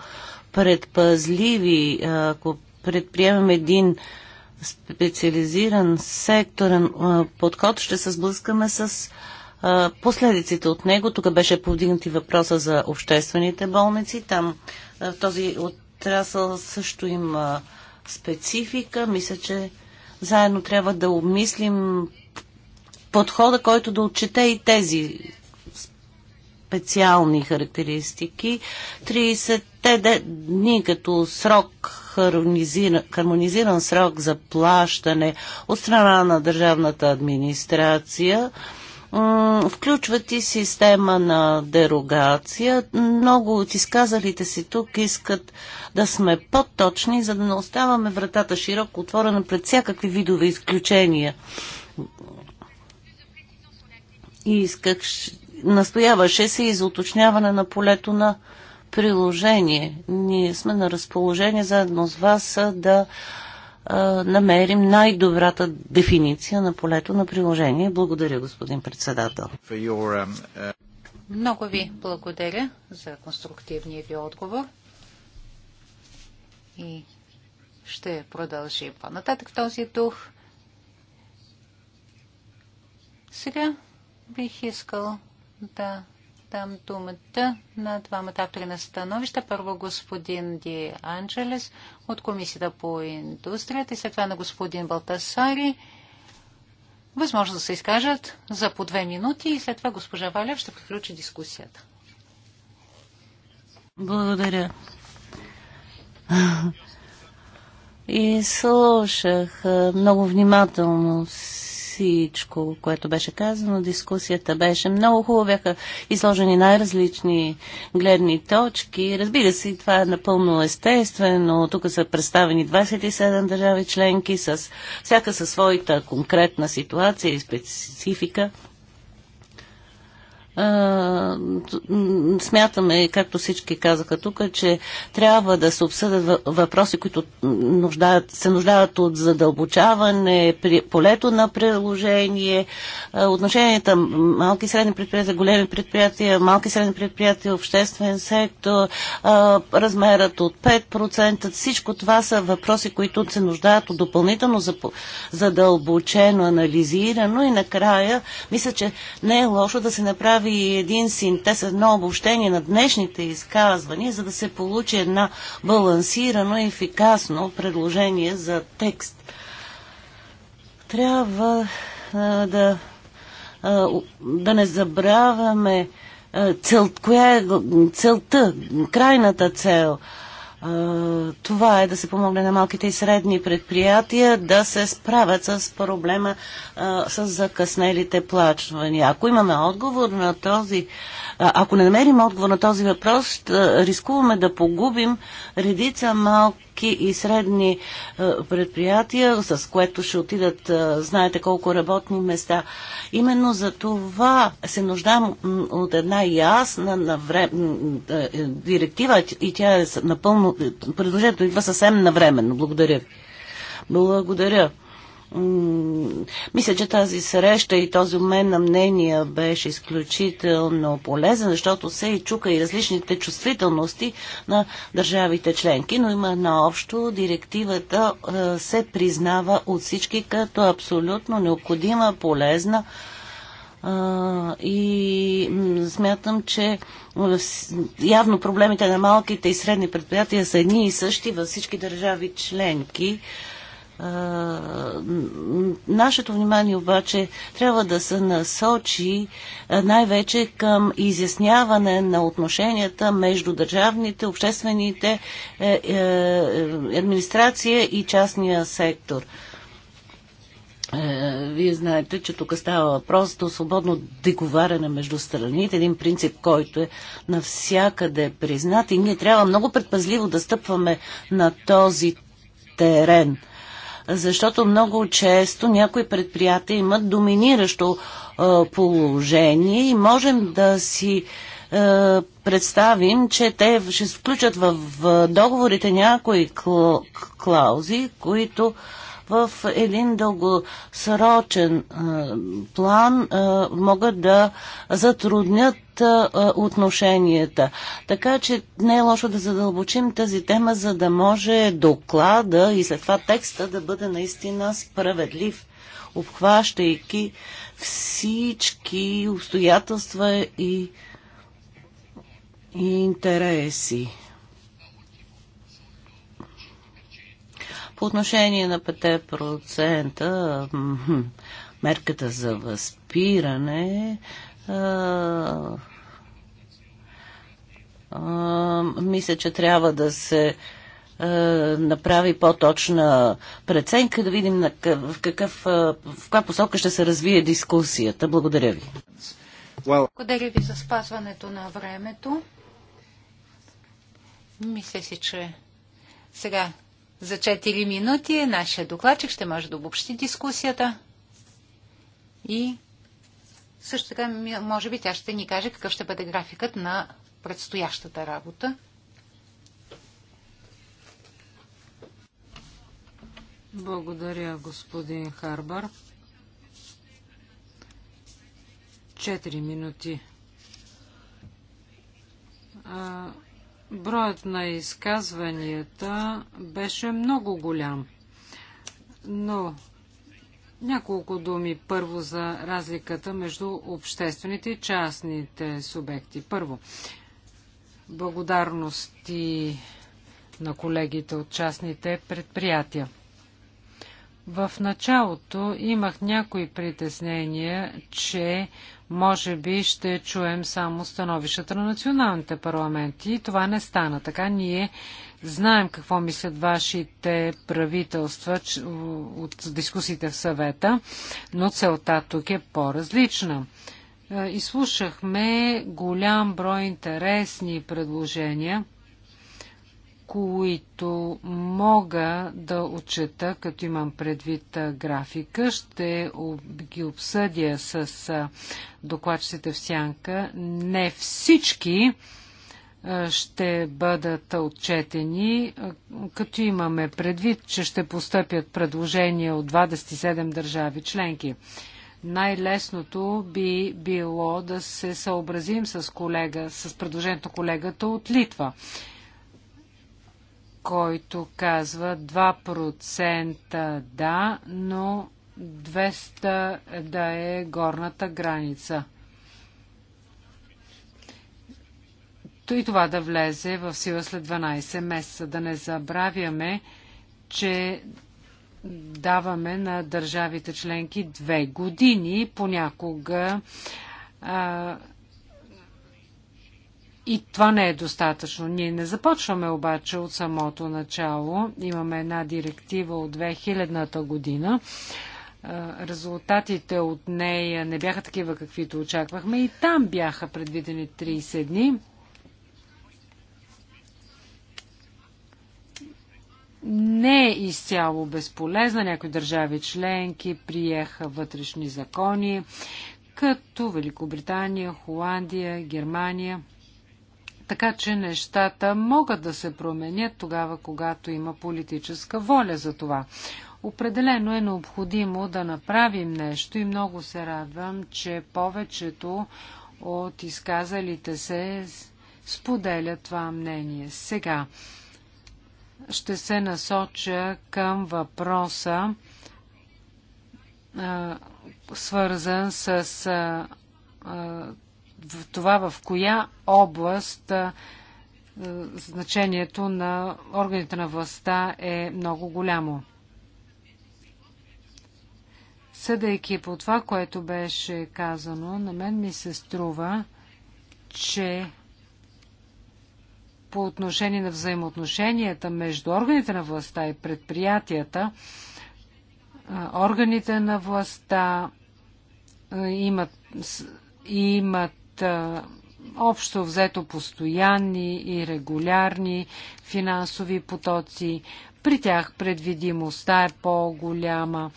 Speaker 2: предпазливи, ако предприемем един специализиран секторен подход, ще се сблъскаме с последиците от него. Тук беше повдигнат и въпроса за обществените болници. Там в този отрасъл също има специфика. Мисля, че заедно трябва да обмислим подхода, който да отчете и тези специални характеристики. 30-те дни като срок, хармонизиран, хармонизиран срок за плащане от страна на държавната администрация – включват и система на дерогация. Много от изказалите си тук искат да сме по-точни, за да не оставаме вратата широко отворена пред всякакви видове изключения. И исках, настояваше се и за уточняване на полето на приложение. Ние сме на разположение заедно с вас да намерим най-добрата дефиниция на полето на приложение. Благодаря, господин председател.
Speaker 1: Um, uh, Много ви благодаря за конструктивния ви отговор. И ще продължи по-нататък в този дух. Сега бих искал да дам думата на двамата автори на становища. Първо господин Ди Анджелес от Комисията по индустрията и след това на господин Балтасари. Възможно да се изкажат за по две минути и след това госпожа Валев ще приключи дискусията.
Speaker 2: Благодаря. И слушах много внимателно всичко, което беше казано. Дискусията беше много хубава, бяха изложени най-различни гледни точки. Разбира се, това е напълно естествено. Тук са представени 27 държави членки, с, всяка със своята конкретна ситуация и специфика смятаме, както всички казаха тук, че трябва да се обсъдят въпроси, които нуждаят, се нуждаят от задълбочаване, при, полето на приложение, отношенията малки и средни предприятия, големи предприятия, малки и средни предприятия, обществен сектор, размерът от 5%, всичко това са въпроси, които се нуждаят от допълнително задълбочено анализирано и накрая мисля, че не е лошо да се направи направи един синтез, едно обобщение на днешните изказвания, за да се получи една балансирано и ефикасно предложение за текст. Трябва а, да, а, да не забравяме а, цел, коя е целта, крайната цел – това е да се помогне на малките и средни предприятия да се справят с проблема с закъснелите плачвания. Ако имаме отговор на този ако не намерим отговор на този въпрос, рискуваме да погубим редица малки и средни предприятия, с което ще отидат знаете колко работни места. Именно за това се нуждам от една ясна навре... Е, директива и тя е напълно... Предложението идва съвсем навременно. Благодаря ви. Благодаря. Мисля, че тази среща и този обмен на мнения беше изключително полезен, защото се и чука и различните чувствителности на държавите членки, но има едно общо. Директивата се признава от всички като абсолютно необходима, полезна и смятам, че явно проблемите на малките и средни предприятия са едни и същи във всички държави членки. Нашето внимание обаче трябва да се насочи най-вече към изясняване на отношенията между държавните, обществените, е, е, администрация и частния сектор. Е, вие знаете, че тук става въпрос до свободно деговаряне между страните, един принцип, който е навсякъде признат и ние трябва много предпазливо да стъпваме на този терен защото много често някои предприятия имат доминиращо е, положение и можем да си е, представим, че те ще включат в договорите някои клаузи, които в един дългосрочен план могат да затруднят отношенията. Така че не е лошо да задълбочим тази тема, за да може доклада и след това текста да бъде наистина справедлив, обхващайки всички обстоятелства и, и интереси. По отношение на 5% мерката за възпиране мисля, че трябва да се направи по-точна преценка, да видим на къв, в, какъв, в каква посока ще се развие дискусията. Благодаря ви.
Speaker 1: Благодаря ви за спазването на времето. Мисля си, че сега за 4 минути нашия докладчик ще може да обобщи дискусията и също така, може би тя ще ни каже какъв ще бъде графикът на предстоящата работа.
Speaker 3: Благодаря, господин Харбар. Четири минути. А, Броят на изказванията беше много голям. Но няколко думи първо за разликата между обществените и частните субекти. Първо, благодарности на колегите от частните предприятия. В началото имах някои притеснения, че може би ще чуем само становищата на националните парламенти и това не стана така. Ние знаем какво мислят вашите правителства от дискусиите в съвета, но целта тук е по-различна. Е, изслушахме голям брой интересни предложения – които мога да отчета, като имам предвид графика. Ще ги обсъдя с докладчите в сянка. Не всички ще бъдат отчетени, като имаме предвид, че ще постъпят предложения от 27 държави членки. Най-лесното би било да се съобразим с, колега, с предложението колегата от Литва който казва 2% да, но 200 да е горната граница. То и това да влезе в сила след 12 месеца. Да не забравяме, че даваме на държавите членки две години, понякога а, и това не е достатъчно. Ние не започваме обаче от самото начало. Имаме една директива от 2000-та година. Резултатите от нея не бяха такива, каквито очаквахме. И там бяха предвидени 30 дни. не е изцяло безполезна. Някои държави членки приеха вътрешни закони, като Великобритания, Холандия, Германия. Така че нещата могат да се променят тогава, когато има политическа воля за това. Определено е необходимо да направим нещо и много се радвам, че повечето от изказалите се споделят това мнение. Сега ще се насоча към въпроса, свързан с в това в коя област значението на органите на властта е много голямо. Съдейки по това, което беше казано, на мен ми се струва, че по отношение на взаимоотношенията между органите на властта и предприятията, органите на властта имат, имат общо взето постоянни и регулярни финансови потоци. При тях предвидимостта е по-голяма.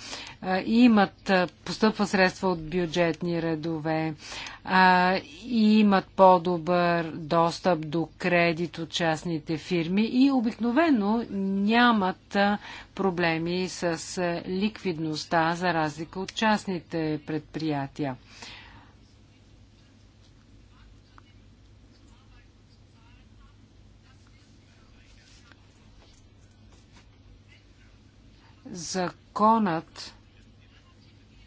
Speaker 3: Имат, постъпва средства от бюджетни редове. И имат по-добър достъп до кредит от частните фирми и обикновено нямат проблеми с ликвидността за разлика от частните предприятия. Законът,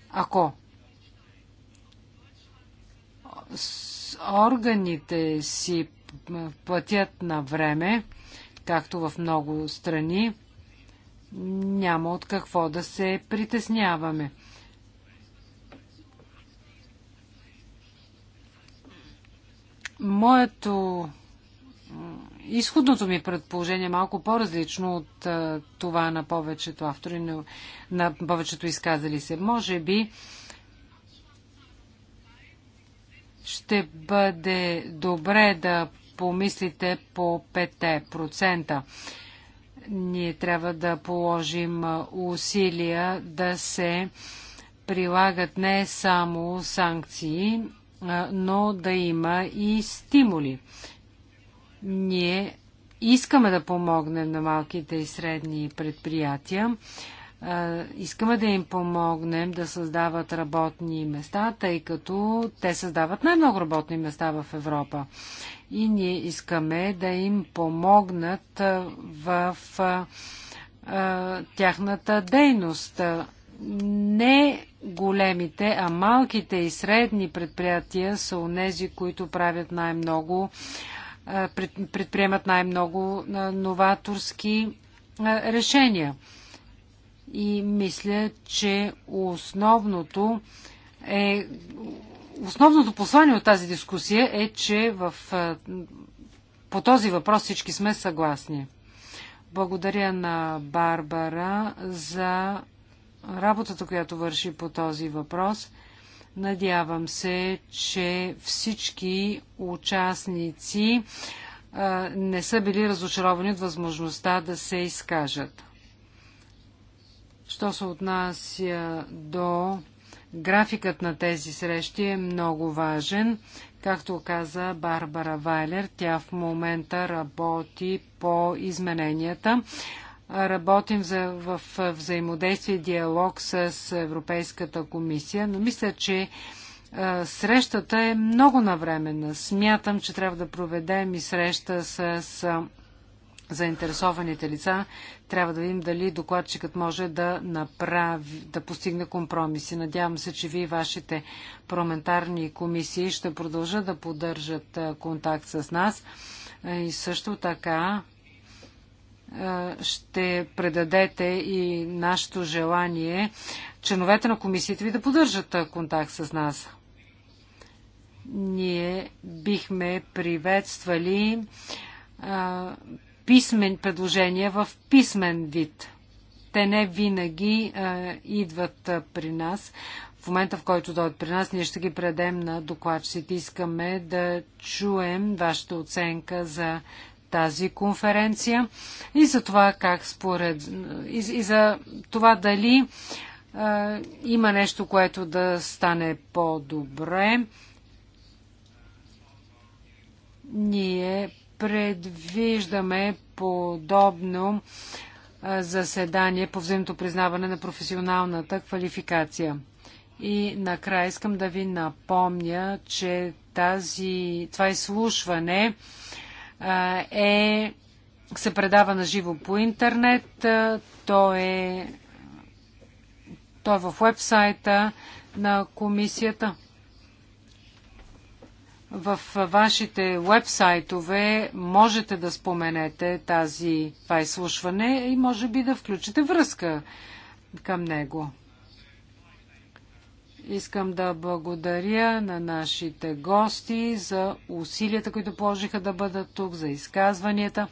Speaker 3: ако органите си платят на време, както в много страни, няма от какво да се притесняваме. Моето изходното ми предположение е малко по-различно от а, това на повечето автори, на, на повечето изказали се. Може би ще бъде добре да помислите по 5%. Ние трябва да положим усилия да се прилагат не само санкции, но да има и стимули. Ние искаме да помогнем на малките и средни предприятия. Искаме да им помогнем да създават работни места, тъй като те създават най-много работни места в Европа. И ние искаме да им помогнат в тяхната дейност. Не големите, а малките и средни предприятия са у нези, които правят най-много предприемат най-много новаторски решения. И мисля, че основното е основното послание от тази дискусия е, че в, по този въпрос всички сме съгласни. Благодаря на Барбара за работата, която върши по този въпрос. Надявам се, че всички участници не са били разочаровани от възможността да се изкажат. Що се отнася до графикът на тези срещи е много важен. Както каза Барбара Вайлер, тя в момента работи по измененията работим за, в взаимодействие и диалог с Европейската комисия, но мисля, че срещата е много навременна. Смятам, че трябва да проведем и среща с, заинтересованите лица. Трябва да видим дали докладчикът може да направи, да постигне компромиси. Надявам се, че вие вашите парламентарни комисии ще продължат да поддържат контакт с нас. И също така ще предадете и нашето желание членовете на комисията ви да поддържат контакт с нас. Ние бихме приветствали писмен предложения в писмен вид. Те не винаги а, идват а, при нас. В момента, в който дойдат при нас, ние ще ги предем на докладчиците. Искаме да чуем вашата оценка за тази конференция и за това как според и, и за това дали а, е, има нещо, което да стане по-добре. Ние предвиждаме подобно е, заседание по взаимното признаване на професионалната квалификация. И накрая искам да ви напомня, че тази, това изслушване е, се предава на живо по интернет. То е, то е в вебсайта на комисията. В вашите вебсайтове можете да споменете тази, това изслушване и може би да включите връзка към него. Искам да благодаря на нашите гости за усилията, които положиха да бъдат тук, за изказванията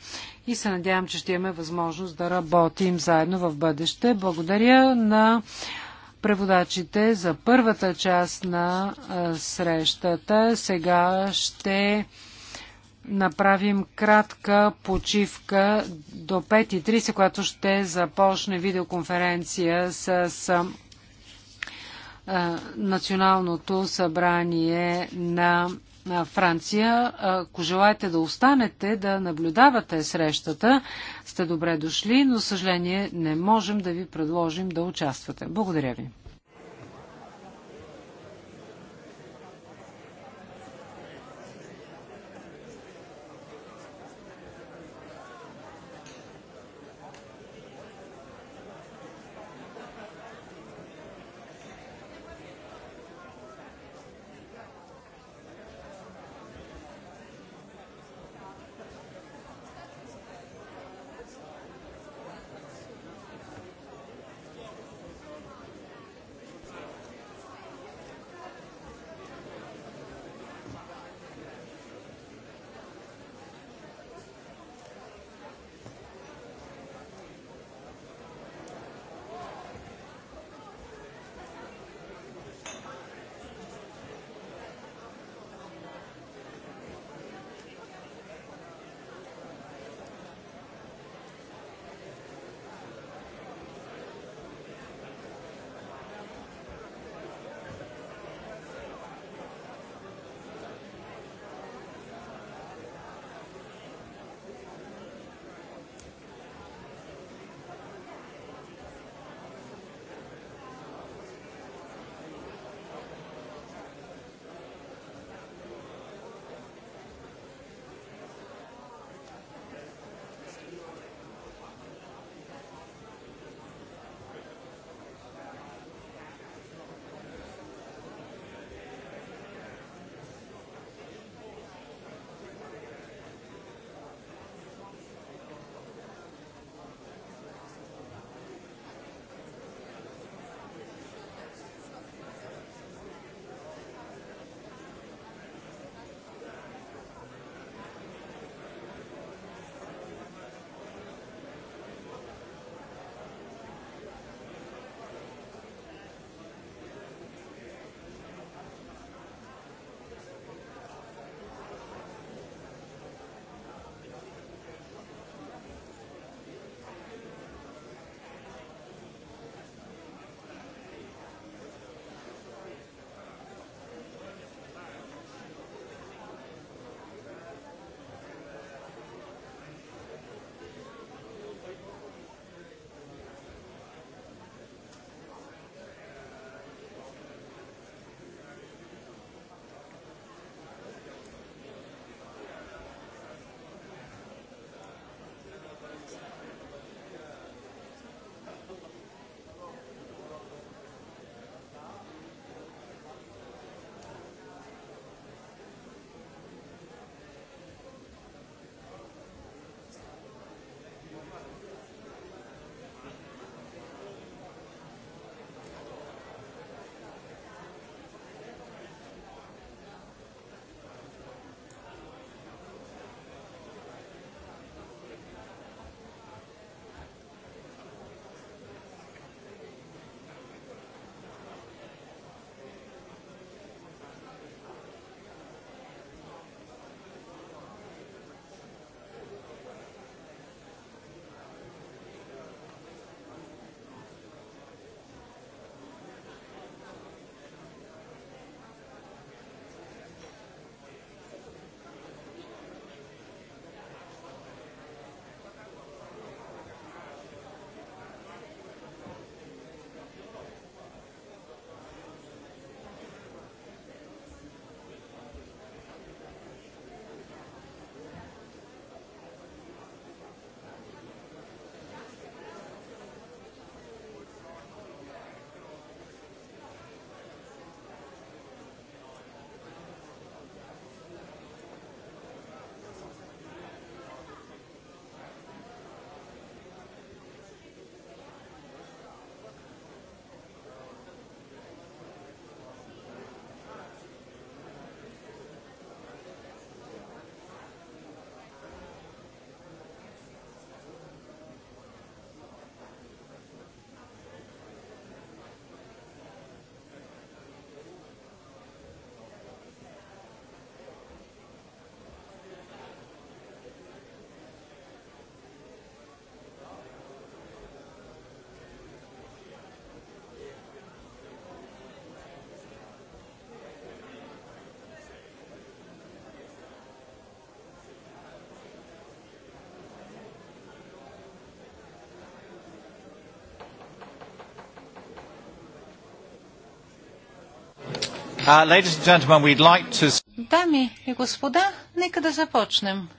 Speaker 3: и се надявам, че ще имаме възможност да работим заедно в бъдеще. Благодаря на преводачите за първата част на срещата. Сега ще направим кратка почивка до 5.30, когато ще започне видеоконференция с Националното събрание на Франция. Ако желаете да останете, да наблюдавате срещата, сте добре дошли, но съжаление не можем да ви предложим да участвате. Благодаря ви.
Speaker 1: Uh, Дами и господа, нека да започнем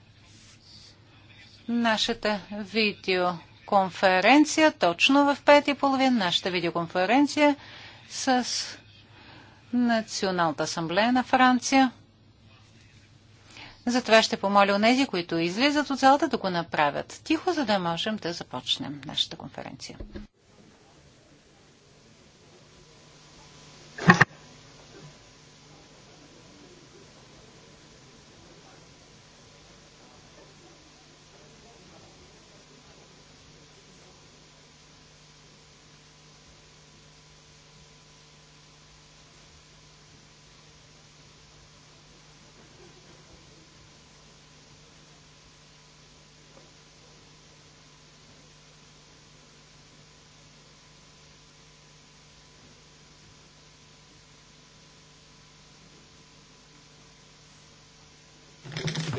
Speaker 1: нашата видеоконференция точно в половин. нашата видеоконференция с Националната асамблея на Франция. Затова ще помоля онези, които излизат от залата, да го направят тихо, за да можем да започнем нашата конференция.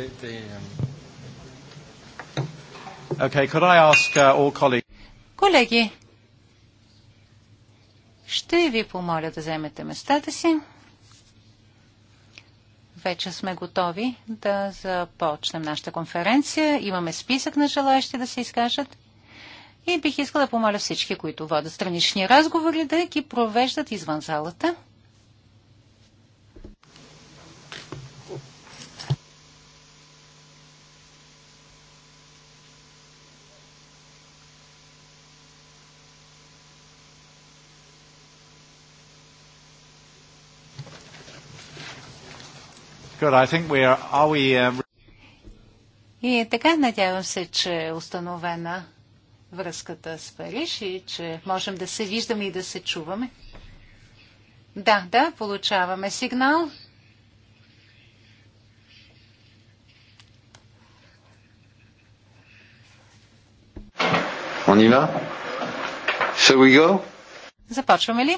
Speaker 3: Um, uh,
Speaker 1: Колеги, ще ви помоля да вземете местата си. Вече сме готови да започнем нашата конференция. Имаме списък на желаящи да се изкажат. И бих искала да помоля всички, които водят странични разговори, да ги провеждат извън залата. Good, I think we are, are we, uh... И така надявам се, че е установена връзката с Париж и че можем да се виждаме и да се чуваме. Да, да, получаваме сигнал. On y va? Shall we go? Започваме ли?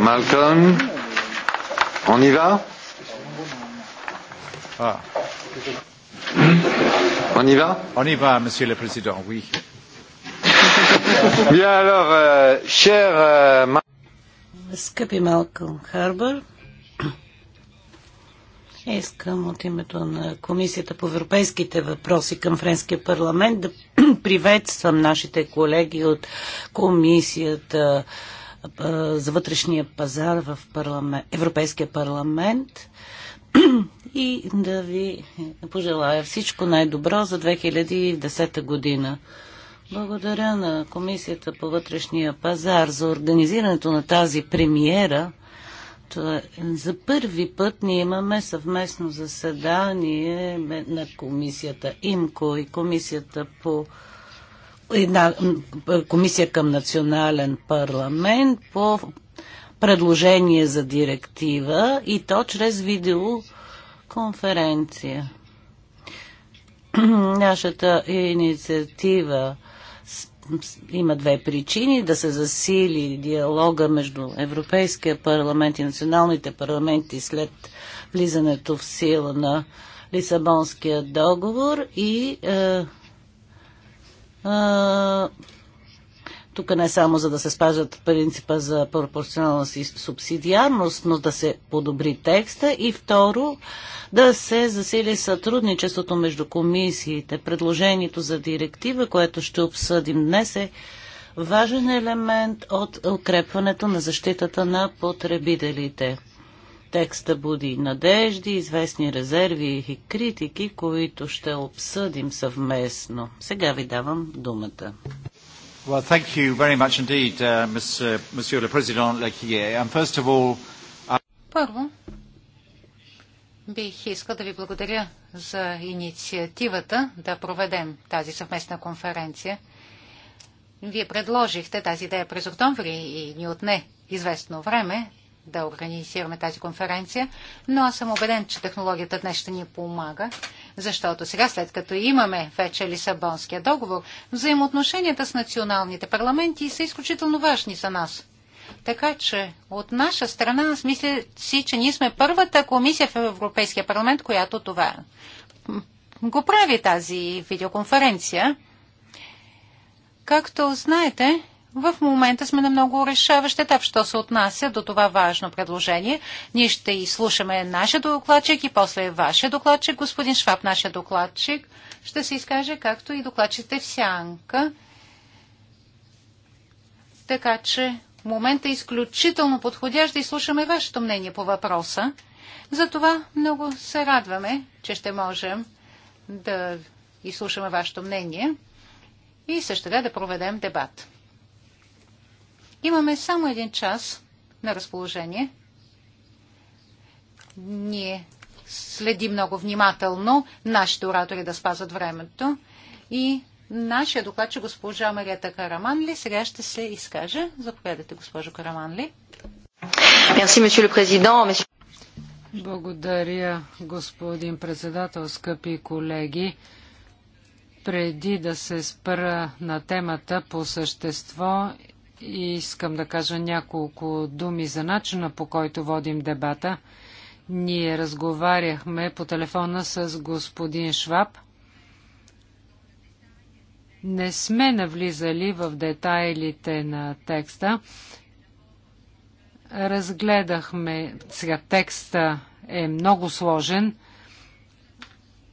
Speaker 1: Malcolm,
Speaker 3: on y va ah.
Speaker 2: On y va On y va, Monsieur le Président, oui. (laughs) Bien alors, euh, cher... Euh, Ma... Скъпи Малкъм Харбър, искам от името на Комисията по европейските въпроси към Френския парламент да (clears throat) приветствам нашите колеги от Комисията Uh, за вътрешния пазар в парламент, Европейския парламент и да ви пожелая всичко най-добро за 2010 година. Благодаря на Комисията по вътрешния пазар за организирането на тази премиера. Е- за първи път ние имаме съвместно заседание на комисията ИМКО и комисията по една комисия към национален парламент по предложение за директива и то чрез видеоконференция. (clears throat) Нашата инициатива има две причини да се засили диалога между Европейския парламент и националните парламенти след влизането в сила на Лисабонския договор и е, тук не само за да се спазят принципа за пропорционалност и субсидиарност, но да се подобри текста и второ да се засили сътрудничеството между комисиите. Предложението за директива, което ще обсъдим днес е важен елемент от укрепването на защитата на потребителите. Текста буди надежди, известни резерви и критики, които ще обсъдим съвместно. Сега ви давам думата.
Speaker 1: Well, thank you very much indeed, uh, Monsieur, uh, Monsieur le Président Lequier. And first of all, I... Uh, Първо, бих искал да ви благодаря за инициативата да проведем тази съвместна конференция. Вие предложихте тази идея през октомври и ни отне известно време да организираме тази конференция, но аз съм убеден, че технологията днес ще ни помага, защото сега, след като имаме вече Лисабонския договор, взаимоотношенията с националните парламенти са изключително важни за нас. Така че от наша страна аз мисля си, че ние сме първата комисия в Европейския парламент, която това го прави тази видеоконференция. Както знаете, в момента сме на много решаващ етап, що се отнася до това важно предложение. Ние ще изслушаме нашия докладчик и после вашия докладчик. Господин Шваб, нашия докладчик, ще се изкаже, както и докладчите в сянка. Така че моментът е изключително подходящ да изслушаме вашето мнение по въпроса. Затова много се радваме, че ще можем да изслушаме вашето мнение и също така да проведем дебат. Имаме само един час на разположение. Ние следи много внимателно нашите оратори да спазват времето. И нашия докладчик госпожа Марията Караманли сега ще се изкаже. Заповядайте, госпожо Караманли. Мерси, месье президент.
Speaker 3: Благодаря, господин председател, скъпи колеги. Преди да се спра на темата по същество, и искам да кажа няколко думи за начина по който водим дебата. Ние разговаряхме по телефона с господин Шваб. Не сме навлизали в детайлите на текста. Разгледахме, сега текста е много сложен.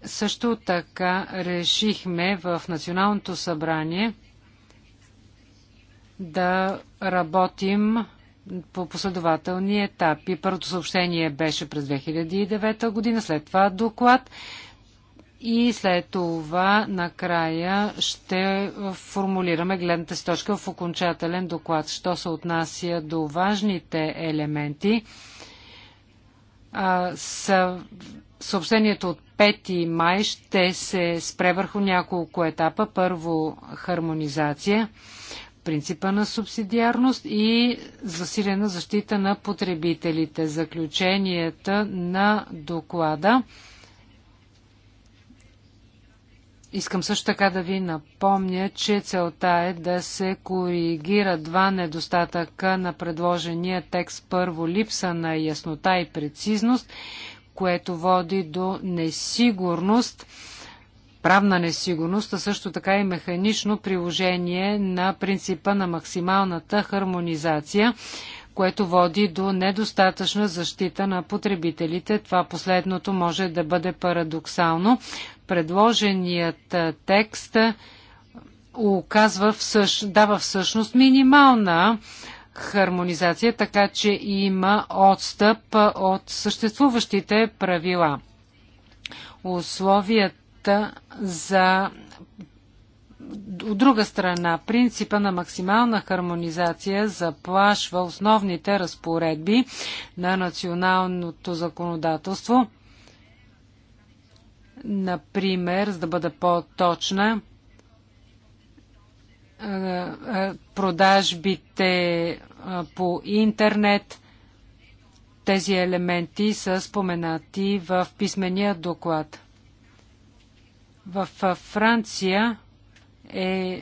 Speaker 3: Също така решихме в Националното събрание – да работим по последователни етапи. Първото съобщение беше през 2009 година, след това доклад и след това накрая ще формулираме гледната си точка в окончателен доклад. Що се отнася до важните елементи, съобщението от 5 май ще се спре върху няколко етапа. Първо хармонизация принципа на субсидиарност и засилена защита на потребителите. Заключенията на доклада. Искам също така да ви напомня, че целта е да се коригира два недостатъка на предложения текст. Първо, липса на яснота и прецизност, което води до несигурност правна несигурност, а също така и механично приложение на принципа на максималната хармонизация, което води до недостатъчна защита на потребителите. Това последното може да бъде парадоксално. Предложеният текст оказва всъщ, дава всъщност минимална хармонизация, така че има отстъп от съществуващите правила. Условията идеята за от друга страна, принципа на максимална хармонизация заплашва основните разпоредби на националното законодателство. Например, за да бъда по-точна, продажбите по интернет. Тези елементи са споменати в писмения доклад. В Франция е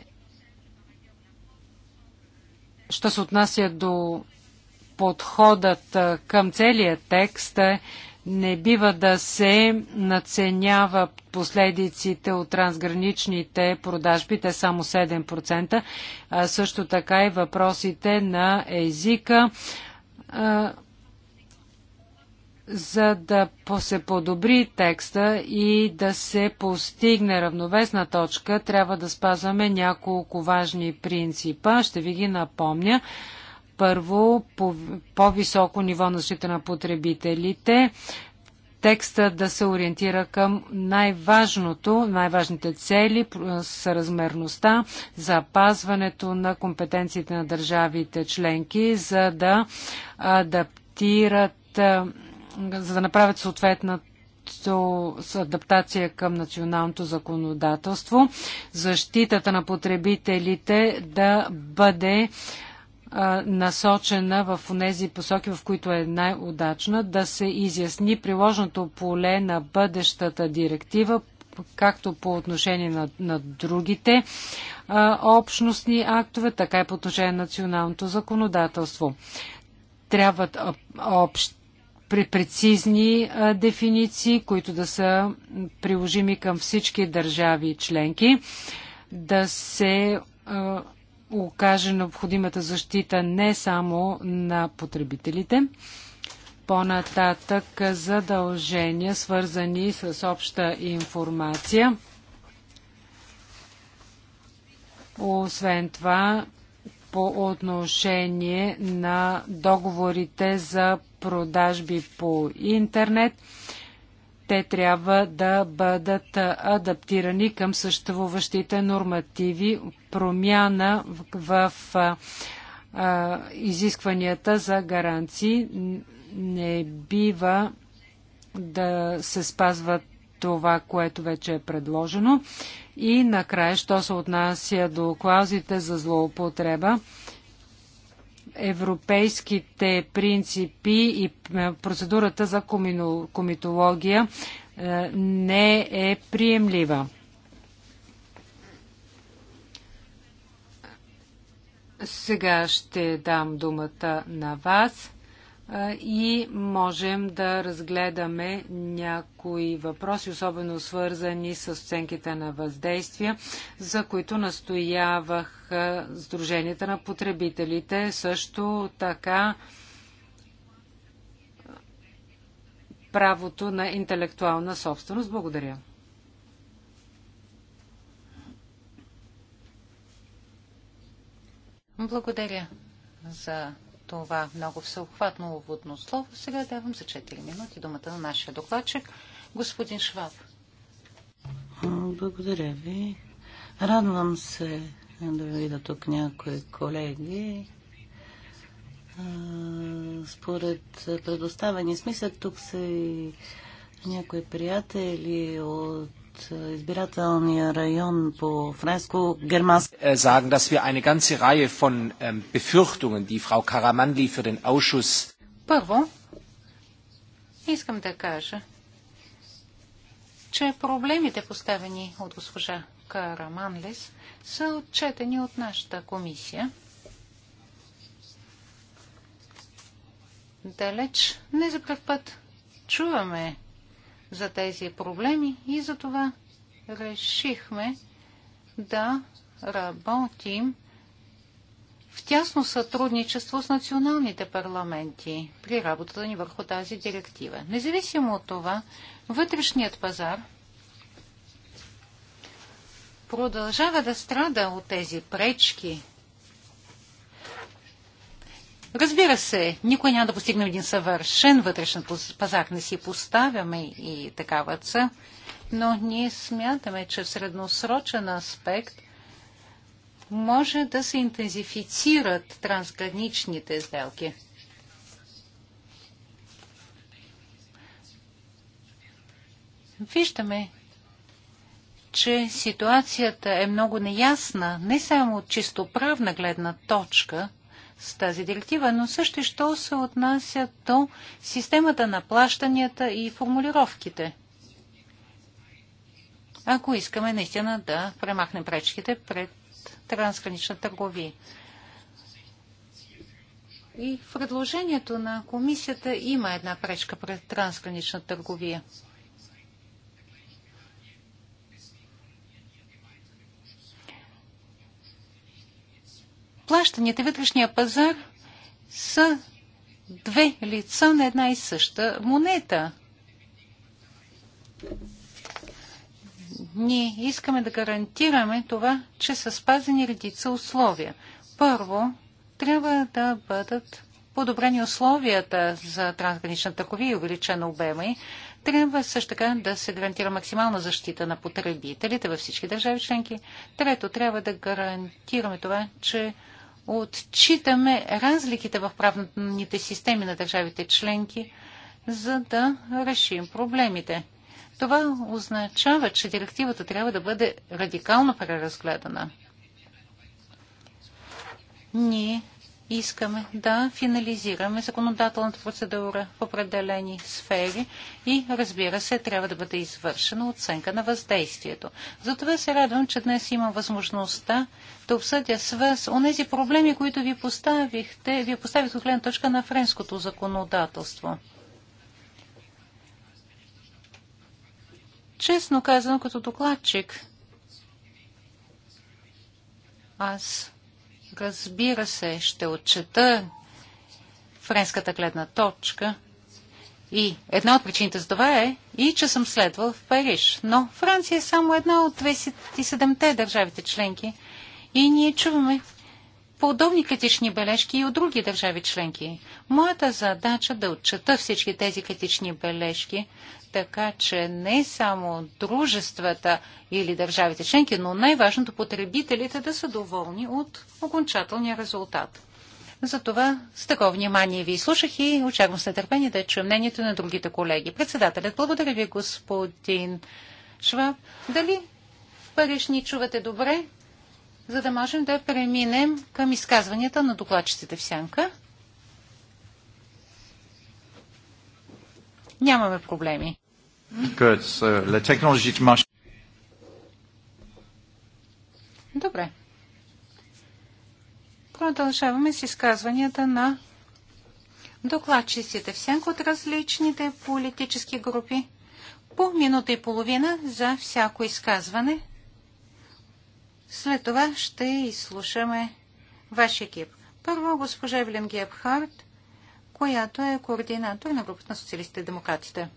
Speaker 3: що се отнася до подходът към целия текст, не бива да се наценява последиците от трансграничните продажби, те само 7%, а също така и въпросите на езика за да се подобри текста и да се постигне равновесна точка, трябва да спазваме няколко важни принципа. Ще ви ги напомня. Първо, по-високо по ниво на защита на потребителите, текста да се ориентира към най-важното, най-важните цели, съразмерността, запазването на компетенциите на държавите членки, за да адаптират за да направят съответната адаптация към националното законодателство, защитата на потребителите да бъде насочена в тези посоки, в които е най-удачна, да се изясни приложното поле на бъдещата директива, както по отношение на, на другите а, общностни актове, така и по отношение на националното законодателство. Трябват общ, при прецизни дефиниции, които да са приложими към всички държави и членки, да се окаже необходимата защита не само на потребителите, по-нататък задължения, свързани с обща информация. Освен това, по отношение на договорите за продажби по интернет. Те трябва да бъдат адаптирани към съществуващите нормативи, промяна в, в а, изискванията за гаранции. Не бива да се спазват това, което вече е предложено. И накрая, що се отнася до клаузите за злоупотреба, европейските принципи и е, процедурата за комитология е, не е приемлива. Сега ще дам думата на вас и можем да разгледаме някои въпроси, особено свързани с оценките на въздействия, за които настоявах Сдруженията на потребителите. Също така правото на интелектуална собственост. Благодаря.
Speaker 1: Благодаря за това много всеобхватно уводно слово. Сега давам за 4 минути думата на нашия докладчик, господин Шваб.
Speaker 2: Благодаря ви. Радвам се да видя тук някои колеги. Според предоставени смисъл, тук са и някои приятели от избирателния район по
Speaker 3: френско-германски. Äh, sagen, dass wir eine ganze Reihe von ähm, Befürchtungen, die Frau Karamandli für den Ausschuss.
Speaker 1: Първо, искам да кажа, че проблемите поставени от госпожа Караманлис са отчетени от нашата комисия. Далеч не за първ път чуваме за тези проблеми и за това решихме да работим в тясно сътрудничество с националните парламенти при работата ни върху тази директива. Независимо от това, вътрешният пазар продължава да страда от тези пречки, Разбира се, никой няма да постигне един съвършен вътрешен пазар. Не си поставяме и такава ца. но ние смятаме, че в средносрочен аспект може да се интензифицират трансграничните сделки. Виждаме, че ситуацията е много неясна, не само от чисто правна гледна точка – с тази директива, но също що се отнася до системата на плащанията и формулировките. Ако искаме наистина да премахнем пречките пред трансгранична търговия. И в предложението на комисията има една пречка пред трансгранична търговия – плащанията и вътрешния пазар са две лица на една и съща монета. Ние искаме да гарантираме това, че са спазени редица условия. Първо, трябва да бъдат подобрени условията за трансгранична търговия и увеличена обема трябва също така да се гарантира максимална защита на потребителите във всички държави членки. Трето, трябва да гарантираме това, че отчитаме разликите в правните системи на държавите членки, за да решим проблемите. Това означава, че директивата трябва да бъде радикално преразгледана. Ние искаме да финализираме законодателната процедура в определени сфери и, разбира се, трябва да бъде извършена оценка на въздействието. Затова се радвам, че днес имам възможността да обсъдя с вас онези проблеми, които ви поставихте, ви поставих от гледна точка на френското законодателство. Честно казано, като докладчик, аз Разбира се, ще отчета френската гледна точка. И една от причините за това е и, че съм следвал в Париж. Но Франция е само една от 27-те държавите членки. И ние чуваме подобни критични бележки и от други държави членки. Моята задача е да отчета всички тези критични бележки, така че не само дружествата или държавите членки, но най-важното потребителите да са доволни от окончателния резултат. Затова с такова внимание ви слушах и очаквам с нетърпение да чуем мнението на другите колеги. Председателят, благодаря ви, господин Шваб. Дали париж ни чувате добре? за да можем да преминем към изказванията на докладчиците в сянка. Нямаме проблеми. Добре. Продължаваме с изказванията на докладчиците в сянка от различните политически групи. По минута и половина за всяко изказване – след това ще изслушаме ваш екип. Първо госпожа Евлен Гебхарт, която е координатор на групата на социалистите и демократите.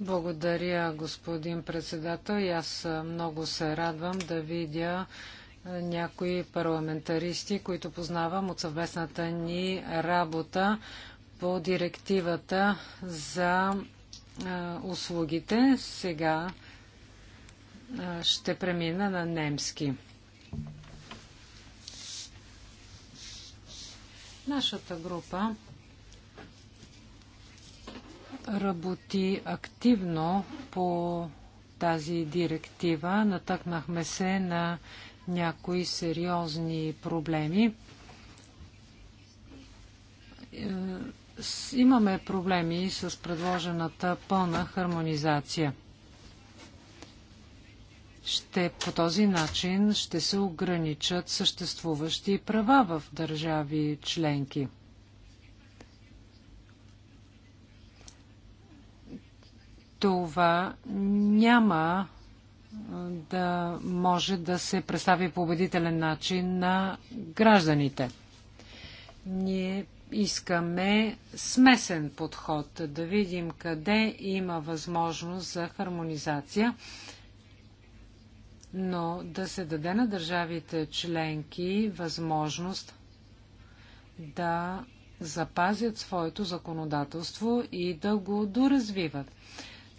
Speaker 1: Благодаря,
Speaker 3: господин председател. И аз много се радвам да видя някои парламентаристи, които познавам от съвместната ни работа по директивата за услугите. Сега ще премина на немски. Нашата група работи активно по тази директива. Натъкнахме се на някои сериозни проблеми. Е, имаме проблеми с предложената пълна хармонизация ще, по този начин ще се ограничат съществуващи права в държави членки. Това няма да може да се представи по убедителен начин на гражданите. Ние искаме смесен подход, да видим къде има възможност за хармонизация но да се даде на държавите членки възможност да запазят своето законодателство и да го доразвиват.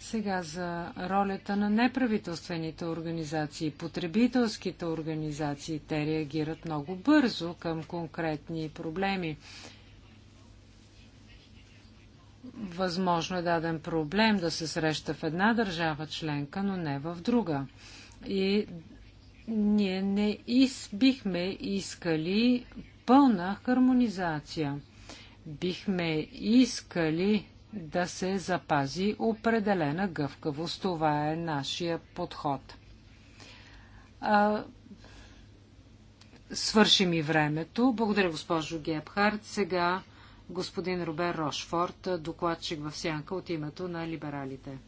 Speaker 3: Сега за ролята на неправителствените организации, потребителските организации, те реагират много бързо към конкретни проблеми. Възможно е даден проблем да се среща в една държава членка, но не в друга. И ние не из, бихме искали пълна хармонизация. Бихме искали да се запази определена гъвкавост. Това е нашия подход. А, свърши ми времето. Благодаря, госпожо Гебхард. Сега господин Робер Рошфорд, докладчик в сянка от името на либералите.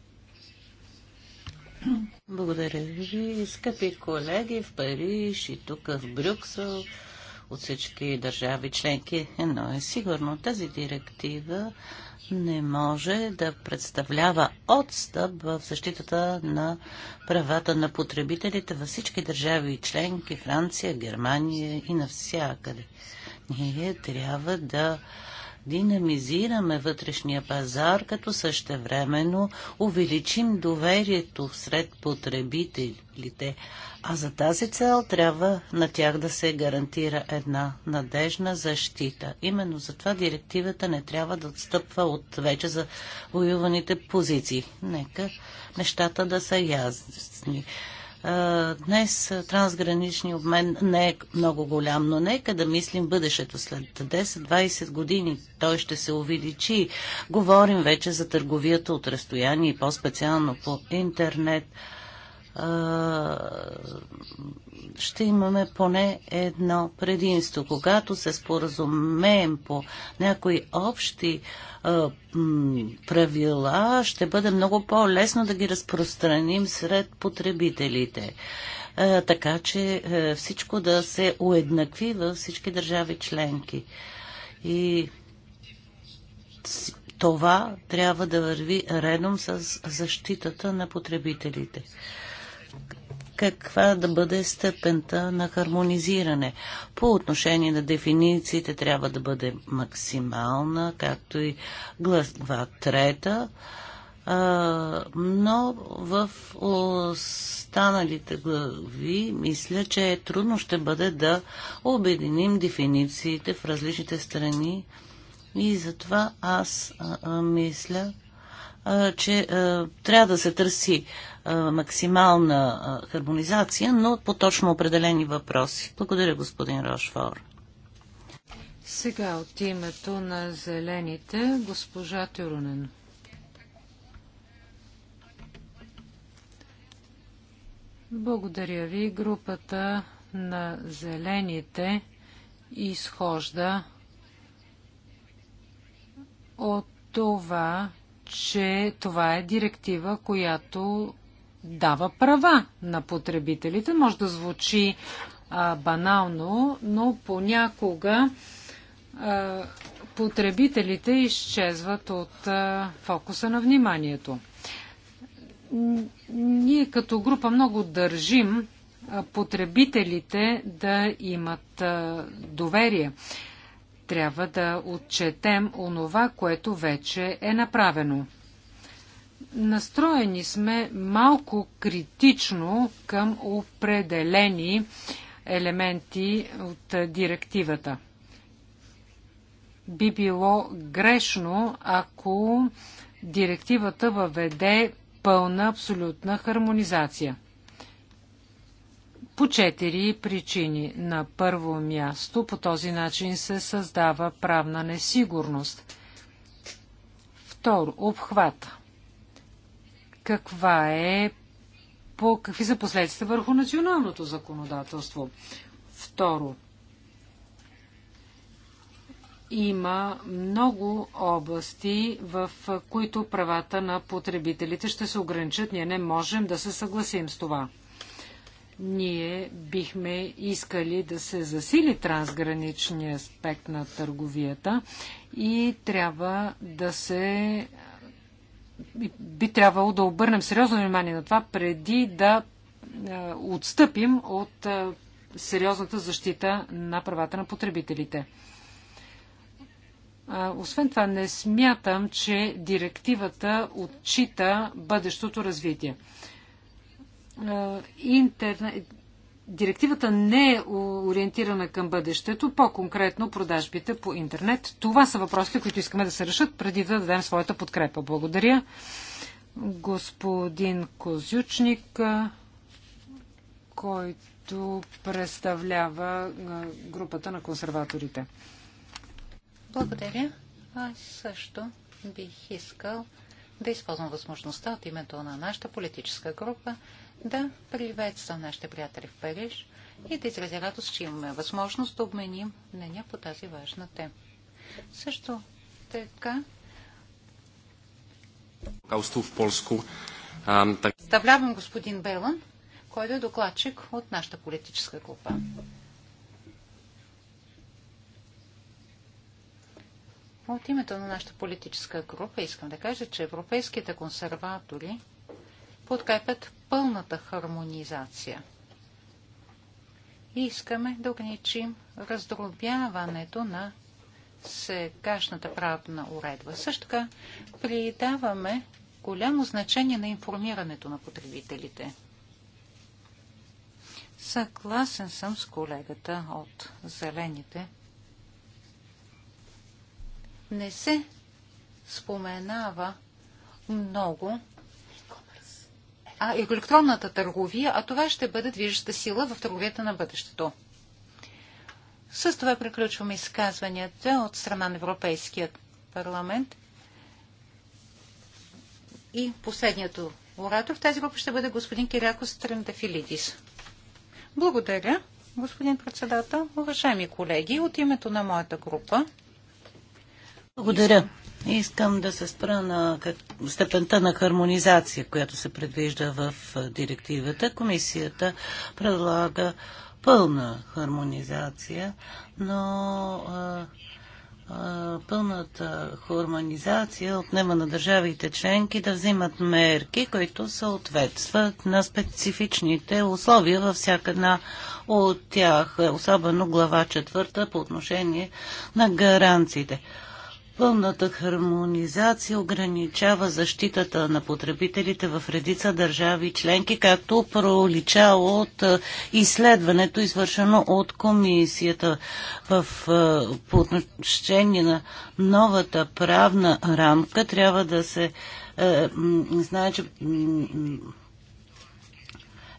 Speaker 2: Благодаря ви, скъпи колеги в Париж и тук в Брюксел от всички държави членки. Едно е сигурно, тази директива не може да представлява отстъп в защитата на правата на потребителите във всички държави членки, Франция, Германия и навсякъде. Ние трябва да динамизираме вътрешния пазар, като същевременно увеличим доверието сред потребителите. А за тази цел трябва на тях да се гарантира една надежна защита. Именно затова директивата не трябва да отстъпва от вече за воюваните позиции. Нека нещата да са ясни. Днес трансграничният обмен не е много голям, но нека да мислим бъдещето. След 10-20 години той ще се увеличи. Говорим вече за търговията от разстояние и по-специално по интернет ще имаме поне едно предимство. Когато се споразумеем по някои общи правила, ще бъде много по-лесно да ги разпространим сред потребителите. Така че е, всичко да се уеднакви във всички държави членки. И това трябва да върви редом с защитата на потребителите каква да бъде степента на хармонизиране. По отношение на дефинициите трябва да бъде максимална, както и глава трета, но в останалите глави мисля, че е трудно ще бъде да обединим дефинициите в различните страни и затова аз мисля, че трябва да се търси максимална хармонизация, но по точно определени въпроси. Благодаря, господин Рошфор.
Speaker 3: Сега от името на зелените, госпожа Тюрунен. Благодаря ви. Групата на зелените изхожда от това, че това е директива, която дава права на потребителите. Може да звучи а, банално, но понякога а, потребителите изчезват от а, фокуса на вниманието. Ние като група много държим потребителите да имат доверие. Трябва да отчетем онова, което вече е направено. Настроени сме малко критично към определени елементи от директивата. Би било грешно, ако директивата въведе пълна абсолютна хармонизация – по четири причини. На първо място по този начин се създава правна несигурност. Второ, обхват. Каква е по, какви са последствия върху националното законодателство? Второ, има много области, в които правата на потребителите ще се ограничат. Ние не можем да се съгласим с това ние бихме искали да се засили трансграничния аспект на търговията и трябва да се би трябвало да обърнем сериозно внимание на това преди да е, отстъпим от е, сериозната защита на правата на потребителите. Е, освен това, не смятам, че директивата отчита бъдещото развитие интернет, директивата не е ориентирана към бъдещето, по-конкретно продажбите по интернет. Това са въпросите, които искаме да се решат преди да дадем своята подкрепа. Благодаря. Господин Козючник, който представлява групата на консерваторите.
Speaker 1: Благодаря. Аз също бих искал да използвам възможността от името на нашата политическа група да приветствам нашите приятели в Париж и да изразя радост, че имаме възможност да обменим мнения по тази важна тема. Също така Холокаусту в Полско. Представлявам господин Белан, който е докладчик от нашата политическа група. От името на нашата политическа група искам да кажа, че европейските консерватори – подкрепят пълната хармонизация. И искаме да ограничим раздробяването на сегашната правна уредба. Също така придаваме голямо значение на информирането на потребителите. Съгласен съм с колегата от Зелените. Не се споменава много а електронната търговия, а това ще бъде движеща сила в търговията на бъдещето. С това приключваме изказванията от страна на Европейският парламент. И последният оратор в тази група ще бъде господин Кирякос Трендафилидис. Благодаря, господин председател. Уважаеми колеги, от името на моята група. Благодаря
Speaker 2: Искам да се спра на степента на хармонизация, която се предвижда в директивата. Комисията предлага пълна хармонизация, но пълната хармонизация отнема на държавите членки да взимат мерки, които съответстват на специфичните условия във всяка една от тях, особено глава четвърта по отношение на гаранциите. Пълната хармонизация ограничава защитата на потребителите в редица държави членки, както пролича от е, изследването, извършено от комисията в, е, по отношение на новата правна рамка. Трябва да се е, знае, че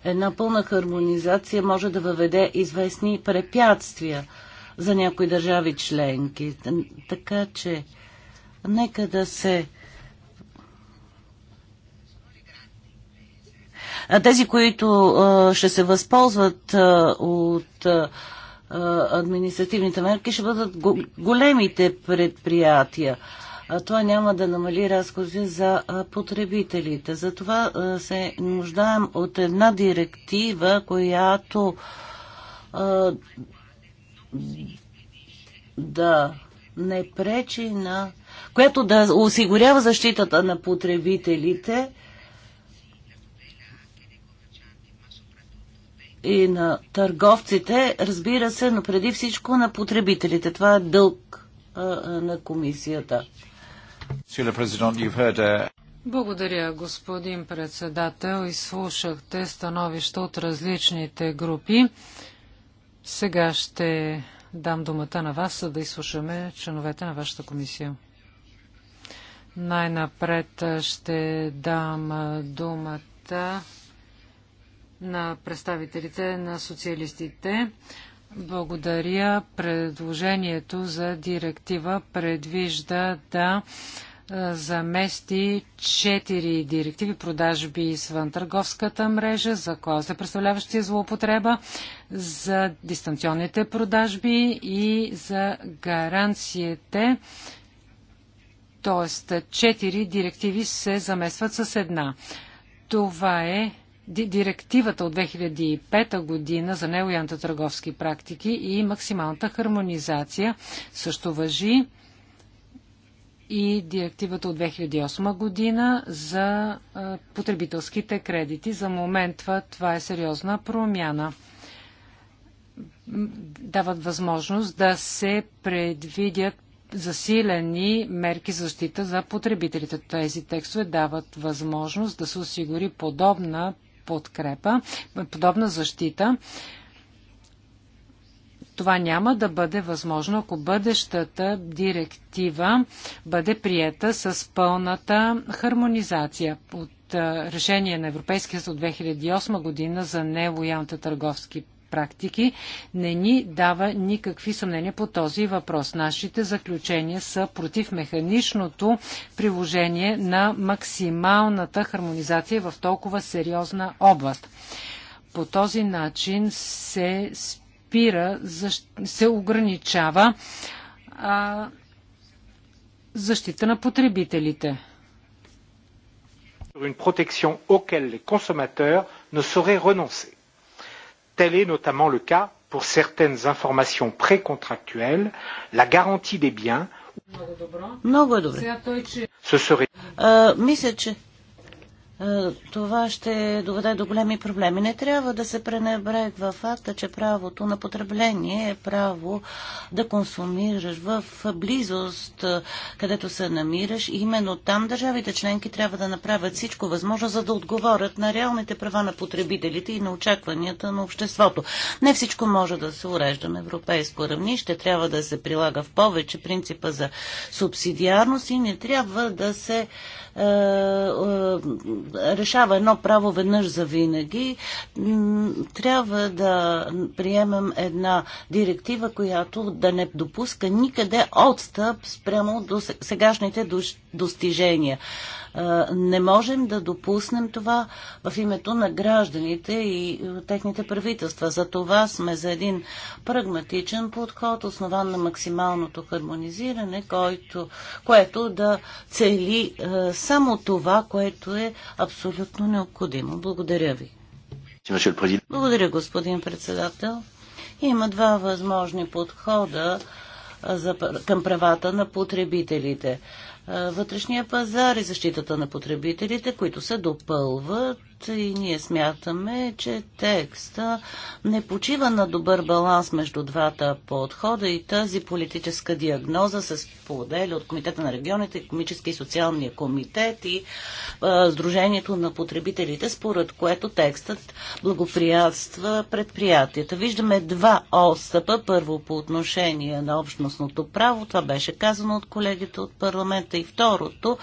Speaker 2: една пълна хармонизация може да въведе известни препятствия – за някои държави членки. Така че, нека да се. Тези, които ще се възползват от административните мерки, ще бъдат големите предприятия. А това няма да намали разходи за потребителите. Затова се нуждаем от една директива, която да не пречи на... което да осигурява защитата на потребителите и на търговците, разбира се, но преди всичко на потребителите. Това е дълг а, на комисията. Uh,
Speaker 3: Благодаря, господин председател. Изслушахте становища от различните групи. Сега ще дам думата на вас, за да изслушаме членовете на вашата комисия. Най-напред ще дам думата на представителите на социалистите. Благодаря. Предложението за директива предвижда да замести четири директиви продажби извън търговската мрежа, закон за представляващи злоупотреба, за дистанционните продажби и за гаранциите. Тоест, четири директиви се заместват с една. Това е директивата от 2005 година за нелоянта търговски практики и максималната хармонизация също въжи и директивата от 2008 година за потребителските кредити. За момента това е сериозна промяна. Дават възможност да се предвидят засилени мерки за защита за потребителите. Тези текстове дават възможност да се осигури подобна подкрепа, подобна защита това няма да бъде възможно, ако бъдещата директива бъде приета с пълната хармонизация от решение на Европейския съд от 2008 година за нелоялните търговски практики не ни дава никакви съмнения по този въпрос. Нашите заключения са против механичното приложение на максималната хармонизация в толкова сериозна област. По този начин се спира, се ограничава а, защита на потребителите. Une protection auquel les consommateurs ne sauraient renoncer. Tel est notamment le cas pour certaines informations précontractuelles, la garantie des biens. Много добре. Много е добре. Сега той,
Speaker 2: Ce serait... А, мисля, че е, това ще доведе до големи проблеми. Не трябва да се пренебрегва факта, че правото на потребление е право да консумираш в близост, е, където се намираш. И именно там държавите членки трябва да направят всичко възможно, за да отговорят на реалните права на потребителите и на очакванията на обществото. Не всичко може да се урежда на европейско равнище. Трябва да се прилага в повече принципа за субсидиарност и не трябва да се е, е, решава едно право веднъж за винаги, трябва да приемем една директива, която да не допуска никъде отстъп спрямо до сегашните достижения. Не можем да допуснем това в името на гражданите и техните правителства. За това сме за един прагматичен подход, основан на максималното хармонизиране, който, което да цели само това, което е абсолютно необходимо. Благодаря ви. Благодаря, господин председател. Има два възможни подхода за, към правата на потребителите вътрешния пазар и защитата на потребителите, които се допълват и ние смятаме, че текста не почива на добър баланс между двата подхода и тази политическа диагноза се споделя от Комитета на регионите, Економически и социалния комитет и а, Сдружението на потребителите, според което текстът благоприятства предприятията. Виждаме два отстъпа. Първо по отношение на общностното право, това беше казано от колегите от парламента и второто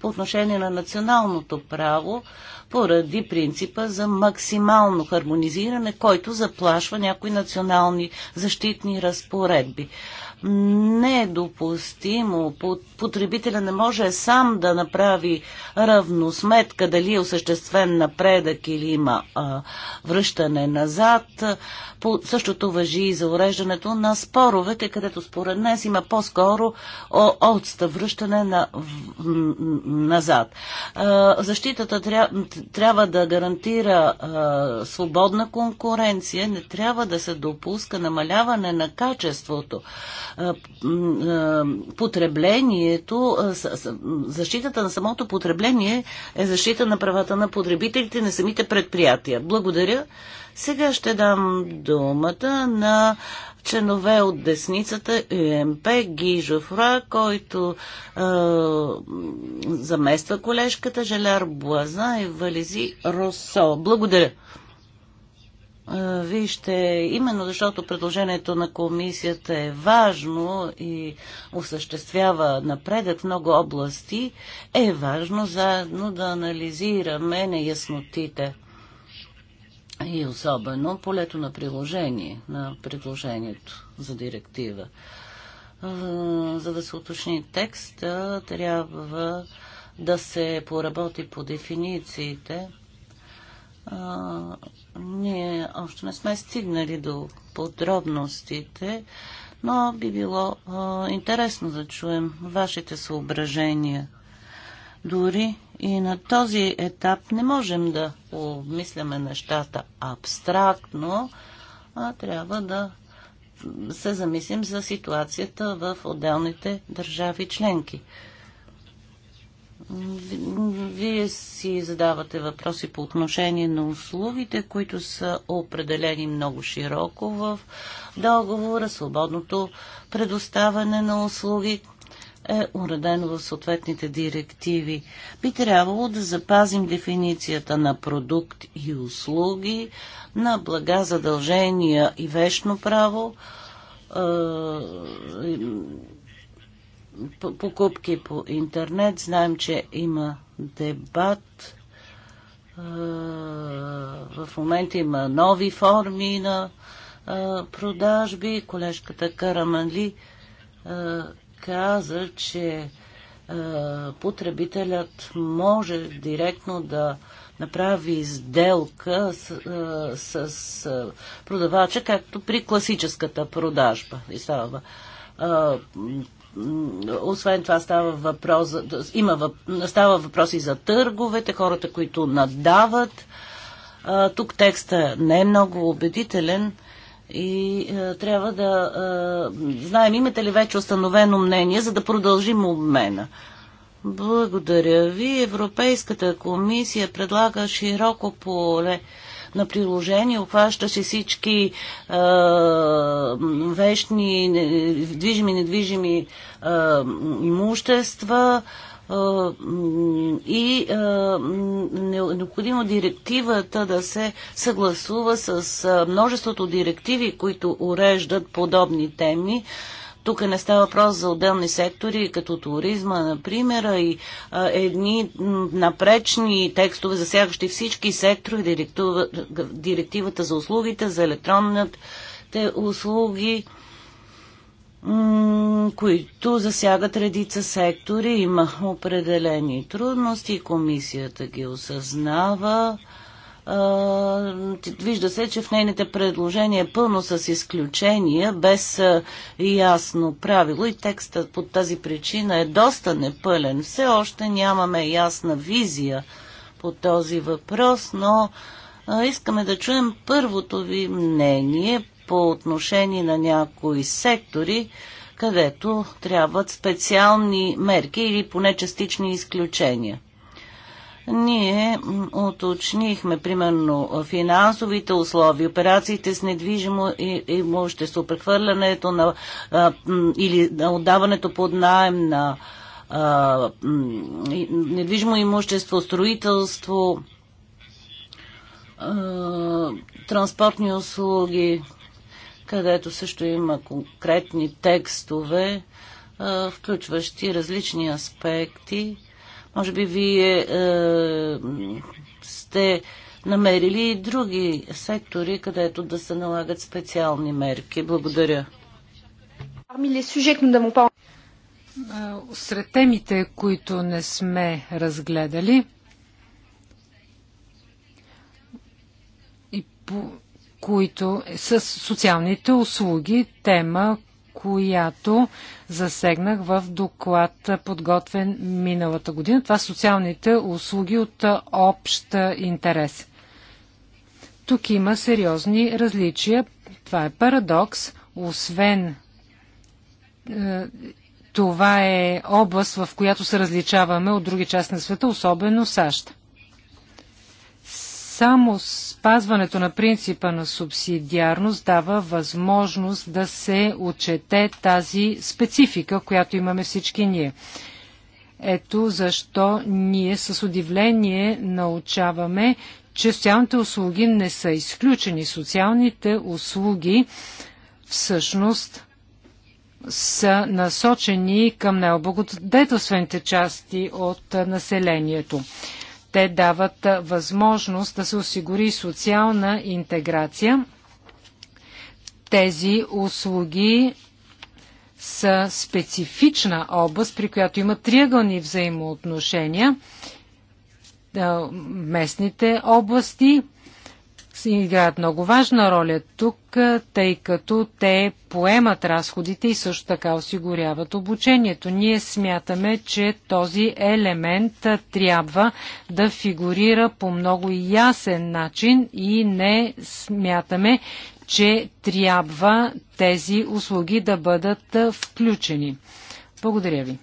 Speaker 2: по отношение на националното право, поради принципа за максимално хармонизиране, който заплашва някои национални защитни разпоредби недопустимо. Потребителя не може сам да направи равносметка дали е осъществен напредък или има а, връщане назад. По, същото въжи и за уреждането на споровете, където според нас има по-скоро отста връщане на, назад. А, защитата тря, трябва да гарантира а, свободна конкуренция, не трябва да се допуска намаляване на качеството потреблението, защитата на самото потребление е защита на правата на потребителите на самите предприятия. Благодаря. Сега ще дам думата на членове от десницата ЮМП Ги Жофра, който е, замества колежката Желяр Блаза и Вализи Росо. Благодаря. Вижте, именно защото предложението на комисията е важно и осъществява напредък в много области, е важно заедно да анализираме неяснотите и особено полето на приложение, на предложението за директива. За да се уточни текста, трябва да се поработи по дефинициите ние още не сме стигнали до подробностите, но би било а, интересно да чуем вашите съображения. Дори и на този етап не можем да обмисляме нещата абстрактно, а трябва да се замислим за ситуацията в отделните държави членки. Вие си задавате въпроси по отношение на услугите, които са определени много широко в договора. Свободното предоставяне на услуги е уредено в съответните директиви. Би трябвало да запазим дефиницията на продукт и услуги, на блага задължения и вечно право е, покупки по интернет. Знаем, че има дебат. В момента има нови форми на продажби. Колежката Караманли каза, че потребителят може директно да направи сделка с, с, с продавача, както при класическата продажба. И става освен това става въпрос, има, въп... става въпрос и за търговете, хората, които надават. Тук текста не е много убедителен и е, трябва да е, знаем имате ли вече установено мнение, за да продължим обмена. Благодаря ви. Европейската комисия предлага широко поле на приложение, обхващаше всички е, вещни, движими, недвижими а, имущества и е, необходимо директивата да се съгласува с множеството директиви, които уреждат подобни теми. Тук не става въпрос за отделни сектори, като туризма, например, и а, едни напречни текстове, засягащи всички сектори, директива, директивата за услугите, за електронните услуги, които засягат редица сектори. Има определени трудности, комисията ги осъзнава вижда се, че в нейните предложения е пълно с изключения, без ясно правило и текстът по тази причина е доста непълен. Все още нямаме ясна визия по този въпрос, но искаме да чуем първото ви мнение по отношение на някои сектори, където трябват специални мерки или поне частични изключения. Ние уточнихме, примерно, финансовите условия, операциите с недвижимо имущество, прехвърлянето на а, или на отдаването под найем на а, недвижимо имущество, строителство, а, транспортни услуги, където също има конкретни текстове, включващи различни аспекти може би вие е, сте намерили и други сектори, където да се налагат специални мерки. Благодаря.
Speaker 3: Сред темите, които не сме разгледали, и по които е с социалните услуги, тема, която засегнах в доклад, подготвен миналата година. Това са социалните услуги от общ интерес. Тук има сериозни различия. Това е парадокс. Освен е, това е област, в която се различаваме от други части на света, особено САЩ. Само спазването на принципа на субсидиарност дава възможност да се отчете тази специфика, която имаме всички ние. Ето защо ние с удивление научаваме, че социалните услуги не са изключени. Социалните услуги всъщност са насочени към необлагодетелствените части от населението те дават възможност да се осигури социална интеграция. Тези услуги са специфична област, при която има триъгълни взаимоотношения. Местните области, играят много важна роля тук, тъй като те поемат разходите и също така осигуряват обучението. Ние смятаме, че този елемент трябва да фигурира по много ясен начин и не смятаме, че трябва тези услуги да бъдат включени. Благодаря ви.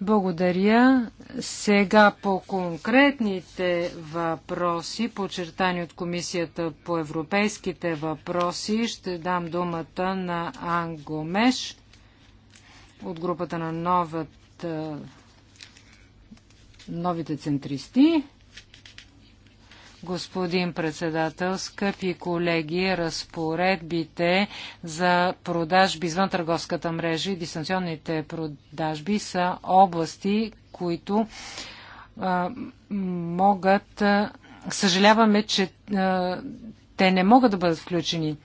Speaker 3: Благодаря. Сега по конкретните въпроси, подчертани от Комисията по европейските въпроси, ще дам думата на Ан Гомеш, от групата на новата, новите центристи. Господин председател, скъпи колеги, разпоредбите за продажби извън търговската мрежа и дистанционните продажби са области, които а, могат. А, съжаляваме, че а, те не могат да бъдат включени.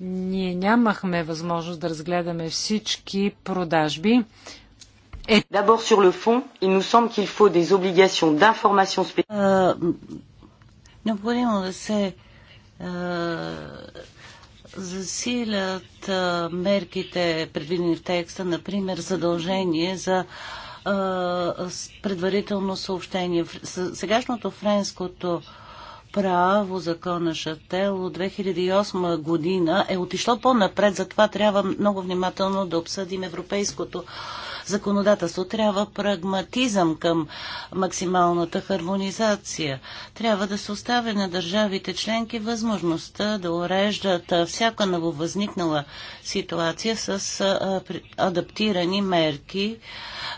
Speaker 3: Ние нямахме възможност да разгледаме всички продажби. Е, D'abord sur le fond, il nous semble qu'il faut des obligations d'information
Speaker 2: Необходимо да се засилят мерките, предвидени в текста, например задължение за предварително съобщение. Сегашното френското право, закона Шател от 2008 година е отишло по-напред, затова трябва много внимателно да обсъдим европейското законодателство. Трябва прагматизъм към максималната хармонизация. Трябва да се остави на държавите членки възможността да уреждат всяка нововъзникнала ситуация с адаптирани мерки,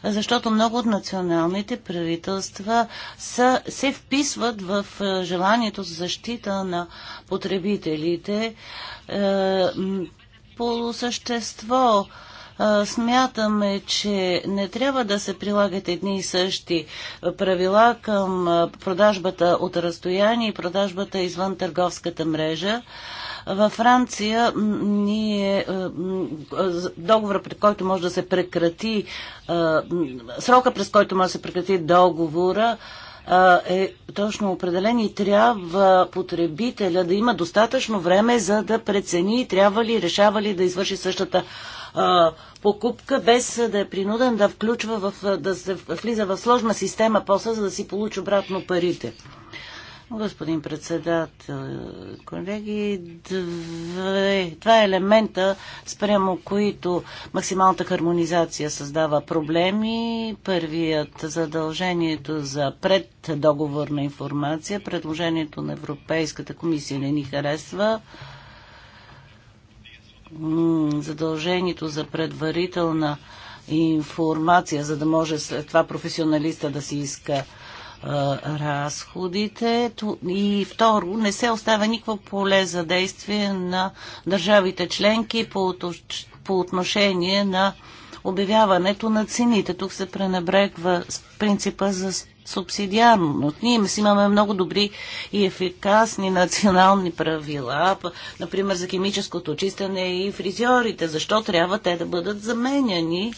Speaker 2: защото много от националните правителства са, се вписват в желанието за защита на потребителите. Е, по същество Смятаме, че не трябва да се прилагат едни и същи правила към продажбата от разстояние и продажбата извън търговската мрежа. Във Франция ние, договора, пред който може да се прекрати, срока през който може да се прекрати договора, е точно определен и трябва потребителя да има достатъчно време, за да прецени трябва ли, решава ли да извърши същата покупка, без да е принуден да включва в, да се влиза в сложна система после, за да си получи обратно парите. Господин председател, колеги, две, два е елемента, спрямо които максималната хармонизация създава проблеми. Първият задължението за преддоговорна информация, предложението на Европейската комисия не ни харесва задължението за предварителна информация, за да може след това професионалиста да си иска разходите. И второ, не се оставя никакво поле за действие на държавите членки по, по отношение на обявяването на цените. Тук се пренебрегва принципа за субсидиарно. Ние си имаме много добри и ефикасни национални правила, например за химическото чистене и фризьорите. Защо трябва те да бъдат заменяни?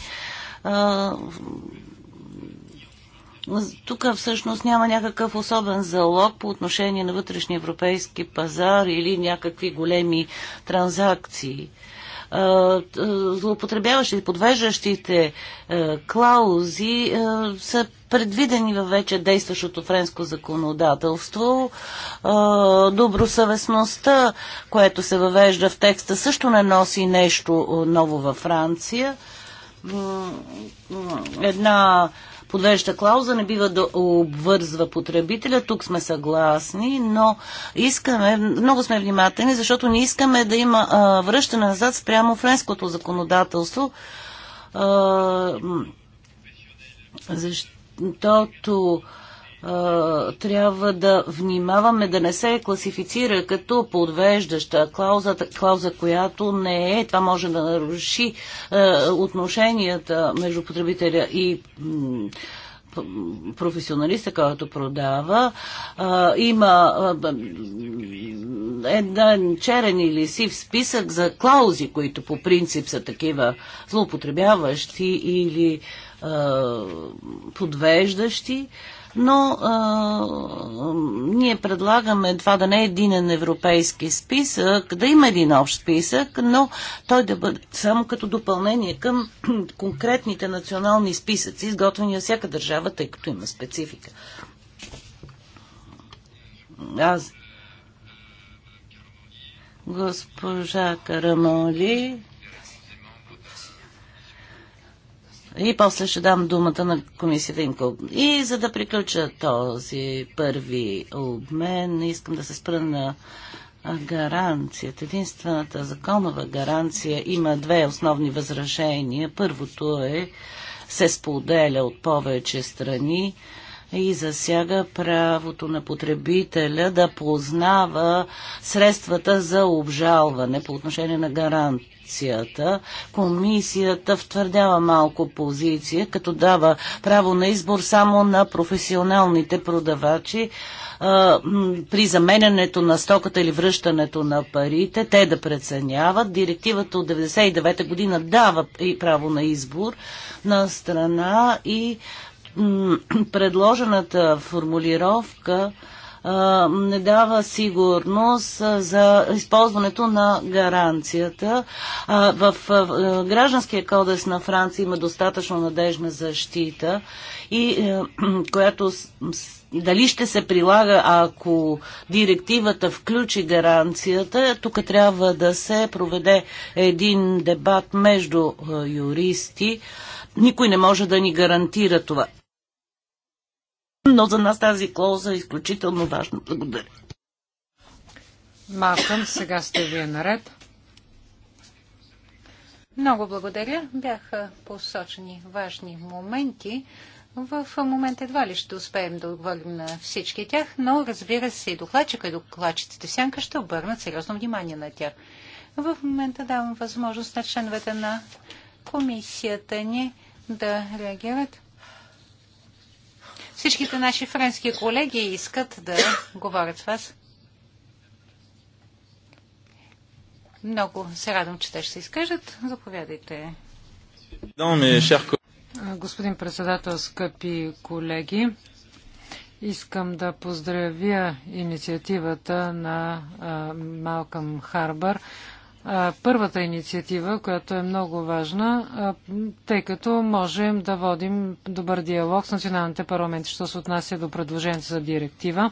Speaker 2: Тук всъщност няма някакъв особен залог по отношение на вътрешния европейски пазар или някакви големи транзакции злоупотребяващите, подвеждащите клаузи са предвидени във вече действащото френско законодателство. Добросъвестността, което се въвежда в текста, също не носи нещо ново във Франция. Една подвежда клауза не бива да обвързва потребителя. Тук сме съгласни, но искаме, много сме внимателни, защото не искаме да има а, връщане назад спрямо френското законодателство. А, защото трябва да внимаваме да не се класифицира като подвеждаща клауза, клауза, която не е. Това може да наруши отношенията между потребителя и професионалиста, който продава, има една един черен или сив списък за клаузи, които по принцип са такива злоупотребяващи или подвеждащи но а, ние предлагаме това да не е единен европейски списък, да има един общ списък, но той да бъде само като допълнение към (clears throat) конкретните национални списъци, изготвени от всяка държава, тъй като има специфика. Аз. Госпожа Карамоли И после ще дам думата на комисията Инко. И за да приключа този първи обмен, искам да се спра на гаранцията. Единствената законова гаранция има две основни възражения. Първото е се споделя от повече страни и засяга правото на потребителя да познава средствата за обжалване по отношение на гарант корупцията, комисията втвърдява малко позиция, като дава право на избор само на професионалните продавачи при заменянето на стоката или връщането на парите, те да преценяват. Директивата от 1999 година дава и право на избор на страна и предложената формулировка не дава сигурност за използването на гаранцията. В гражданския кодекс на Франция има достатъчно надежна защита и е, (clears throat) която дали ще се прилага, ако директивата включи гаранцията, тук трябва да се проведе един дебат между е, юристи. Никой не може да ни гарантира това но за нас тази клоза е
Speaker 3: изключително важна. Благодаря. Малкъм, сега сте вие наред.
Speaker 1: Много благодаря. Бяха посочени важни моменти. В момента едва ли ще успеем да отговорим на всички тях, но разбира се и докладчика и докладчиците сянка ще обърнат сериозно внимание на тях. В момента давам възможност на членовете на комисията ни да реагират. Всичките наши френски колеги искат да говорят с вас. Много се радвам, че те ще се изкажат. Заповядайте.
Speaker 3: Господин председател, скъпи колеги, искам да поздравя инициативата на Малкам Харбър първата инициатива, която е много важна, тъй като можем да водим добър диалог с националните парламенти, що се отнася до предложението за директива.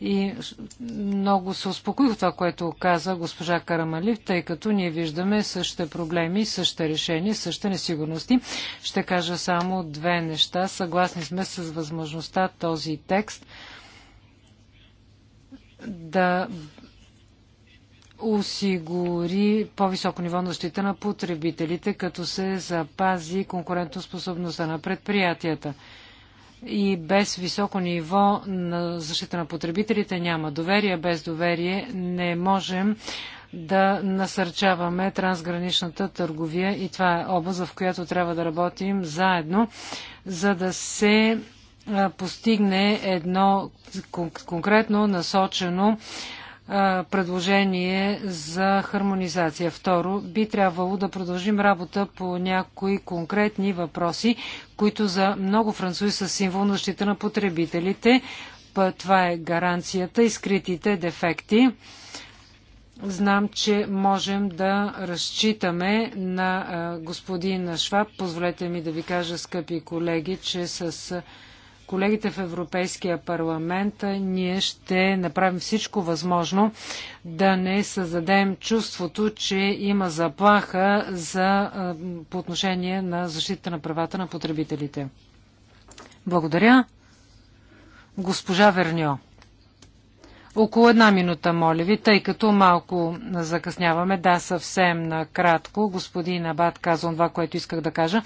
Speaker 3: И много се успокоих това, което каза госпожа Карамалив, тъй като ние виждаме същите проблеми, същите решения, същите несигурности. Ще кажа само две неща. Съгласни сме с възможността този текст да осигури по-високо ниво на защита на потребителите, като се запази конкурентоспособността на предприятията. И без високо ниво на защита на потребителите няма доверие. Без доверие не можем да насърчаваме трансграничната търговия и това е област, в която трябва да работим заедно, за да се постигне едно конкретно насочено предложение за хармонизация. Второ, би трябвало да продължим работа по някои конкретни въпроси, които за много французи са символ на защита на потребителите. Това е гаранцията и скритите дефекти. Знам, че можем да разчитаме на господин Шваб. Позволете ми да ви кажа, скъпи колеги, че с колегите в Европейския парламент ние ще направим всичко възможно да не създадем чувството, че има заплаха за, по отношение на защита на правата на потребителите. Благодаря. Госпожа Верньо. Около една минута, моля ви, тъй като малко закъсняваме. Да, съвсем накратко. Господин Абат каза това, което исках да кажа.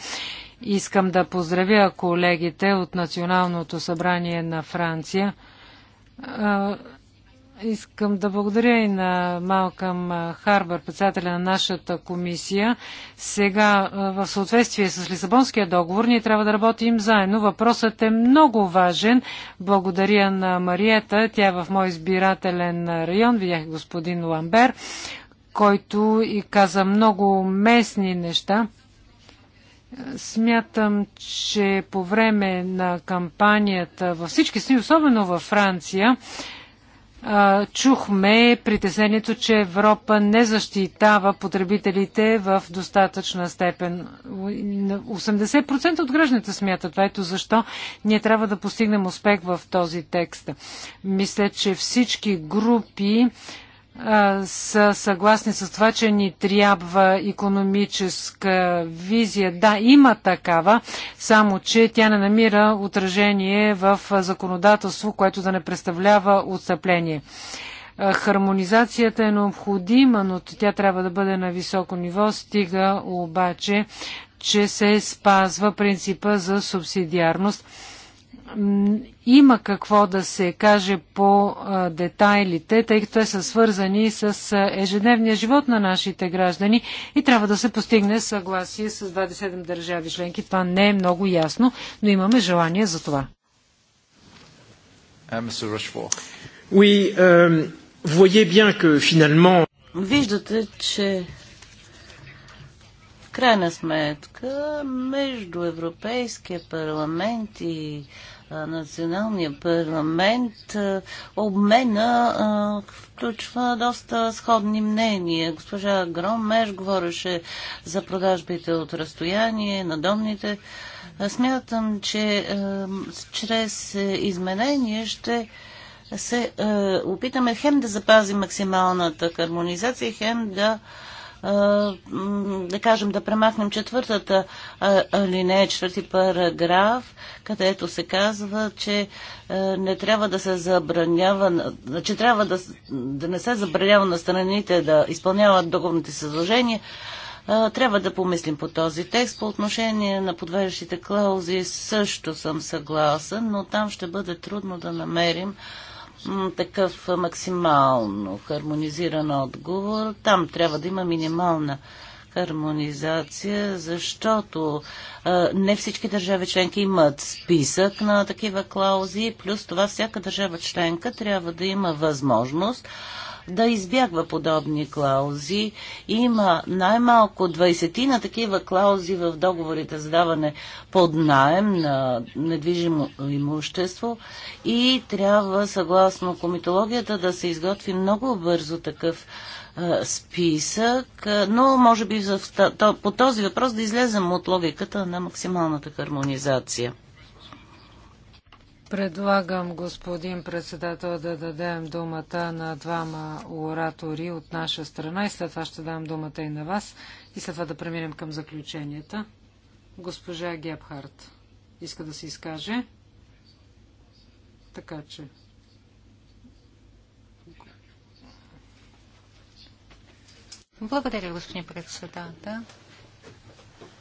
Speaker 3: Искам да поздравя колегите от Националното събрание на Франция. Искам да благодаря и на Малкам Харбър, председателя на нашата комисия. Сега, в съответствие с Лисабонския договор, ние трябва да работим заедно. Въпросът е много важен. Благодаря на Мариета. Тя е в мой избирателен район. Видях господин Ламбер, който и каза много местни неща. Смятам, че по време на кампанията във всички страни, особено във Франция, чухме притеснението, че Европа не защитава потребителите в достатъчна степен. 80% от гражданите смятат това. Ето защо ние трябва да постигнем успех в този текст. Мисля, че всички групи са съгласни с това, че ни трябва економическа визия. Да, има такава, само че тя не намира отражение в законодателство, което да не представлява отстъпление. Хармонизацията е необходима, но тя трябва да бъде на високо ниво, стига обаче, че се спазва принципа за субсидиарност има какво да се каже по детайлите, тъй като те са свързани с ежедневния живот на нашите граждани и трябва да се постигне съгласие с 27 държави членки. Това не е много ясно, но имаме желание за това. Uh, euh, Виждате, че
Speaker 2: в крайна сметка между Европейския парламент и националния парламент, обмена включва доста сходни мнения. Госпожа Громеш говореше за продажбите от разстояние, надомните. Смятам, че чрез е, изменение ще се е, опитаме хем да запазим максималната хармонизация, хем да да кажем, да премахнем четвъртата алинея, четвърти параграф, където се казва, че не трябва да се забранява, че трябва да, да не се забранява на страните да изпълняват договорните съдължения. трябва да помислим по този текст. По отношение на подвеждащите клаузи също съм съгласен, но там ще бъде трудно да намерим такъв максимално хармонизиран отговор. Там трябва да има минимална хармонизация, защото а, не всички държави членки имат списък на такива клаузи, плюс това всяка държава членка трябва да има възможност да избягва подобни клаузи. Има най-малко 20 на такива клаузи в договорите за даване под найем на недвижимо имущество и трябва съгласно комитологията да се изготви много бързо такъв списък, но може би по този въпрос да излезем от логиката на максималната хармонизация.
Speaker 3: Предлагам, господин председател, да дадем думата на двама оратори от наша страна и след това ще дам думата и на вас и след това да преминем към заключенията. Госпожа Гебхарт иска да се изкаже. Така че.
Speaker 1: Благодаря, господин председател.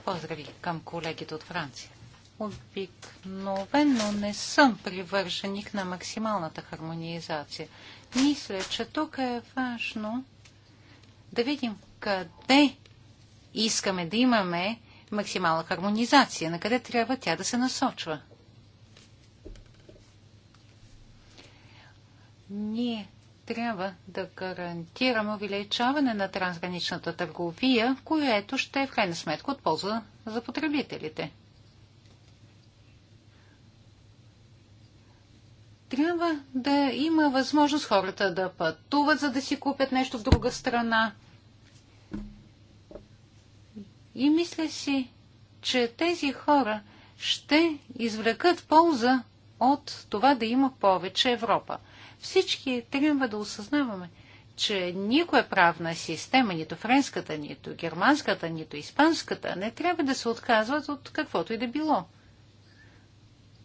Speaker 1: Поздрави към колегите от Франция обикновено не съм привърженик на максималната хармонизация. Мисля, че тук е важно да видим къде искаме да имаме максимална хармонизация, на къде трябва тя да се насочва. Ние трябва да гарантираме увеличаване на трансграничната търговия, което ще е в крайна сметка от полза за потребителите. Трябва да има възможност хората да пътуват, за да си купят нещо в друга страна. И мисля си, че тези хора ще извлекат полза от това да има повече Европа. Всички трябва да осъзнаваме, че никоя правна система, нито френската, нито германската, нито испанската, не трябва да се отказват от каквото и да било.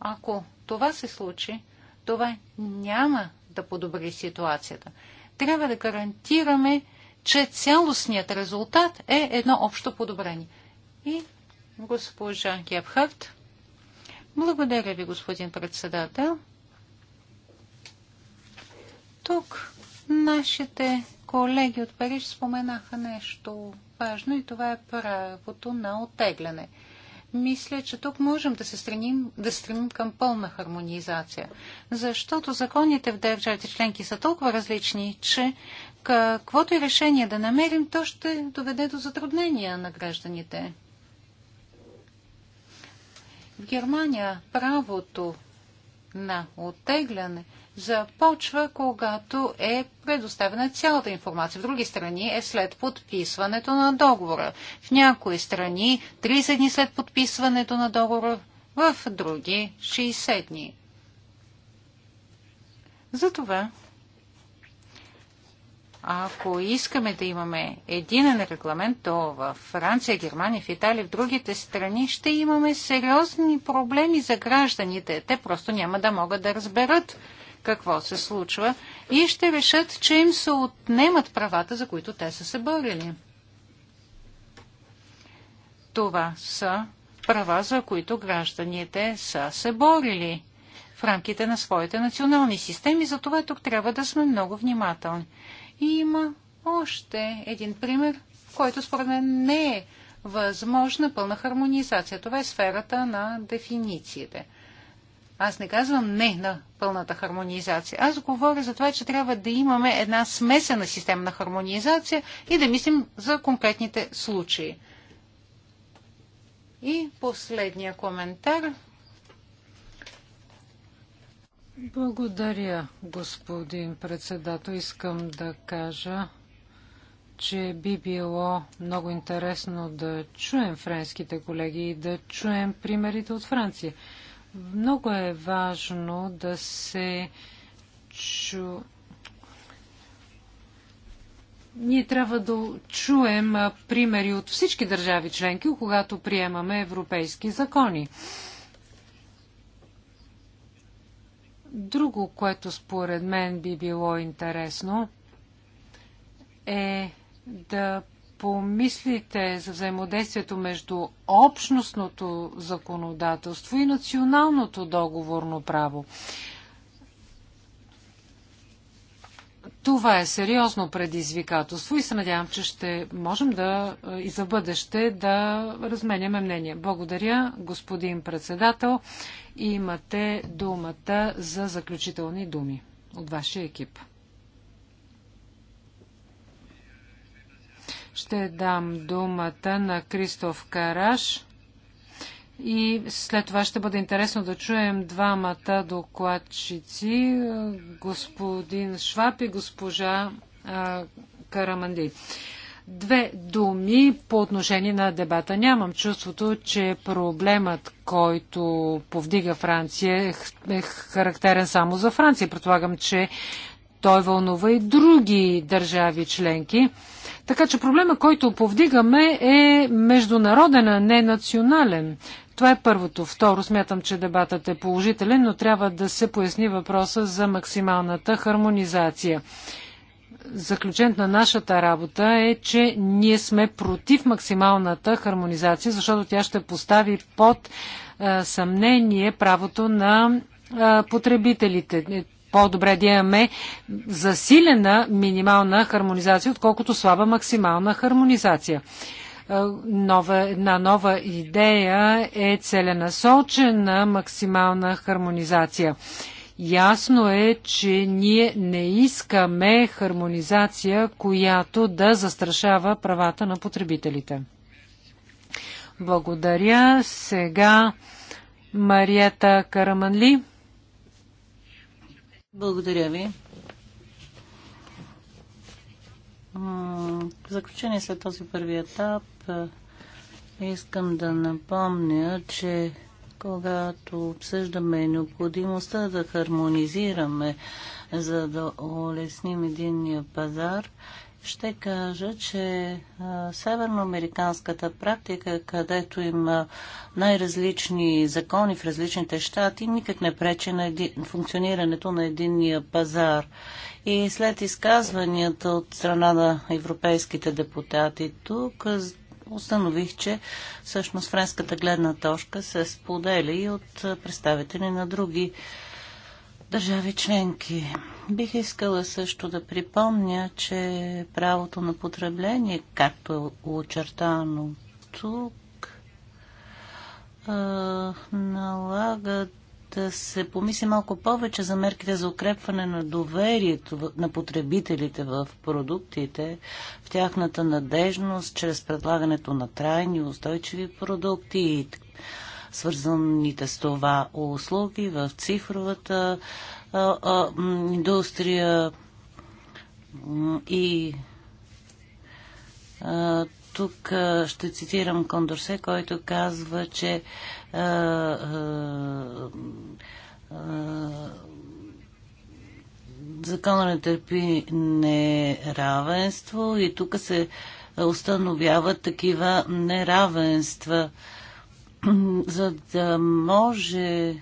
Speaker 1: Ако това се случи, това няма да подобри ситуацията. Трябва да гарантираме, че цялостният резултат е едно общо подобрение. И госпожа Гебхарт. Благодаря ви, господин председател. Тук нашите колеги от Париж споменаха нещо важно и това е правото на отегляне – мисля, че тук можем да се стремим, да стремим към пълна хармонизация, защото законите в държавите членки са толкова различни, че каквото и решение да намерим, то ще доведе до затруднения на гражданите. В Германия правото на оттегляне започва, когато е предоставена цялата информация. В други страни е след подписването на договора. В някои страни 30 дни след подписването на договора, в други 60 дни. Затова ако искаме да имаме единен регламент, то във Франция, Германия, в Италия, в другите страни ще имаме сериозни проблеми за гражданите. Те просто няма да могат да разберат какво се случва и ще решат, че им се отнемат правата, за които те са се борили. Това са права, за които гражданите са се борили в рамките на своите национални системи, затова тук трябва да сме много внимателни. И има още един пример, който според мен не е възможна пълна хармонизация. Това е сферата на дефинициите. Аз не казвам не на пълната хармонизация. Аз говоря за това, че трябва да имаме една смесена системна хармонизация и да мислим за конкретните случаи. И последния коментар благодаря,
Speaker 3: господин председател. Искам да кажа, че би било много интересно да чуем френските колеги и да чуем примерите от Франция. Много е важно да се чу... Ние трябва да чуем примери от всички държави членки, когато приемаме европейски закони. Друго, което според мен би било интересно, е да помислите за взаимодействието между общностното законодателство и националното договорно право. Това е сериозно предизвикателство и се надявам, че ще можем да е, и за бъдеще да разменяме мнение. Благодаря, господин председател. Имате думата за заключителни думи от вашия екип. Ще дам думата на Кристоф Караш и след това ще бъде интересно да чуем двамата докладчици, господин Шваб и госпожа Караманди. Две думи по отношение на дебата. Нямам чувството, че проблемът, който повдига Франция, е, е характерен само за Франция. Предполагам, че той вълнува и други държави членки. Така че проблема, който повдигаме е международен, а не национален. Това е първото. Второ, смятам, че дебатът е положителен, но трябва да се поясни въпроса за максималната хармонизация. Заключен на нашата работа е, че ние сме против максималната хармонизация, защото тя ще постави под съмнение правото на потребителите по-добре да имаме засилена минимална хармонизация, отколкото слаба максимална хармонизация. Е, нова, една нова идея е целенасочена максимална хармонизация. Ясно е, че ние не искаме хармонизация, която да застрашава правата на потребителите. Благодаря. Сега Марията Караманли.
Speaker 2: Благодаря ви.
Speaker 3: В заключение след този
Speaker 2: първи етап искам да напомня, че когато обсъждаме необходимостта да хармонизираме, за да улесним единния пазар, ще кажа, че северноамериканската практика, където има най-различни закони в различните щати, никак не пречи на еди... функционирането на единния пазар. И след изказванията от страна на европейските депутати тук, установих, че всъщност френската гледна точка се споделя и от представители на други държави членки. Бих искала също да припомня, че правото на потребление, както е очертано тук, налага да се помисли малко повече за мерките за укрепване на доверието на потребителите в продуктите, в тяхната надежност, чрез предлагането на трайни, устойчиви продукти и свързаните с това услуги в цифровата а, а, индустрия и а, тук ще цитирам Кондорсе, който казва, че законът закона не търпи неравенство и тук се установяват такива неравенства, (clears throat) за да може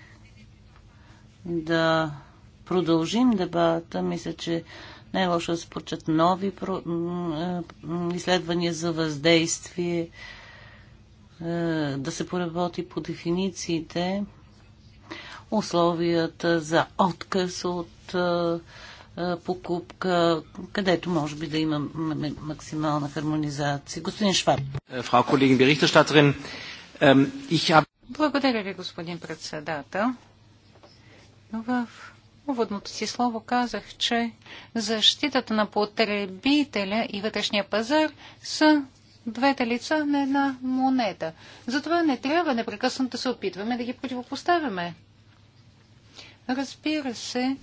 Speaker 2: да продължим дебата. Мисля, че не е лошо да се почат нови е, изследвания за въздействие, е, да се поработи по дефинициите, условията за отказ от е, покупка, където може би да има максимална хармонизация. Господин Шваб.
Speaker 3: Фрау колеги Берихтерштатерин,
Speaker 1: Благодаря ви, господин председател. но В уводното си слово казах, че защитата на потребителя и вътрешния пазар са двете лица на една монета. Затова не трябва непрекъснато да се опитваме да ги противопоставяме. Разбира се,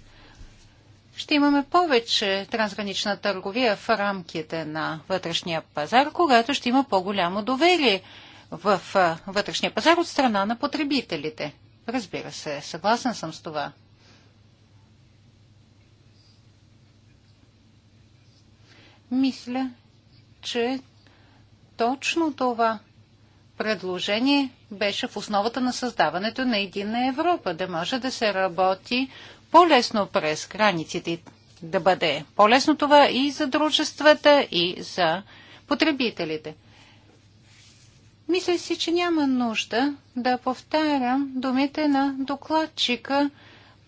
Speaker 1: ще имаме повече трансгранична търговия в рамките на вътрешния пазар, когато ще има по-голямо доверие в вътрешния пазар от страна на потребителите. Разбира се, съгласен съм с това. Мисля, че точно това предложение беше в основата на създаването на Единна Европа, да може да се работи по-лесно през границите, да бъде по-лесно това и за дружествата, и за потребителите. Мисля си, че няма нужда да повтарям думите на докладчика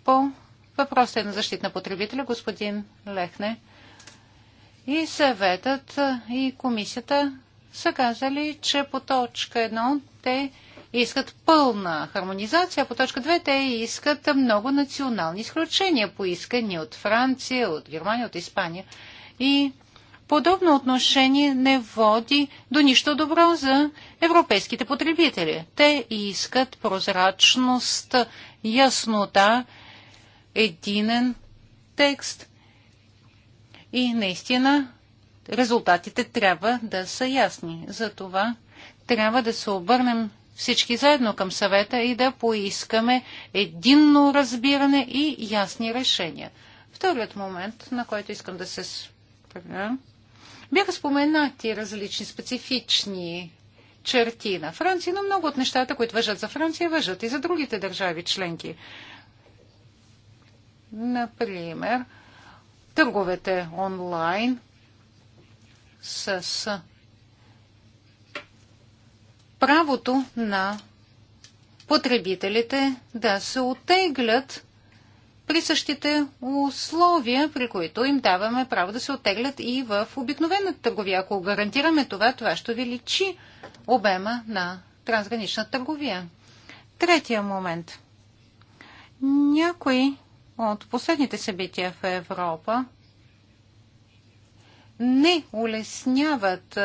Speaker 1: по въпроса на защита на потребителя, господин Лехне. И съветът и комисията са казали, че по точка 1 те искат пълна хармонизация, а по точка 2 те искат много национални изключения, поискани от Франция, от Германия, от Испания. И подобно отношение не води до нищо добро за европейските потребители. Те искат прозрачност, яснота, единен текст. И наистина резултатите трябва да са ясни. Затова трябва да се обърнем всички заедно към съвета и да поискаме единно разбиране и ясни решения. Вторият момент, на който искам да се спра, бяха споменати различни специфични черти на Франция, но много от нещата, които въжат за Франция, въжат и за другите държави членки. Например, търговете онлайн с правото на потребителите да се отеглят при същите условия, при които им даваме право да се отеглят и в обикновената търговия. Ако гарантираме това, това ще увеличи обема на трансгранична търговия. Третия момент. Някои от последните събития в Европа не улесняват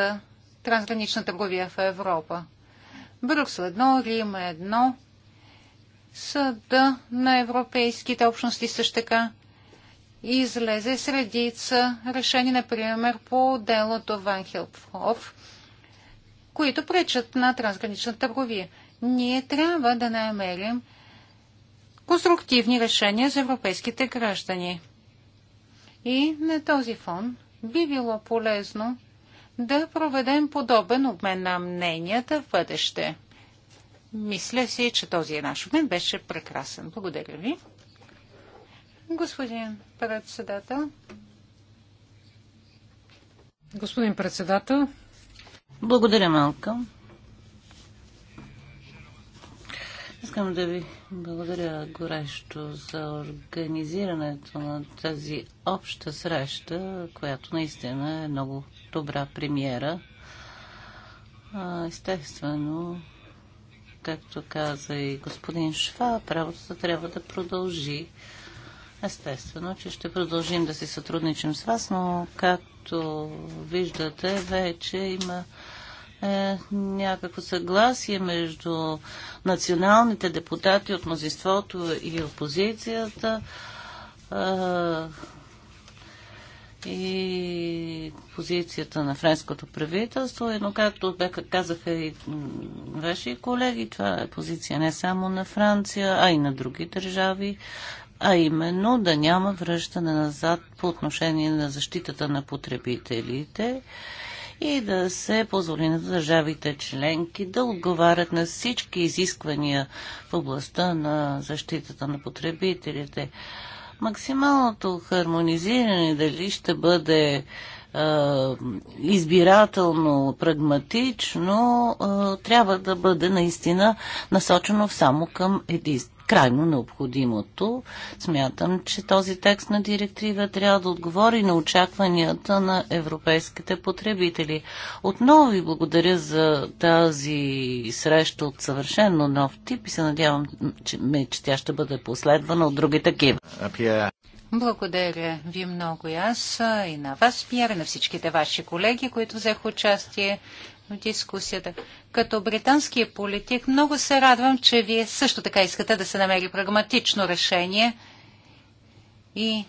Speaker 1: трансгранична търговия в Европа. Брюксел Едно, Рим Едно, Съда на европейските общности също така излезе с редица решения, например по делото Ван Хелпфов, които пречат на трансгранична търговия. Ние трябва да намерим конструктивни решения за европейските граждани. И на този фон би било полезно да проведем подобен обмен на мненията в бъдеще. Мисля си, че този наш обмен беше прекрасен. Благодаря ви. Господин председател. Господин председател. Благодаря, Малкам. Искам
Speaker 2: да ви благодаря горещо за организирането на тази обща среща, която наистина е много добра премиера. Естествено, както каза и господин Шва, правото трябва да продължи. Естествено, че ще продължим да си сътрудничим с вас, но както виждате, вече има е някакво съгласие между националните депутати от мнозинството и опозицията. Е, и позицията на френското правителство, но както казаха и ваши колеги, това е позиция не само на Франция, а и на други държави, а именно да няма връщане назад по отношение на защитата на потребителите. Е, и да се позволи на държавите членки да отговарят на всички изисквания в областта на защитата на потребителите. Максималното хармонизиране дали ще бъде избирателно, прагматично, трябва да бъде наистина насочено само към един, крайно необходимото. Смятам, че този текст на директива трябва да отговори на очакванията на европейските потребители. Отново ви благодаря за тази среща от съвършенно нов тип и се надявам, че, че тя ще бъде последвана от други такива.
Speaker 1: Благодаря ви много и аз, и на вас, Пьер, и на всичките ваши колеги, които взеха участие дискусията. Като британския политик много се радвам, че вие също така искате да се намери прагматично решение и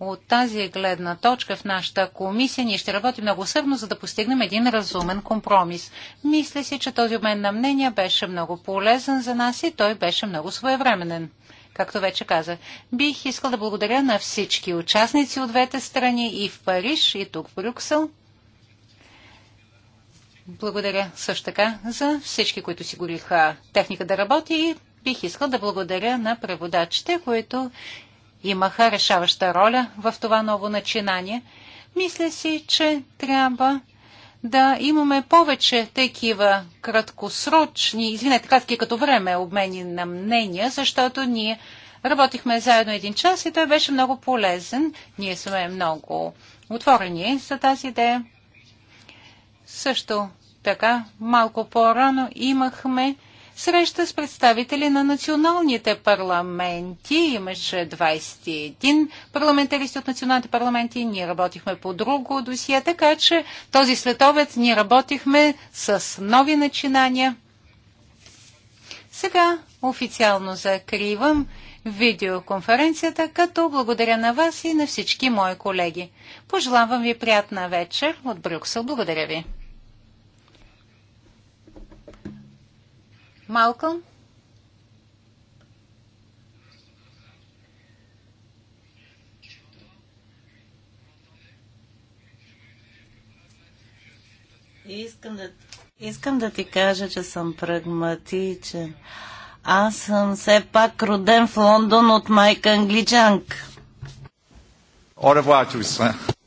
Speaker 1: от тази гледна точка в нашата комисия ние ще работим много усърдно, за да постигнем един разумен компромис. Мисля си, че този обмен на мнения беше много полезен за нас и той беше много своевременен. Както вече каза, бих искал да благодаря на всички участници от двете страни и в Париж, и тук в Брюксел. Благодаря също така за всички, които си гориха техника да работи и бих искал да благодаря на преводачите, които имаха решаваща роля в това ново начинание. Мисля си, че трябва да имаме повече такива краткосрочни, извинете, кратки като време обмени на мнения, защото ние работихме заедно един час и той беше много полезен. Ние сме много отворени за тази идея. Също така малко по-рано имахме среща с представители на националните парламенти. Имаше 21 парламентаристи от националните парламенти. Ние работихме по друго досие, така че този световец ние работихме с нови начинания. Сега официално закривам видеоконференцията, като благодаря на вас и на всички мои колеги. Пожелавам ви приятна вечер от Брюксел. Благодаря ви. Малкъм?
Speaker 2: Искам да, искам да ти кажа, че съм прагматичен. Аз съм все пак роден в Лондон от майка англичанка.
Speaker 1: Au revoir,